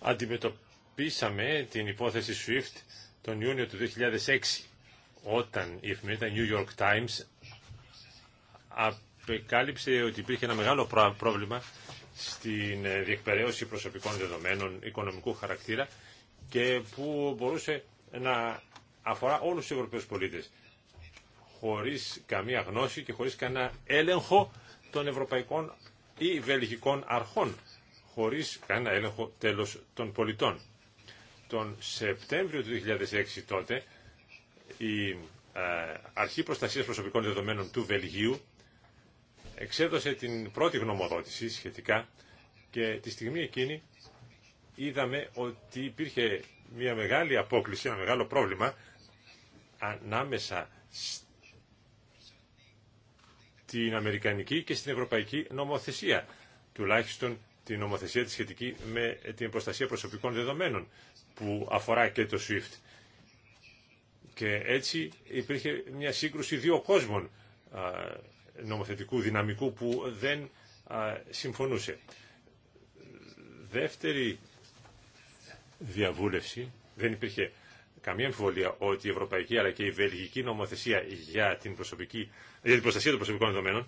Αντιμετωπίσαμε την υπόθεση SWIFT τον Ιούνιο του 2006, όταν η εφημερίδα New York Times απεκάλυψε ότι υπήρχε ένα μεγάλο πρόβλημα στην ε, διεκπαιρέωση προσωπικών δεδομένων οικονομικού χαρακτήρα και που μπορούσε να αφορά όλους τους Ευρωπαίους πολίτες χωρίς καμία γνώση και χωρίς κανένα έλεγχο των ευρωπαϊκών ή βελγικών αρχών χωρίς κανένα έλεγχο τέλος των πολιτών. Τον Σεπτέμβριο του 2006 τότε η ε, Αρχή Προστασίας Προσωπικών Δεδομένων του Βελγίου εξέδωσε την πρώτη γνωμοδότηση σχετικά και τη στιγμή εκείνη είδαμε ότι υπήρχε μια μεγάλη απόκληση, ένα μεγάλο πρόβλημα ανάμεσα στην Αμερικανική και στην Ευρωπαϊκή νομοθεσία, τουλάχιστον την νομοθεσία τη σχετική με την προστασία προσωπικών δεδομένων που αφορά και το SWIFT. Και έτσι υπήρχε μια σύγκρουση δύο κόσμων νομοθετικού δυναμικού που δεν συμφωνούσε. Δεύτερη διαβούλευση, δεν υπήρχε καμία εμφιβολία ότι η ευρωπαϊκή αλλά και η βελγική νομοθεσία για την, προσωπική, για την προστασία των προσωπικών δεδομένων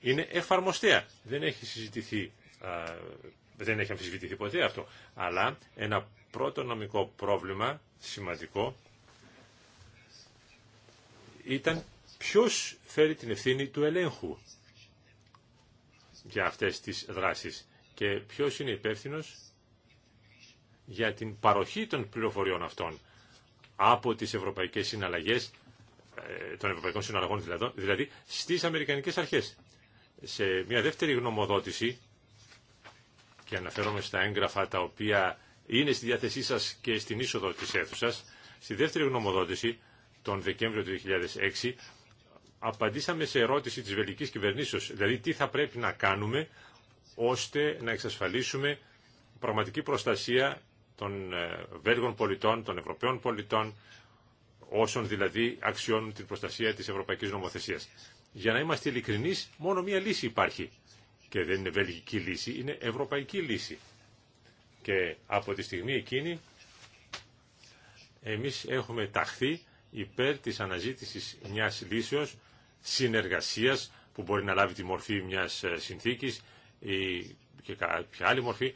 είναι εφαρμοστέα. Δεν έχει συζητηθεί, δεν έχει αμφισβητηθεί ποτέ αυτό. Αλλά ένα πρώτο νομικό πρόβλημα σημαντικό ήταν Ποιος φέρει την ευθύνη του ελέγχου για αυτές τις δράσεις και ποιος είναι υπεύθυνο για την παροχή των πληροφοριών αυτών από τις ευρωπαϊκές συναλλαγές, ε, των ευρωπαϊκών συναλλαγών δηλαδή, δηλαδή, στις αμερικανικές αρχές. Σε μια δεύτερη γνωμοδότηση, και αναφέρομαι στα έγγραφα τα οποία είναι στη διάθεσή σας και στην είσοδο της αίθουσας, στη δεύτερη γνωμοδότηση, τον Δεκέμβριο του 2006, απαντήσαμε σε ερώτηση της βελικής κυβερνήσεως, δηλαδή τι θα πρέπει να κάνουμε ώστε να εξασφαλίσουμε πραγματική προστασία των ε, Βέλγων πολιτών, των Ευρωπαίων πολιτών, όσων δηλαδή αξιώνουν την προστασία της Ευρωπαϊκής Νομοθεσίας. Για να είμαστε ειλικρινείς, μόνο μία λύση υπάρχει. Και δεν είναι βελγική λύση, είναι ευρωπαϊκή λύση. Και από τη στιγμή εκείνη, εμείς έχουμε ταχθεί υπέρ της αναζήτησης μιας λύσεως συνεργασίας που μπορεί να λάβει τη μορφή μιας ε, συνθήκης ή και κάποια άλλη μορφή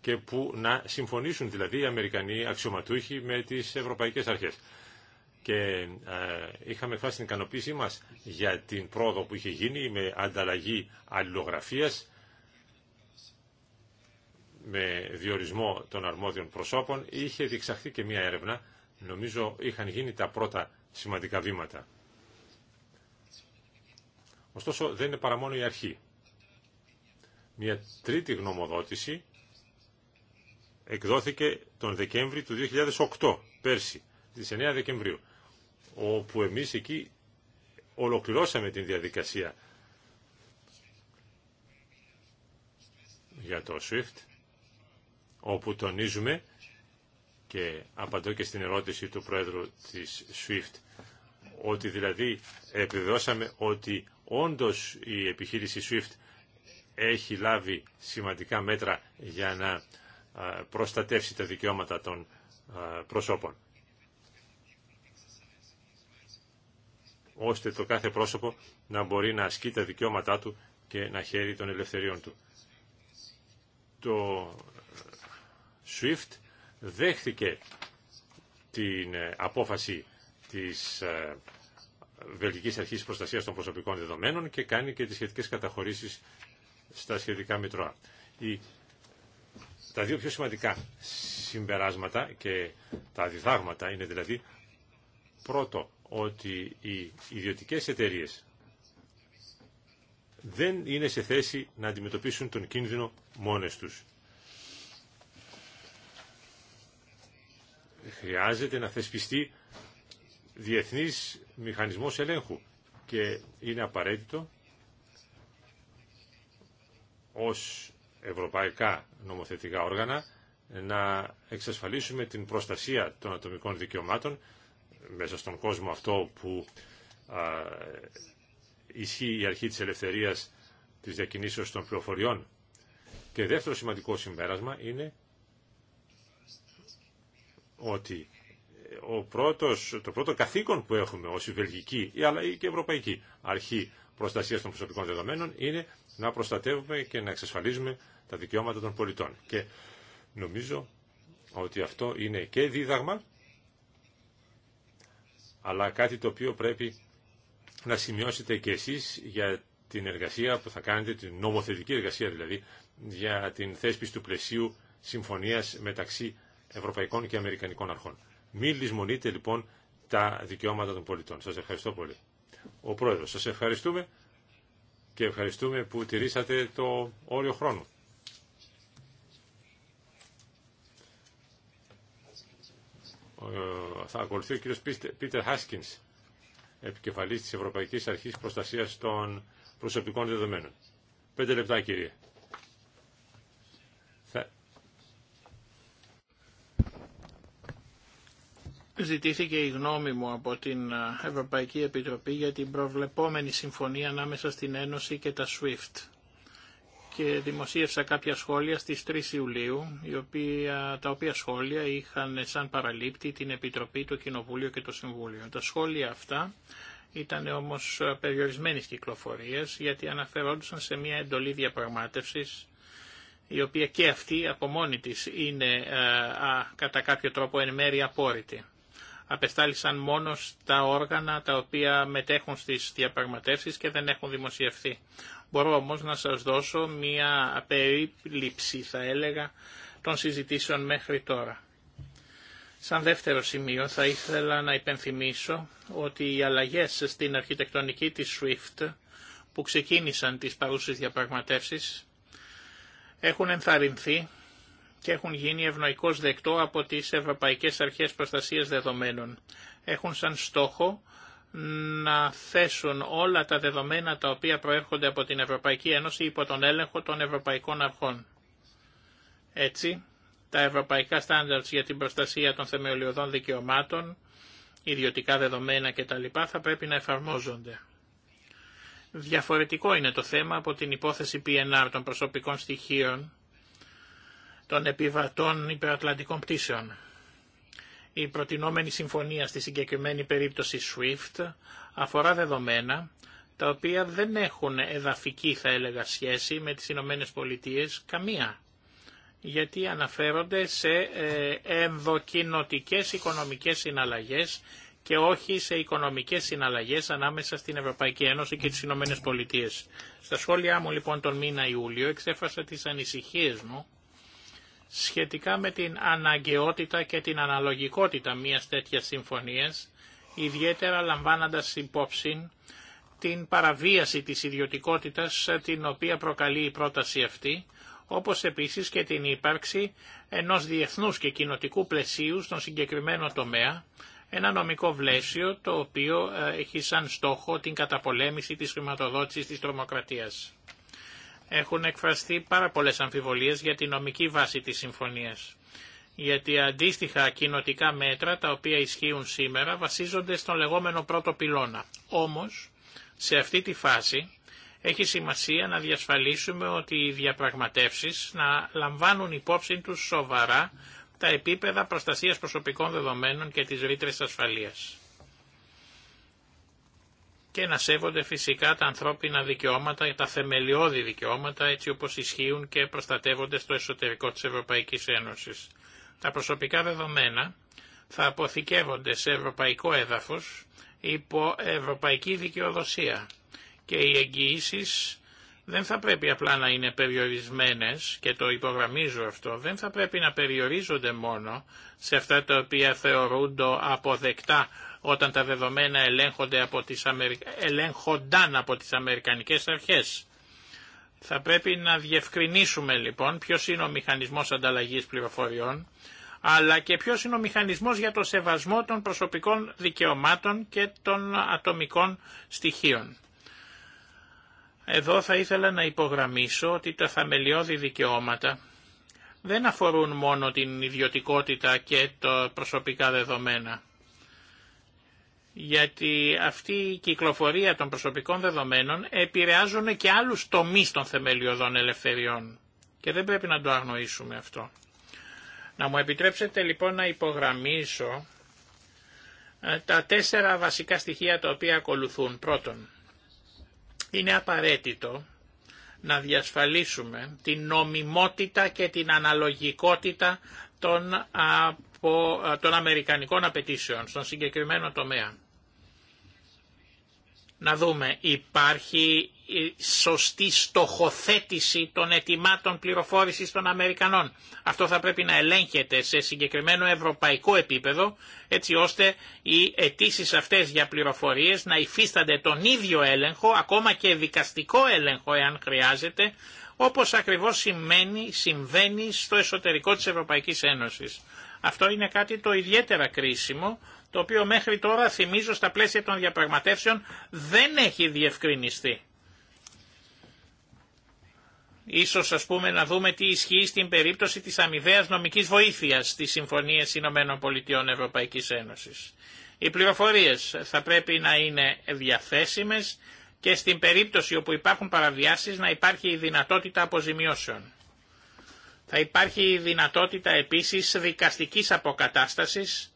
και που να συμφωνήσουν δηλαδή οι Αμερικανοί αξιωματούχοι με τις ευρωπαϊκές αρχές. Και ε, είχαμε φτάσει την ικανοποίησή μας για την πρόοδο που είχε γίνει με ανταλλαγή αλληλογραφίας, με διορισμό των αρμόδιων προσώπων. Είχε διεξαχθεί και μία έρευνα, νομίζω είχαν γίνει τα πρώτα σημαντικά βήματα. Ωστόσο δεν είναι παρά μόνο η αρχή. Μια τρίτη γνωμοδότηση εκδόθηκε τον Δεκέμβρη του 2008, πέρσι, στις 9 Δεκεμβρίου, όπου εμείς εκεί ολοκληρώσαμε την διαδικασία για το SWIFT, όπου τονίζουμε και απαντώ και στην ερώτηση του Πρόεδρου της SWIFT, ότι δηλαδή επιβεβαιώσαμε ότι όντως η επιχείρηση SWIFT έχει λάβει σημαντικά μέτρα για να προστατεύσει τα δικαιώματα των προσώπων. ώστε το κάθε πρόσωπο να μπορεί να ασκεί τα δικαιώματά του και να χαίρει των ελευθεριών του. Το SWIFT δέχθηκε την ε, απόφαση της ε, Βελγικής Αρχής Προστασίας των Προσωπικών Δεδομένων και κάνει και τις σχετικές καταχωρήσεις στα σχετικά μητρώα. Η, τα δύο πιο σημαντικά συμπεράσματα και τα διδάγματα είναι δηλαδή πρώτο ότι οι ιδιωτικές εταιρείες δεν είναι σε θέση να αντιμετωπίσουν τον κίνδυνο μόνες τους. Χρειάζεται να θεσπιστεί διεθνής μηχανισμός ελέγχου και είναι απαραίτητο ως ευρωπαϊκά νομοθετικά όργανα να εξασφαλίσουμε την προστασία των ατομικών δικαιωμάτων μέσα στον κόσμο αυτό που ισχύει η αρχή της ελευθερίας της διακινήσεως των πληροφοριών. Και δεύτερο σημαντικό συμπέρασμα είναι ότι ε, ο πρώτος, το πρώτο καθήκον που έχουμε ως η Βελγική αλλά και η Ευρωπαϊκή Αρχή Προστασίας των Προσωπικών Δεδομένων είναι να προστατεύουμε και να εξασφαλίζουμε τα δικαιώματα των πολιτών. Και νομίζω ότι αυτό είναι και δίδαγμα αλλά κάτι το οποίο πρέπει να σημειώσετε και εσείς για την εργασία που θα κάνετε, την νομοθετική εργασία δηλαδή, για την θέσπιση του πλαισίου συμφωνίας μεταξύ ευρωπαϊκών και αμερικανικών αρχών. Μην λησμονείτε λοιπόν τα δικαιώματα των πολιτών. Σας ευχαριστώ πολύ. Ο Πρόεδρος, σας ευχαριστούμε και ευχαριστούμε που τηρήσατε το όριο χρόνου. Ε, θα ακολουθεί ο κύριος Πίτερ Χάσκινς, επικεφαλής της Ευρωπαϊκής Αρχής Προστασίας των Προσωπικών Δεδομένων. Πέντε λεπτά κύριε. Ζητήθηκε η γνώμη μου από την Ευρωπαϊκή Επιτροπή για την προβλεπόμενη συμφωνία ανάμεσα στην Ένωση και τα SWIFT και δημοσίευσα κάποια σχόλια στις 3 Ιουλίου, οποία, τα οποία σχόλια είχαν σαν παραλήπτη την Επιτροπή, το Κοινοβούλιο και το Συμβούλιο. Τα σχόλια αυτά ήταν όμως περιορισμένες κυκλοφορίες γιατί αναφερόντουσαν σε μια εντολή διαπραγμάτευσης, η οποία και αυτή από μόνη της είναι κατά κάποιο τρόπο εν μέρη απόρριτη απεστάλησαν μόνο τα όργανα τα οποία μετέχουν στις διαπραγματεύσεις και δεν έχουν δημοσιευθεί. Μπορώ όμως να σας δώσω μία περίληψη θα έλεγα των συζητήσεων μέχρι τώρα. Σαν δεύτερο σημείο θα ήθελα να υπενθυμίσω ότι οι αλλαγές στην αρχιτεκτονική της SWIFT που ξεκίνησαν τις παρούσες διαπραγματεύσεις έχουν ενθαρρυνθεί και έχουν γίνει ευνοϊκώς δεκτό από τις Ευρωπαϊκές Αρχές Προστασίας Δεδομένων. Έχουν σαν στόχο να θέσουν όλα τα δεδομένα τα οποία προέρχονται από την Ευρωπαϊκή Ένωση υπό τον έλεγχο των Ευρωπαϊκών Αρχών. Έτσι, τα ευρωπαϊκά στάνταρτς για την προστασία των θεμελιωδών δικαιωμάτων, ιδιωτικά δεδομένα κτλ. θα πρέπει να εφαρμόζονται. Διαφορετικό είναι το θέμα από την υπόθεση PNR των προσωπικών στοιχείων, των επιβατών υπερατλαντικών πτήσεων. Η προτινόμενη συμφωνία στη συγκεκριμένη περίπτωση SWIFT αφορά δεδομένα τα οποία δεν έχουν εδαφική θα έλεγα σχέση με τις Ηνωμένες Πολιτείες καμία γιατί αναφέρονται σε ε, ενδοκινοτικές οικονομικές συναλλαγές και όχι σε οικονομικές συναλλαγές ανάμεσα στην Ευρωπαϊκή Ένωση και τις Ηνωμένες Πολιτείες. Στα σχόλιά μου λοιπόν τον μήνα Ιούλιο εξέφρασα τις ανησυχίες μου σχετικά με την αναγκαιότητα και την αναλογικότητα μιας τέτοιας συμφωνίας, ιδιαίτερα λαμβάνοντας υπόψη την παραβίαση της ιδιωτικότητας την οποία προκαλεί η πρόταση αυτή, όπως επίσης και την ύπαρξη ενός διεθνούς και κοινοτικού πλαισίου στον συγκεκριμένο τομέα, ένα νομικό βλέσιο το οποίο ε, έχει σαν στόχο την καταπολέμηση της χρηματοδότησης της τρομοκρατίας έχουν εκφραστεί πάρα πολλές αμφιβολίες για τη νομική βάση της συμφωνίας. Γιατί αντίστοιχα κοινοτικά μέτρα τα οποία ισχύουν σήμερα βασίζονται στον λεγόμενο πρώτο πυλώνα. Όμως, σε αυτή τη φάση έχει σημασία να διασφαλίσουμε ότι οι διαπραγματεύσεις να λαμβάνουν υπόψη τους σοβαρά τα επίπεδα προστασίας προσωπικών δεδομένων και τις ρήτρε ασφαλείας και να σέβονται φυσικά τα ανθρώπινα δικαιώματα, τα θεμελιώδη δικαιώματα έτσι όπως ισχύουν και προστατεύονται στο εσωτερικό της Ευρωπαϊκής Ένωσης. Τα προσωπικά δεδομένα θα αποθηκεύονται σε ευρωπαϊκό έδαφος υπό ευρωπαϊκή δικαιοδοσία και οι εγγυήσει δεν θα πρέπει απλά να είναι περιορισμένες και το υπογραμμίζω αυτό, δεν θα πρέπει να περιορίζονται μόνο σε αυτά τα οποία θεωρούνται αποδεκτά όταν τα δεδομένα ελέγχονται από τις ελέγχονταν από τις Αμερικανικές αρχές. Θα πρέπει να διευκρινίσουμε λοιπόν ποιος είναι ο μηχανισμός ανταλλαγής πληροφοριών, αλλά και ποιος είναι ο μηχανισμός για το σεβασμό των προσωπικών δικαιωμάτων και των ατομικών στοιχείων. Εδώ θα ήθελα να υπογραμμίσω ότι τα θαμελιώδη δικαιώματα δεν αφορούν μόνο την ιδιωτικότητα και τα προσωπικά δεδομένα γιατί αυτή η κυκλοφορία των προσωπικών δεδομένων επηρεάζουν και άλλους τομείς των θεμελιωδών ελευθεριών και δεν πρέπει να το αγνοήσουμε αυτό. Να μου επιτρέψετε λοιπόν να υπογραμμίσω ε, τα τέσσερα βασικά στοιχεία τα οποία ακολουθούν. Πρώτον, είναι απαραίτητο να διασφαλίσουμε την νομιμότητα και την αναλογικότητα των, των αμερικανικών απαιτήσεων στον συγκεκριμένο τομέα να δούμε υπάρχει σωστή στοχοθέτηση των ετοιμάτων πληροφόρησης των Αμερικανών. Αυτό θα πρέπει να ελέγχεται σε συγκεκριμένο ευρωπαϊκό επίπεδο έτσι ώστε οι αιτήσει αυτές για πληροφορίες να υφίστανται τον ίδιο έλεγχο, ακόμα και δικαστικό έλεγχο εάν χρειάζεται, όπως ακριβώς σημαίνει, συμβαίνει στο εσωτερικό της Ευρωπαϊκής Ένωσης. Αυτό είναι κάτι το ιδιαίτερα κρίσιμο το οποίο μέχρι τώρα θυμίζω στα πλαίσια των διαπραγματεύσεων δεν έχει διευκρινιστεί. Ίσως ας πούμε να δούμε τι ισχύει στην περίπτωση της αμοιβαία νομικής βοήθειας στις συμφωνίες Ηνωμένων Πολιτειών Ευρωπαϊκής Ένωσης. Οι πληροφορίες θα πρέπει να είναι διαθέσιμες και στην περίπτωση όπου υπάρχουν παραβιάσεις να υπάρχει η δυνατότητα αποζημιώσεων. Θα υπάρχει η δυνατότητα επίσης δικαστικής αποκατάστασης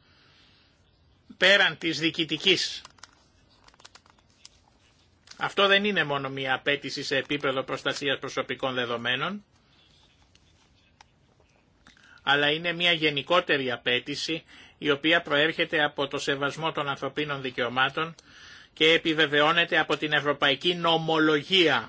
πέραν της διοικητικής. Αυτό δεν είναι μόνο μια απέτηση σε επίπεδο προστασίας προσωπικών δεδομένων, αλλά είναι μια γενικότερη απέτηση η οποία προέρχεται από το σεβασμό των ανθρωπίνων δικαιωμάτων και επιβεβαιώνεται από την ευρωπαϊκή νομολογία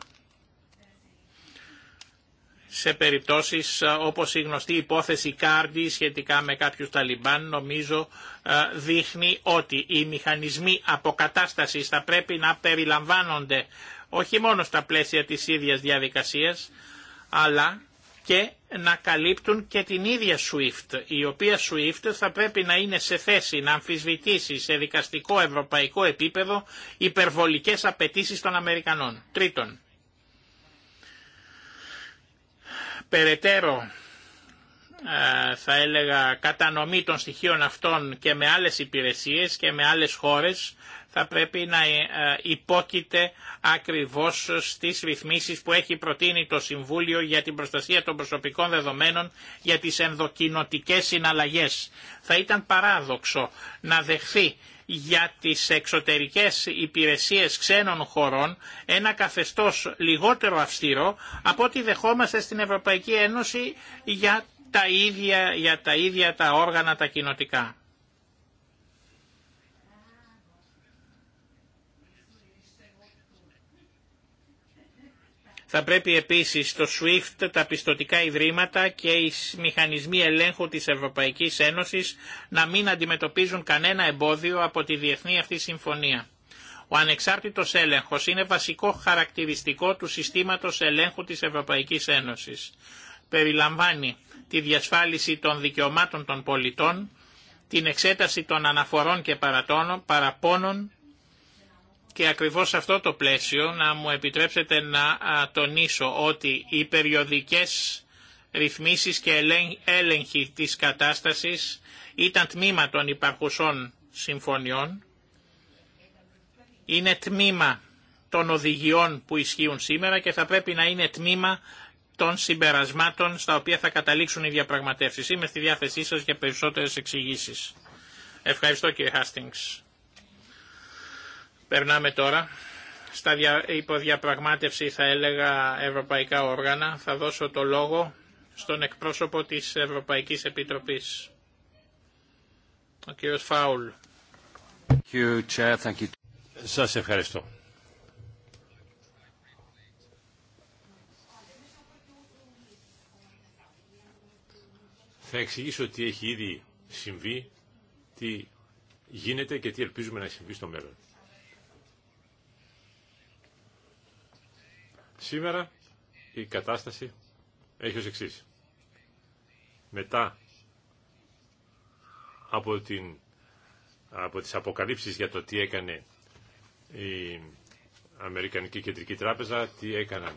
σε περιπτώσεις ε, όπως η γνωστή υπόθεση Κάρντι σχετικά με κάποιους Ταλιμπάν νομίζω ε, δείχνει ότι οι μηχανισμοί αποκατάστασης θα πρέπει να περιλαμβάνονται όχι μόνο στα πλαίσια της ίδιας διαδικασίας αλλά και να καλύπτουν και την ίδια SWIFT, η οποία SWIFT θα πρέπει να είναι σε θέση να αμφισβητήσει σε δικαστικό ευρωπαϊκό επίπεδο υπερβολικές απαιτήσει των Αμερικανών. Τρίτον, περαιτέρω ε, θα έλεγα κατανομή των στοιχείων αυτών και με άλλες υπηρεσίες και με άλλες χώρες θα πρέπει να ε, υπόκειται ακριβώς στις ρυθμίσεις που έχει προτείνει το Συμβούλιο για την προστασία των προσωπικών δεδομένων για τις ενδοκινοτικές συναλλαγές. Θα ήταν παράδοξο να δεχθεί για τις εξωτερικές υπηρεσίες ξένων χωρών ένα καθεστώς λιγότερο αυστηρό από ό,τι δεχόμαστε στην Ευρωπαϊκή Ένωση για τα ίδια, για τα, ίδια τα όργανα τα κοινοτικά. Θα πρέπει επίσης το SWIFT, τα πιστοτικά ιδρύματα και οι μηχανισμοί ελέγχου της Ευρωπαϊκής Ένωσης να μην αντιμετωπίζουν κανένα εμπόδιο από τη διεθνή αυτή συμφωνία. Ο ανεξάρτητος έλεγχος είναι βασικό χαρακτηριστικό του συστήματος ελέγχου της Ευρωπαϊκής Ένωσης. Περιλαμβάνει τη διασφάλιση των δικαιωμάτων των πολιτών, την εξέταση των αναφορών και παραπώνων, και ακριβώς αυτό το πλαίσιο να μου επιτρέψετε να τονίσω ότι οι περιοδικές ρυθμίσεις και έλεγχοι της κατάστασης ήταν τμήμα των υπαρχουσών συμφωνιών, είναι τμήμα των οδηγιών που ισχύουν σήμερα και θα πρέπει να είναι τμήμα των συμπερασμάτων στα οποία θα καταλήξουν οι διαπραγματεύσεις. Είμαι στη διάθεσή σας για περισσότερες εξηγήσεις. Ευχαριστώ κύριε Χάστινγκς. Περνάμε τώρα στα υποδιαπραγμάτευση θα έλεγα ευρωπαϊκά όργανα. Θα δώσω το λόγο στον εκπρόσωπο της Ευρωπαϊκής Επιτροπής, ο κύριος Φάουλ. Σας ευχαριστώ. Θα εξηγήσω τι έχει ήδη συμβεί, τι γίνεται και τι ελπίζουμε να συμβεί στο μέλλον. Σήμερα η κατάσταση έχει ως εξής. Μετά από, την, από τις αποκαλύψεις για το τι έκανε η Αμερικανική Κεντρική Τράπεζα, τι έκαναν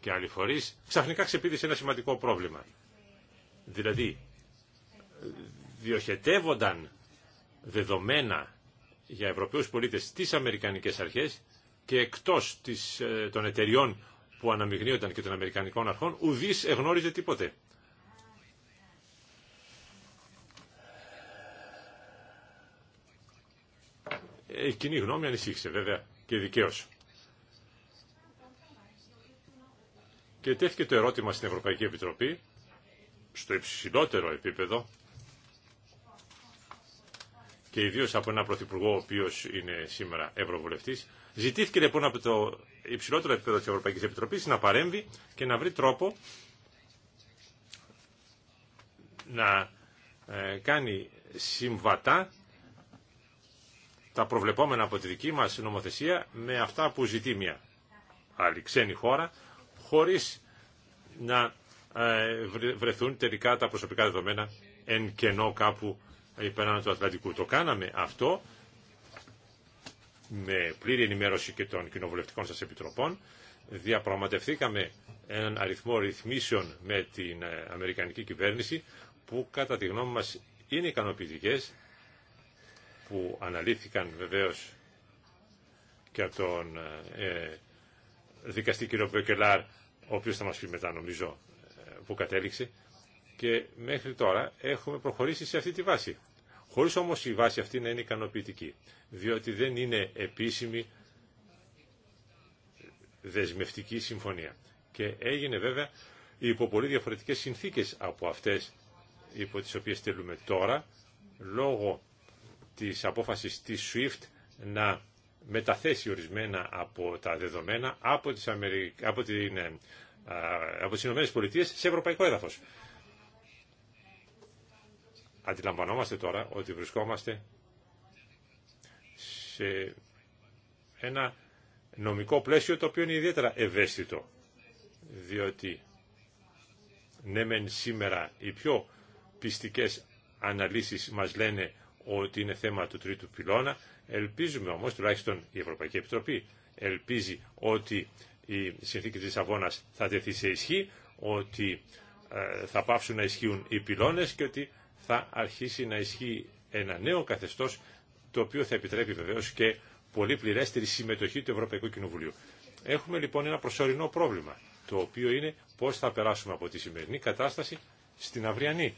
και άλλοι φορείς, ξαφνικά ξεπίδησε ένα σημαντικό πρόβλημα. Δηλαδή, διοχετεύονταν δεδομένα για Ευρωπαίους πολίτες στις Αμερικανικές αρχές και εκτός της, ε, των εταιριών που αναμειγνύονταν και των Αμερικανικών αρχών, ουδής εγνώριζε τίποτε. Ε, η κοινή γνώμη ανησύχησε βέβαια και δικαίως. Και τέθηκε το ερώτημα στην Ευρωπαϊκή Επιτροπή, στο υψηλότερο επίπεδο, και ιδίω από έναν Πρωθυπουργό ο οποίο είναι σήμερα Ευρωβουλευτή, ζητήθηκε λοιπόν από το υψηλότερο επίπεδο τη Ευρωπαϊκή Επιτροπή να παρέμβει και να βρει τρόπο να ε, κάνει συμβατά τα προβλεπόμενα από τη δική μας νομοθεσία με αυτά που ζητεί μια άλλη ξένη χώρα χωρίς να ε, βρεθούν τελικά τα προσωπικά δεδομένα εν κενό κάπου υπεράνω του Ατλαντικού. Το κάναμε αυτό με πλήρη ενημέρωση και των κοινοβουλευτικών σας επιτροπών. Διαπραγματευθήκαμε έναν αριθμό ρυθμίσεων με την ε, Αμερικανική κυβέρνηση που κατά τη γνώμη μας είναι ικανοποιητικέ που αναλύθηκαν βεβαίως και από τον ε, ε δικαστή κύριο Μπεκελάρ, ο οποίος θα μας πει μετά νομίζω ε, που κατέληξε και μέχρι τώρα έχουμε προχωρήσει σε αυτή τη βάση χωρίς όμως η βάση αυτή να είναι ικανοποιητική, διότι δεν είναι επίσημη δεσμευτική συμφωνία. Και έγινε βέβαια υπό πολύ διαφορετικές συνθήκες από αυτές υπό τις οποίες θέλουμε τώρα, λόγω της απόφασης της SWIFT να μεταθέσει ορισμένα από τα δεδομένα από τις, ΗΠΑ από, την... Ε, από τις Ηνωμένες σε ευρωπαϊκό έδαφος. Αντιλαμβανόμαστε τώρα ότι βρισκόμαστε σε ένα νομικό πλαίσιο το οποίο είναι ιδιαίτερα ευαίσθητο, διότι ναι μεν σήμερα οι πιο πιστικές αναλύσεις μας λένε ότι είναι θέμα του τρίτου πυλώνα, ελπίζουμε όμως, τουλάχιστον η Ευρωπαϊκή Επιτροπή ελπίζει ότι η συνθήκη της Αβώνας θα τεθεί σε ισχύ, ότι ε, θα πάψουν να ισχύουν οι πυλώνες και ότι θα αρχίσει να ισχύει ένα νέο καθεστώς το οποίο θα επιτρέπει βεβαίως και πολύ πληρέστερη συμμετοχή του Ευρωπαϊκού Κοινοβουλίου. Έχουμε λοιπόν ένα προσωρινό πρόβλημα, το οποίο είναι πώς θα περάσουμε από τη σημερινή κατάσταση στην αυριανή,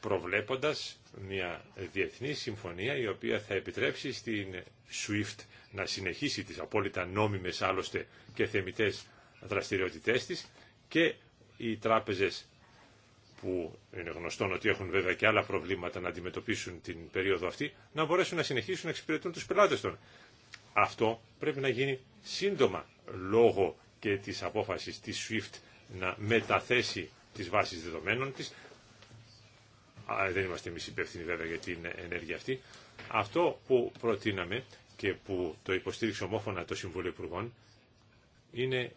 προβλέποντας μια διεθνή συμφωνία η οποία θα επιτρέψει στην SWIFT να συνεχίσει τις απόλυτα νόμιμες άλλωστε και θεμητές δραστηριότητές της και οι τράπεζες που είναι γνωστόν ότι έχουν βέβαια και άλλα προβλήματα να αντιμετωπίσουν την περίοδο αυτή, να μπορέσουν να συνεχίσουν να εξυπηρετούν τους πελάτες των. Αυτό πρέπει να γίνει σύντομα λόγω και της απόφασης της SWIFT να μεταθέσει τις βάσεις δεδομένων της. Α, δεν είμαστε εμείς υπεύθυνοι βέβαια για την ενέργεια αυτή. Αυτό που προτείναμε και που το υποστήριξε ομόφωνα το Συμβούλιο Υπουργών είναι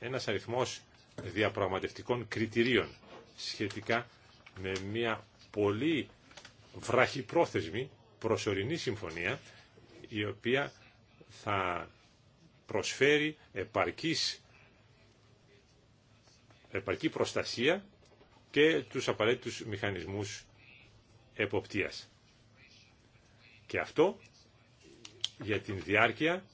ένας αριθμός διαπραγματευτικών κριτηρίων σχετικά με μια πολύ βραχυπρόθεσμη προσωρινή συμφωνία η οποία θα προσφέρει επαρκής, επαρκή προστασία και τους απαραίτητους μηχανισμούς εποπτείας. Και αυτό για την διάρκεια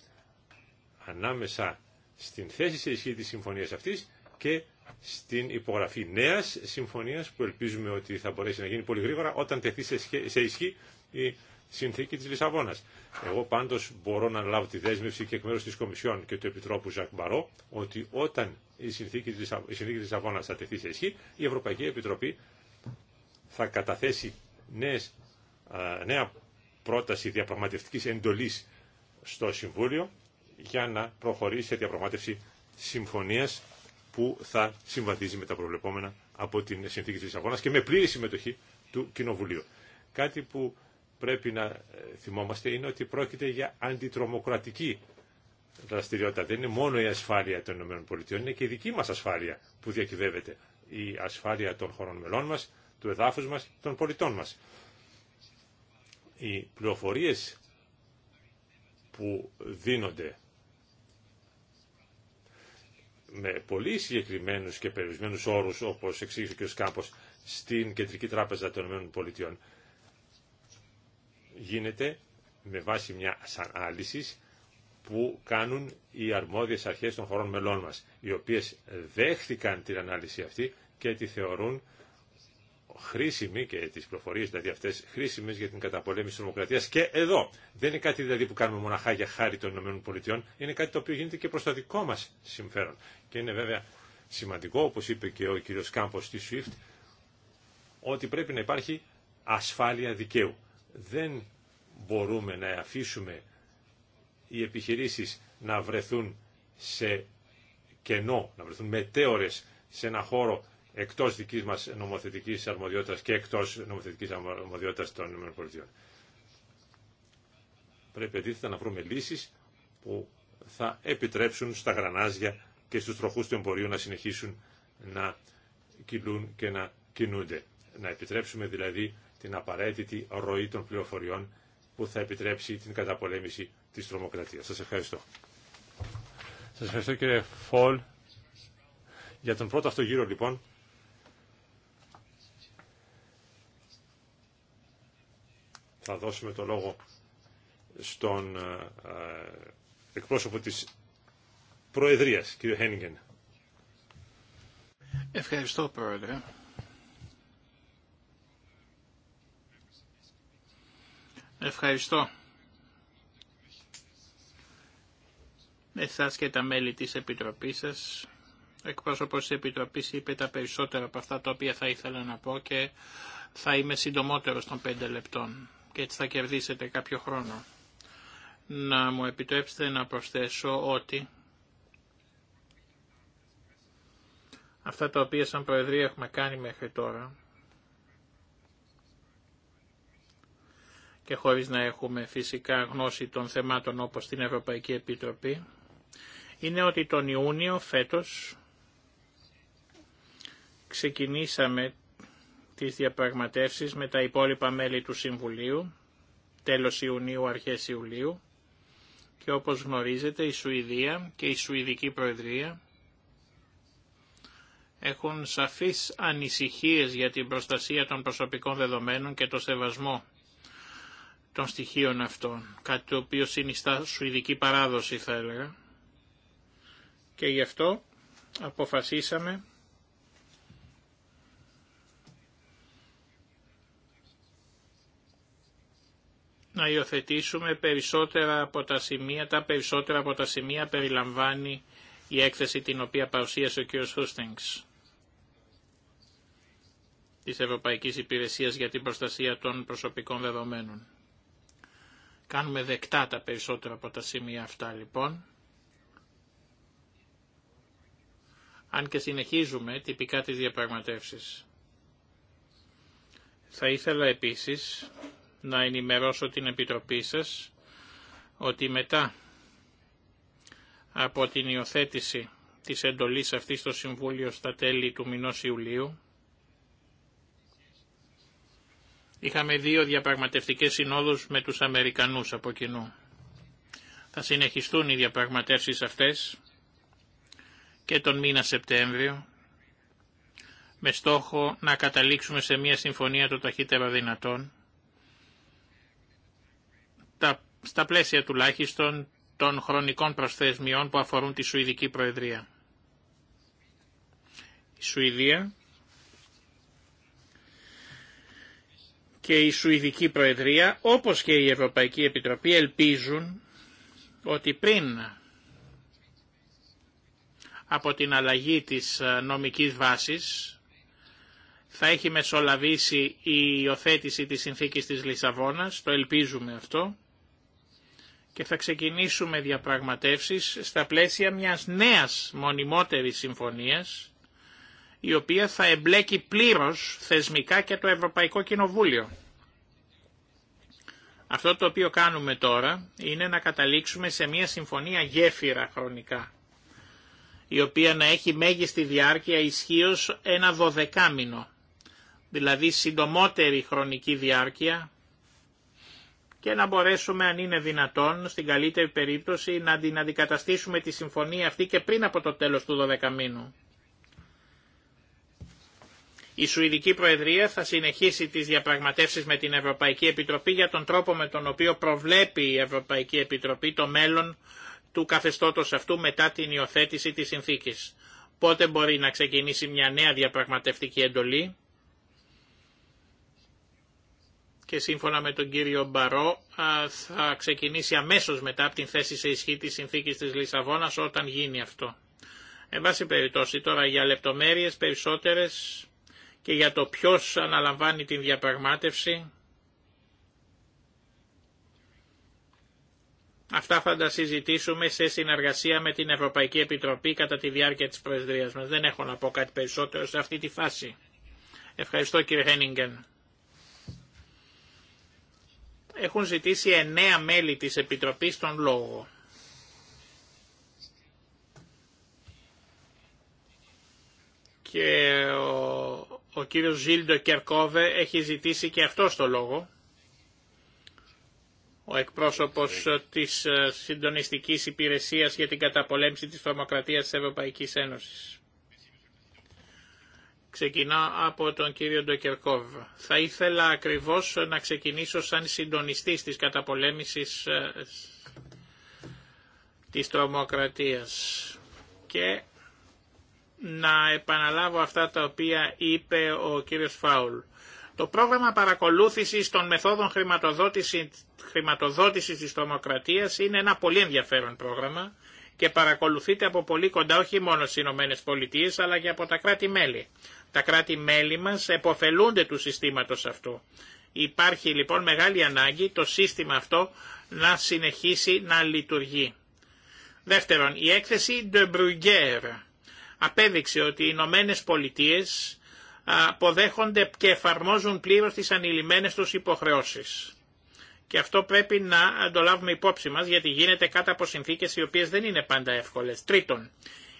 ανάμεσα στην θέση σε ισχύ της συμφωνίας αυτής και στην υπογραφή νέα συμφωνία που ελπίζουμε ότι θα μπορέσει να γίνει πολύ γρήγορα όταν τεθεί σε ισχύ η συνθήκη τη Λισαβόνα. Εγώ πάντως μπορώ να λάβω τη δέσμευση και εκ μέρου τη Κομισιόν και του Επιτρόπου Ζακ Μπαρό ότι όταν η συνθήκη τη Λισαβόνα θα τεθεί σε ισχύ η Ευρωπαϊκή Επιτροπή θα καταθέσει νέες, νέα πρόταση διαπραγματευτικής εντολή στο Συμβούλιο για να προχωρήσει σε διαπραγμάτευση συμφωνίας που θα συμβαδίζει με τα προβλεπόμενα από την συνθήκη της Λισαβόνας και με πλήρη συμμετοχή του Κοινοβουλίου. Κάτι που πρέπει να ε, θυμόμαστε είναι ότι πρόκειται για αντιτρομοκρατική δραστηριότητα. Δεν είναι μόνο η ασφάλεια των ΗΠΑ, είναι και η δική μας ασφάλεια που διακυβεύεται. Η ασφάλεια των χωρών μελών μας, του εδάφους μας, των πολιτών μας. Οι πληροφορίες που δίνονται με πολύ συγκεκριμένους και περιορισμένους όρους, όπως εξήγησε ο κ. στην Κεντρική Τράπεζα των ΗΠΑ, γίνεται με βάση μια ανάλυση που κάνουν οι αρμόδιες αρχές των χωρών μελών μας, οι οποίες δέχθηκαν την ανάλυση αυτή και τη θεωρούν χρήσιμη και τι προφορίες δηλαδή αυτέ, χρήσιμε για την καταπολέμηση τη δημοκρατίας και εδώ. Δεν είναι κάτι δηλαδή που κάνουμε μοναχά για χάρη των ΗΠΑ, είναι κάτι το οποίο γίνεται και προ το δικό μα συμφέρον. Και είναι βέβαια σημαντικό, όπω είπε και ο κύριος Κάμπος στη SWIFT, ότι πρέπει να υπάρχει ασφάλεια δικαίου. Δεν μπορούμε να αφήσουμε οι επιχειρήσει να βρεθούν σε κενό, να βρεθούν μετέωρε σε ένα χώρο εκτός δικής μας νομοθετικής αρμοδιότητας και εκτός νομοθετικής αρμοδιότητας των ΗΠΑ. Πρέπει αντίθετα να βρούμε λύσει που θα επιτρέψουν στα γρανάζια και στου τροχούς του εμπορίου να συνεχίσουν να κυλούν και να κινούνται. Να επιτρέψουμε δηλαδή την απαραίτητη ροή των πληροφοριών που θα επιτρέψει την καταπολέμηση της τρομοκρατίας. Σας ευχαριστώ. Σας ευχαριστώ κύριε Φόλ. Για τον πρώτο αυτό γύρο λοιπόν θα δώσουμε το λόγο στον ε, ε, εκπρόσωπο της Προεδρίας, κύριο Χένιγκεν. Ευχαριστώ, Πρόεδρε. Ευχαριστώ. Εσάς και τα μέλη της Επιτροπής σας. Εκπρόσωπος της Επιτροπής είπε τα περισσότερα από αυτά τα οποία θα ήθελα να πω και θα είμαι συντομότερο των πέντε λεπτών και έτσι θα κερδίσετε κάποιο χρόνο. Να μου επιτρέψετε να προσθέσω ότι αυτά τα οποία σαν Προεδρία έχουμε κάνει μέχρι τώρα και χωρίς να έχουμε φυσικά γνώση των θεμάτων όπως την Ευρωπαϊκή Επιτροπή, είναι ότι τον Ιούνιο φέτος ξεκινήσαμε τις διαπραγματεύσεις με τα υπόλοιπα μέλη του Συμβουλίου, τέλος Ιουνίου, αρχές Ιουλίου, και όπως γνωρίζετε η Σουηδία και η Σουηδική Προεδρία έχουν σαφείς ανησυχίες για την προστασία των προσωπικών δεδομένων και το σεβασμό των στοιχείων αυτών, κάτι το οποίο συνιστά σουηδική παράδοση θα έλεγα. Και γι' αυτό αποφασίσαμε να υιοθετήσουμε περισσότερα από τα σημεία, τα περισσότερα από τα σημεία περιλαμβάνει η έκθεση την οποία παρουσίασε ο κ. Χούστινγκς της Ευρωπαϊκής Υπηρεσίας για την Προστασία των Προσωπικών Δεδομένων. Κάνουμε δεκτά τα περισσότερα από τα σημεία αυτά λοιπόν. Αν και συνεχίζουμε τυπικά τις διαπραγματεύσεις. Θα ήθελα επίσης να ενημερώσω την Επιτροπή σας ότι μετά από την υιοθέτηση της εντολής αυτής στο Συμβούλιο στα τέλη του μηνός Ιουλίου, είχαμε δύο διαπραγματευτικές συνόδους με τους Αμερικανούς από κοινού. Θα συνεχιστούν οι διαπραγματεύσεις αυτές και τον μήνα Σεπτέμβριο με στόχο να καταλήξουμε σε μια συμφωνία το ταχύτερο δυνατόν στα πλαίσια τουλάχιστον των χρονικών προσθεσμιών που αφορούν τη Σουηδική Προεδρία. Η Σουηδία και η Σουηδική Προεδρία, όπως και η Ευρωπαϊκή Επιτροπή, ελπίζουν ότι πριν από την αλλαγή της νομικής βάσης θα έχει μεσολαβήσει η υιοθέτηση της συνθήκης της Λισαβόνας, το ελπίζουμε αυτό, και θα ξεκινήσουμε διαπραγματεύσεις στα πλαίσια μιας νέας μονιμότερης συμφωνίας η οποία θα εμπλέκει πλήρως θεσμικά και το Ευρωπαϊκό Κοινοβούλιο. Αυτό το οποίο κάνουμε τώρα είναι να καταλήξουμε σε μια συμφωνία γέφυρα χρονικά, η οποία να έχει μέγιστη διάρκεια ισχύω ένα δωδεκάμινο, δηλαδή συντομότερη χρονική διάρκεια και να μπορέσουμε αν είναι δυνατόν στην καλύτερη περίπτωση να την αντικαταστήσουμε τη συμφωνία αυτή και πριν από το τέλος του 12 μήνου. Η Σουηδική Προεδρία θα συνεχίσει τις διαπραγματεύσεις με την Ευρωπαϊκή Επιτροπή για τον τρόπο με τον οποίο προβλέπει η Ευρωπαϊκή Επιτροπή το μέλλον του καθεστώτος αυτού μετά την υιοθέτηση της συνθήκης. Πότε μπορεί να ξεκινήσει μια νέα διαπραγματευτική εντολή και σύμφωνα με τον κύριο Μπαρό θα ξεκινήσει αμέσως μετά από την θέση σε ισχύ της συνθήκης της Λισαβόνας όταν γίνει αυτό. Εν πάση περιπτώσει τώρα για λεπτομέρειες περισσότερες και για το ποιος αναλαμβάνει την διαπραγμάτευση Αυτά θα τα συζητήσουμε σε συνεργασία με την Ευρωπαϊκή Επιτροπή κατά τη διάρκεια της Προεδρίας μας. Δεν έχω να πω κάτι περισσότερο σε αυτή τη φάση. Ευχαριστώ κύριε Χένιγκεν. Έχουν ζητήσει εννέα μέλη της Επιτροπής τον λόγο. Και ο, ο κύριος Ζίλντο Κερκόβε έχει ζητήσει και αυτό το λόγο. Ο εκπρόσωπος της ε, Συντονιστικής Υπηρεσίας για την καταπολέμηση της τρομοκρατίας της Ευρωπαϊκής Ένωσης. Ξεκινά από τον κύριο Ντοκερκόβ. Θα ήθελα ακριβώς να ξεκινήσω σαν συντονιστής της καταπολέμησης ε, της τρομοκρατίας και να επαναλάβω αυτά τα οποία είπε ο κύριος Φάουλ. Το πρόγραμμα παρακολούθησης των μεθόδων χρηματοδότησης, χρηματοδότησης της τρομοκρατίας είναι ένα πολύ ενδιαφέρον πρόγραμμα και παρακολουθείται από πολύ κοντά όχι μόνο στι Ηνωμένε Πολιτείε αλλά και από τα κράτη-μέλη. Τα κράτη-μέλη μας εποφελούνται του συστήματος αυτού. Υπάρχει λοιπόν μεγάλη ανάγκη το σύστημα αυτό να συνεχίσει να λειτουργεί. Δεύτερον, η έκθεση De Brugger απέδειξε ότι οι Ηνωμένε Πολιτείε αποδέχονται και εφαρμόζουν πλήρως τις ανηλυμένες τους υποχρεώσεις. Και αυτό πρέπει να το λάβουμε υπόψη μας γιατί γίνεται κάτω από συνθήκες οι οποίες δεν είναι πάντα εύκολες. Τρίτον,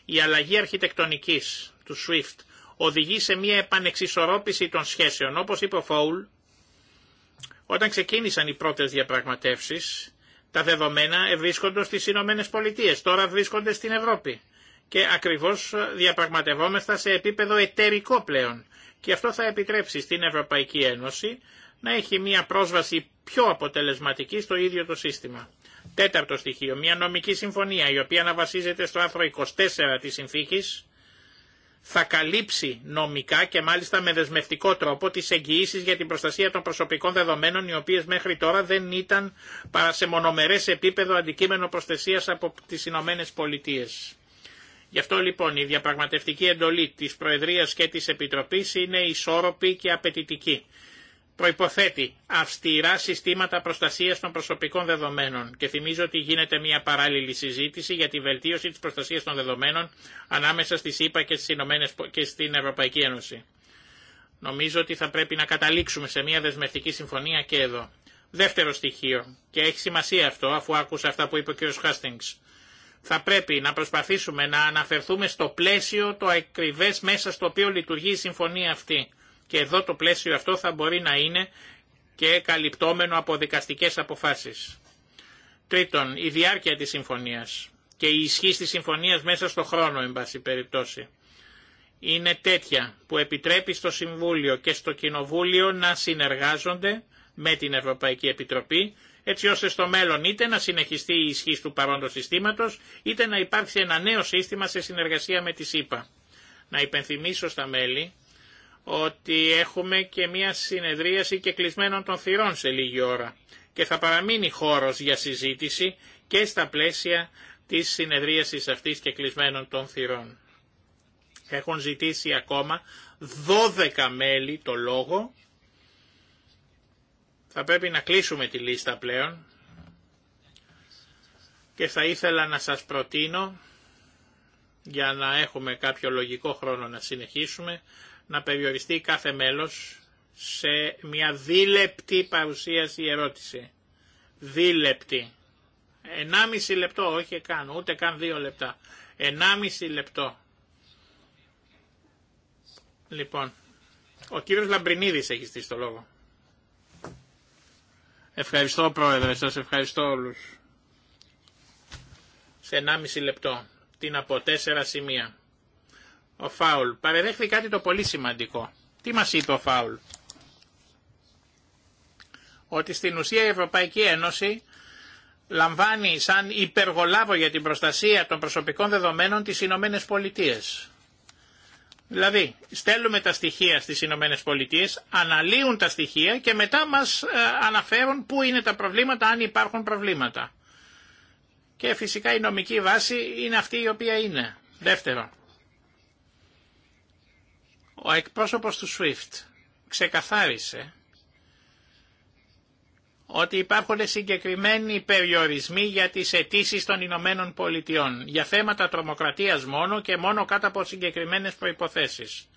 η αλλαγή αρχιτεκτονικής του SWIFT οδηγεί σε μια επανεξισορρόπηση των σχέσεων. Όπως είπε ο Φόουλ, όταν ξεκίνησαν οι πρώτες διαπραγματεύσεις, τα δεδομένα βρίσκονται στις Ηνωμένε Πολιτείες, τώρα βρίσκονται στην Ευρώπη και ακριβώς διαπραγματευόμεθα σε επίπεδο εταιρικό πλέον. Και αυτό θα επιτρέψει στην Ευρωπαϊκή Ένωση να έχει μια πρόσβαση πιο αποτελεσματική στο ίδιο το σύστημα. Τέταρτο στοιχείο, μια νομική συμφωνία η οποία να βασίζεται στο άρθρο 24 της συνθήκης θα καλύψει νομικά και μάλιστα με δεσμευτικό τρόπο τις εγγυήσει για την προστασία των προσωπικών δεδομένων οι οποίες μέχρι τώρα δεν ήταν παρά σε μονομερές επίπεδο αντικείμενο προστασίας από τις Ηνωμένε Πολιτείες. Γι' αυτό λοιπόν η διαπραγματευτική εντολή της Προεδρίας και της Επιτροπής είναι ισόρροπη και απαιτητική προϋποθέτει αυστηρά συστήματα προστασίας των προσωπικών δεδομένων και θυμίζω ότι γίνεται μια παράλληλη συζήτηση για τη βελτίωση της προστασίας των δεδομένων ανάμεσα στις ΗΠΑ και, στις Ηνωμένες... και στην Ευρωπαϊκή Ένωση. Νομίζω ότι θα πρέπει να καταλήξουμε σε μια δεσμευτική συμφωνία και εδώ. Δεύτερο στοιχείο, και έχει σημασία αυτό αφού άκουσα αυτά που είπε ο κ. Χάστινγκς, θα πρέπει να προσπαθήσουμε να αναφερθούμε στο πλαίσιο το ακριβές μέσα στο οποίο λειτουργεί η συμφωνία αυτή και εδώ το πλαίσιο αυτό θα μπορεί να είναι και καλυπτόμενο από δικαστικές αποφάσεις. Τρίτον, η διάρκεια της συμφωνίας και η ισχύ της συμφωνίας μέσα στο χρόνο, εν πάση περιπτώσει. Είναι τέτοια που επιτρέπει στο Συμβούλιο και στο Κοινοβούλιο να συνεργάζονται με την Ευρωπαϊκή Επιτροπή, έτσι ώστε στο μέλλον είτε να συνεχιστεί η ισχύ του παρόντος συστήματος, είτε να υπάρξει ένα νέο σύστημα σε συνεργασία με τη ΣΥΠΑ. Να υπενθυμίσω στα μέλη ότι έχουμε και μια συνεδρίαση και κλεισμένων των θυρών σε λίγη ώρα και θα παραμείνει χώρος για συζήτηση και στα πλαίσια της συνεδρίασης αυτής και κλεισμένων των θυρών. Έχουν ζητήσει ακόμα 12 μέλη το λόγο. Θα πρέπει να κλείσουμε τη λίστα πλέον και θα ήθελα να σας προτείνω για να έχουμε κάποιο λογικό χρόνο να συνεχίσουμε να περιοριστεί κάθε μέλος σε μια δίλεπτη παρουσίαση ερώτηση. Δίλεπτη. 1,5 λεπτό, όχι καν, ούτε καν δύο λεπτά. 1,5 λεπτό. Λοιπόν, ο κύριος Λαμπρινίδης έχει στήσει το λόγο. Ευχαριστώ πρόεδρε, σας ευχαριστώ όλους. Σε 1,5 λεπτό, την από τέσσερα σημεία. Ο Φάουλ παρεδέχθη κάτι το πολύ σημαντικό. Τι μας είπε ο Φάουλ. Ότι στην ουσία η Ευρωπαϊκή Ένωση λαμβάνει σαν υπεργολάβο για την προστασία των προσωπικών δεδομένων τις Ηνωμένε Πολιτείε. Δηλαδή, στέλνουμε τα στοιχεία στις Ηνωμένε Πολιτείε, αναλύουν τα στοιχεία και μετά μας ε, αναφέρουν πού είναι τα προβλήματα, αν υπάρχουν προβλήματα. Και φυσικά η νομική βάση είναι αυτή η οποία είναι. Δεύτερο, ο εκπρόσωπος του SWIFT ξεκαθάρισε ότι υπάρχουν συγκεκριμένοι περιορισμοί για τις αιτήσει των Ηνωμένων Πολιτειών για θέματα τρομοκρατίας μόνο και μόνο κάτω από συγκεκριμένες προϋποθέσεις.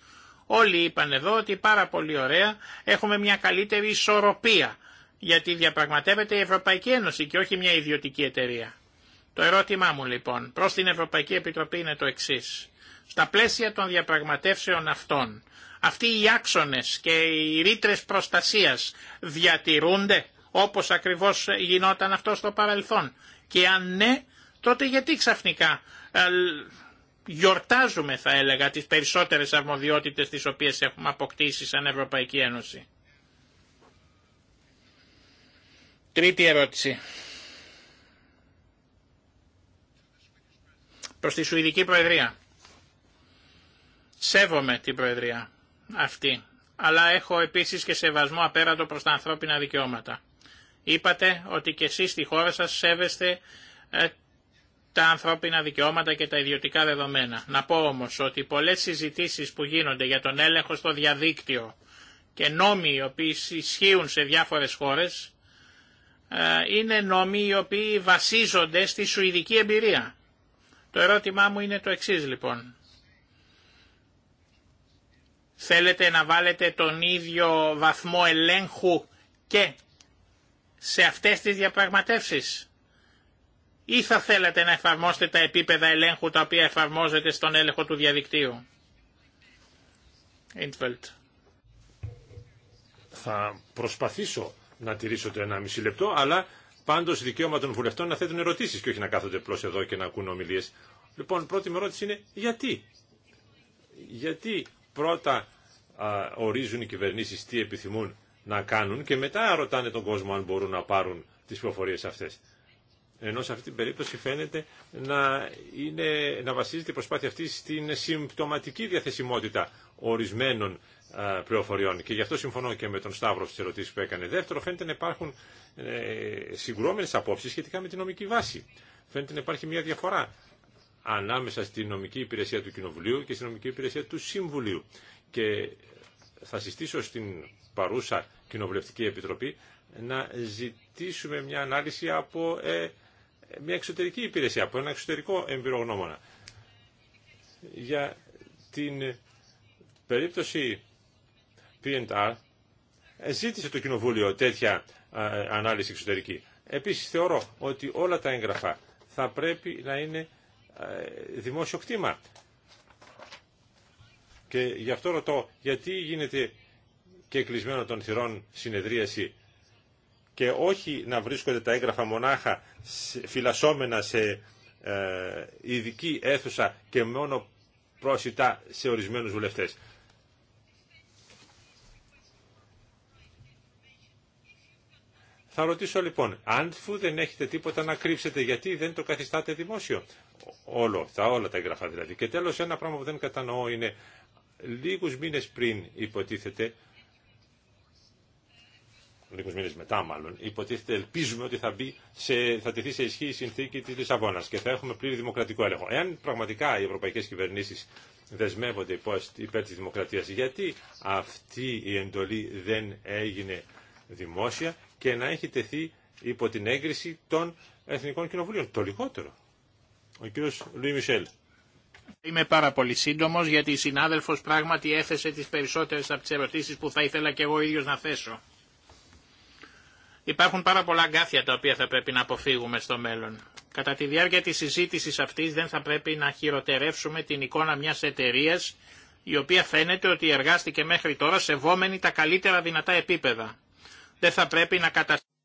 Όλοι είπαν εδώ ότι πάρα πολύ ωραία έχουμε μια καλύτερη ισορροπία γιατί διαπραγματεύεται η Ευρωπαϊκή Ένωση και όχι μια ιδιωτική εταιρεία. Το ερώτημά μου λοιπόν προς την Ευρωπαϊκή Επιτροπή είναι το εξής. Στα πλαίσια των διαπραγματεύσεων αυτών, αυτοί οι άξονες και οι ρήτρε προστασίας διατηρούνται όπως ακριβώς γινόταν αυτό στο παρελθόν. Και αν ναι, τότε γιατί ξαφνικά ε, γιορτάζουμε θα έλεγα τις περισσότερες αρμοδιότητες τις οποίες έχουμε αποκτήσει σαν Ευρωπαϊκή Ένωση. Τρίτη ερώτηση. Προς τη Σουηδική Προεδρία. Σέβομαι την Προεδρία αυτή, αλλά έχω επίσης και σεβασμό απέραντο προς τα ανθρώπινα δικαιώματα. Είπατε ότι και εσείς στη χώρα σας σέβεστε ε, τα ανθρώπινα δικαιώματα και τα ιδιωτικά δεδομένα. Να πω όμως ότι πολλές συζητήσεις που γίνονται για τον έλεγχο στο διαδίκτυο και νόμοι οι οποίοι ισχύουν σε διάφορες χώρες ε, είναι νόμοι οι οποίοι βασίζονται στη σουηδική εμπειρία. Το ερώτημά μου είναι το εξής λοιπόν. Θέλετε να βάλετε τον ίδιο βαθμό ελέγχου και σε αυτές τις διαπραγματεύσεις ή θα θέλετε να εφαρμόσετε τα επίπεδα ελέγχου τα οποία εφαρμόζεται στον έλεγχο του διαδικτύου. Θα προσπαθήσω να τηρήσω το 1,5 λεπτό, αλλά πάντως δικαίωμα των βουλευτών να θέτουν ερωτήσεις και όχι να κάθονται απλώ εδώ και να ακούν ομιλίες. Λοιπόν, πρώτη μου ερώτηση είναι γιατί. Γιατί Πρώτα ορίζουν οι κυβερνήσεις τι επιθυμούν να κάνουν και μετά ρωτάνε τον κόσμο αν μπορούν να πάρουν τις προφορίες αυτές. Ενώ σε αυτή την περίπτωση φαίνεται να, είναι, να βασίζεται η προσπάθεια αυτή στην συμπτωματική διαθεσιμότητα ορισμένων πληροφοριών. Και γι' αυτό συμφωνώ και με τον Σταύρο στις ερωτήσεις που έκανε. Δεύτερο, φαίνεται να υπάρχουν ε, απόψει σχετικά με την νομική βάση. Φαίνεται να υπάρχει μια διαφορά ανάμεσα στη νομική υπηρεσία του Κοινοβουλίου και στη νομική υπηρεσία του Συμβουλίου. Και θα συστήσω στην παρούσα Κοινοβουλευτική Επιτροπή να ζητήσουμε μια ανάλυση από ε, μια εξωτερική υπηρεσία, από ένα εξωτερικό εμπειρογνώμονα. Για την περίπτωση P&R ζήτησε το Κοινοβούλιο τέτοια ανάλυση εξωτερική. Επίσης θεωρώ ότι όλα τα έγγραφα θα πρέπει να είναι ε, δημόσιο κτήμα. Και γι' αυτό ρωτώ, γιατί γίνεται και κλεισμένο των θυρών συνεδρίαση και όχι να βρίσκονται τα έγγραφα μονάχα φυλασσόμενα σε ε, ειδική αίθουσα και μόνο πρόσιτα σε ορισμένους βουλευτές. Θα ρωτήσω λοιπόν, αν φού δεν έχετε τίποτα να κρύψετε, γιατί δεν το καθιστάτε δημόσιο. Όλο, τα όλα τα εγγραφά δηλαδή. Και τέλο ένα πράγμα που δεν κατανοώ είναι, λίγου μήνε πριν υποτίθεται, λίγου μήνε μετά μάλλον, υποτίθεται ελπίζουμε ότι θα, μπει σε, θα τεθεί σε ισχύ η συνθήκη τη Λισαβόνα και θα έχουμε πλήρη δημοκρατικό έλεγχο. Εάν πραγματικά οι Ευρωπαϊκέ κυβερνήσει δεσμεύονται υπέρ τη δημοκρατία, γιατί αυτή η εντολή δεν έγινε δημόσια και να έχει τεθεί υπό την έγκριση των Εθνικών Κοινοβουλίων. Το λιγότερο. Ο κύριος Λουί Μισελ. Είμαι πάρα πολύ σύντομο γιατί η συνάδελφο πράγματι έθεσε τι περισσότερε από τι ερωτήσει που θα ήθελα και εγώ ίδιο να θέσω. Υπάρχουν πάρα πολλά αγκάθια τα οποία θα πρέπει να αποφύγουμε στο μέλλον. Κατά τη διάρκεια τη συζήτηση αυτή δεν θα πρέπει να χειροτερεύσουμε την εικόνα μια εταιρεία η οποία φαίνεται ότι εργάστηκε μέχρι τώρα σεβόμενη τα καλύτερα δυνατά επίπεδα δεν θα πρέπει να καταστρέψει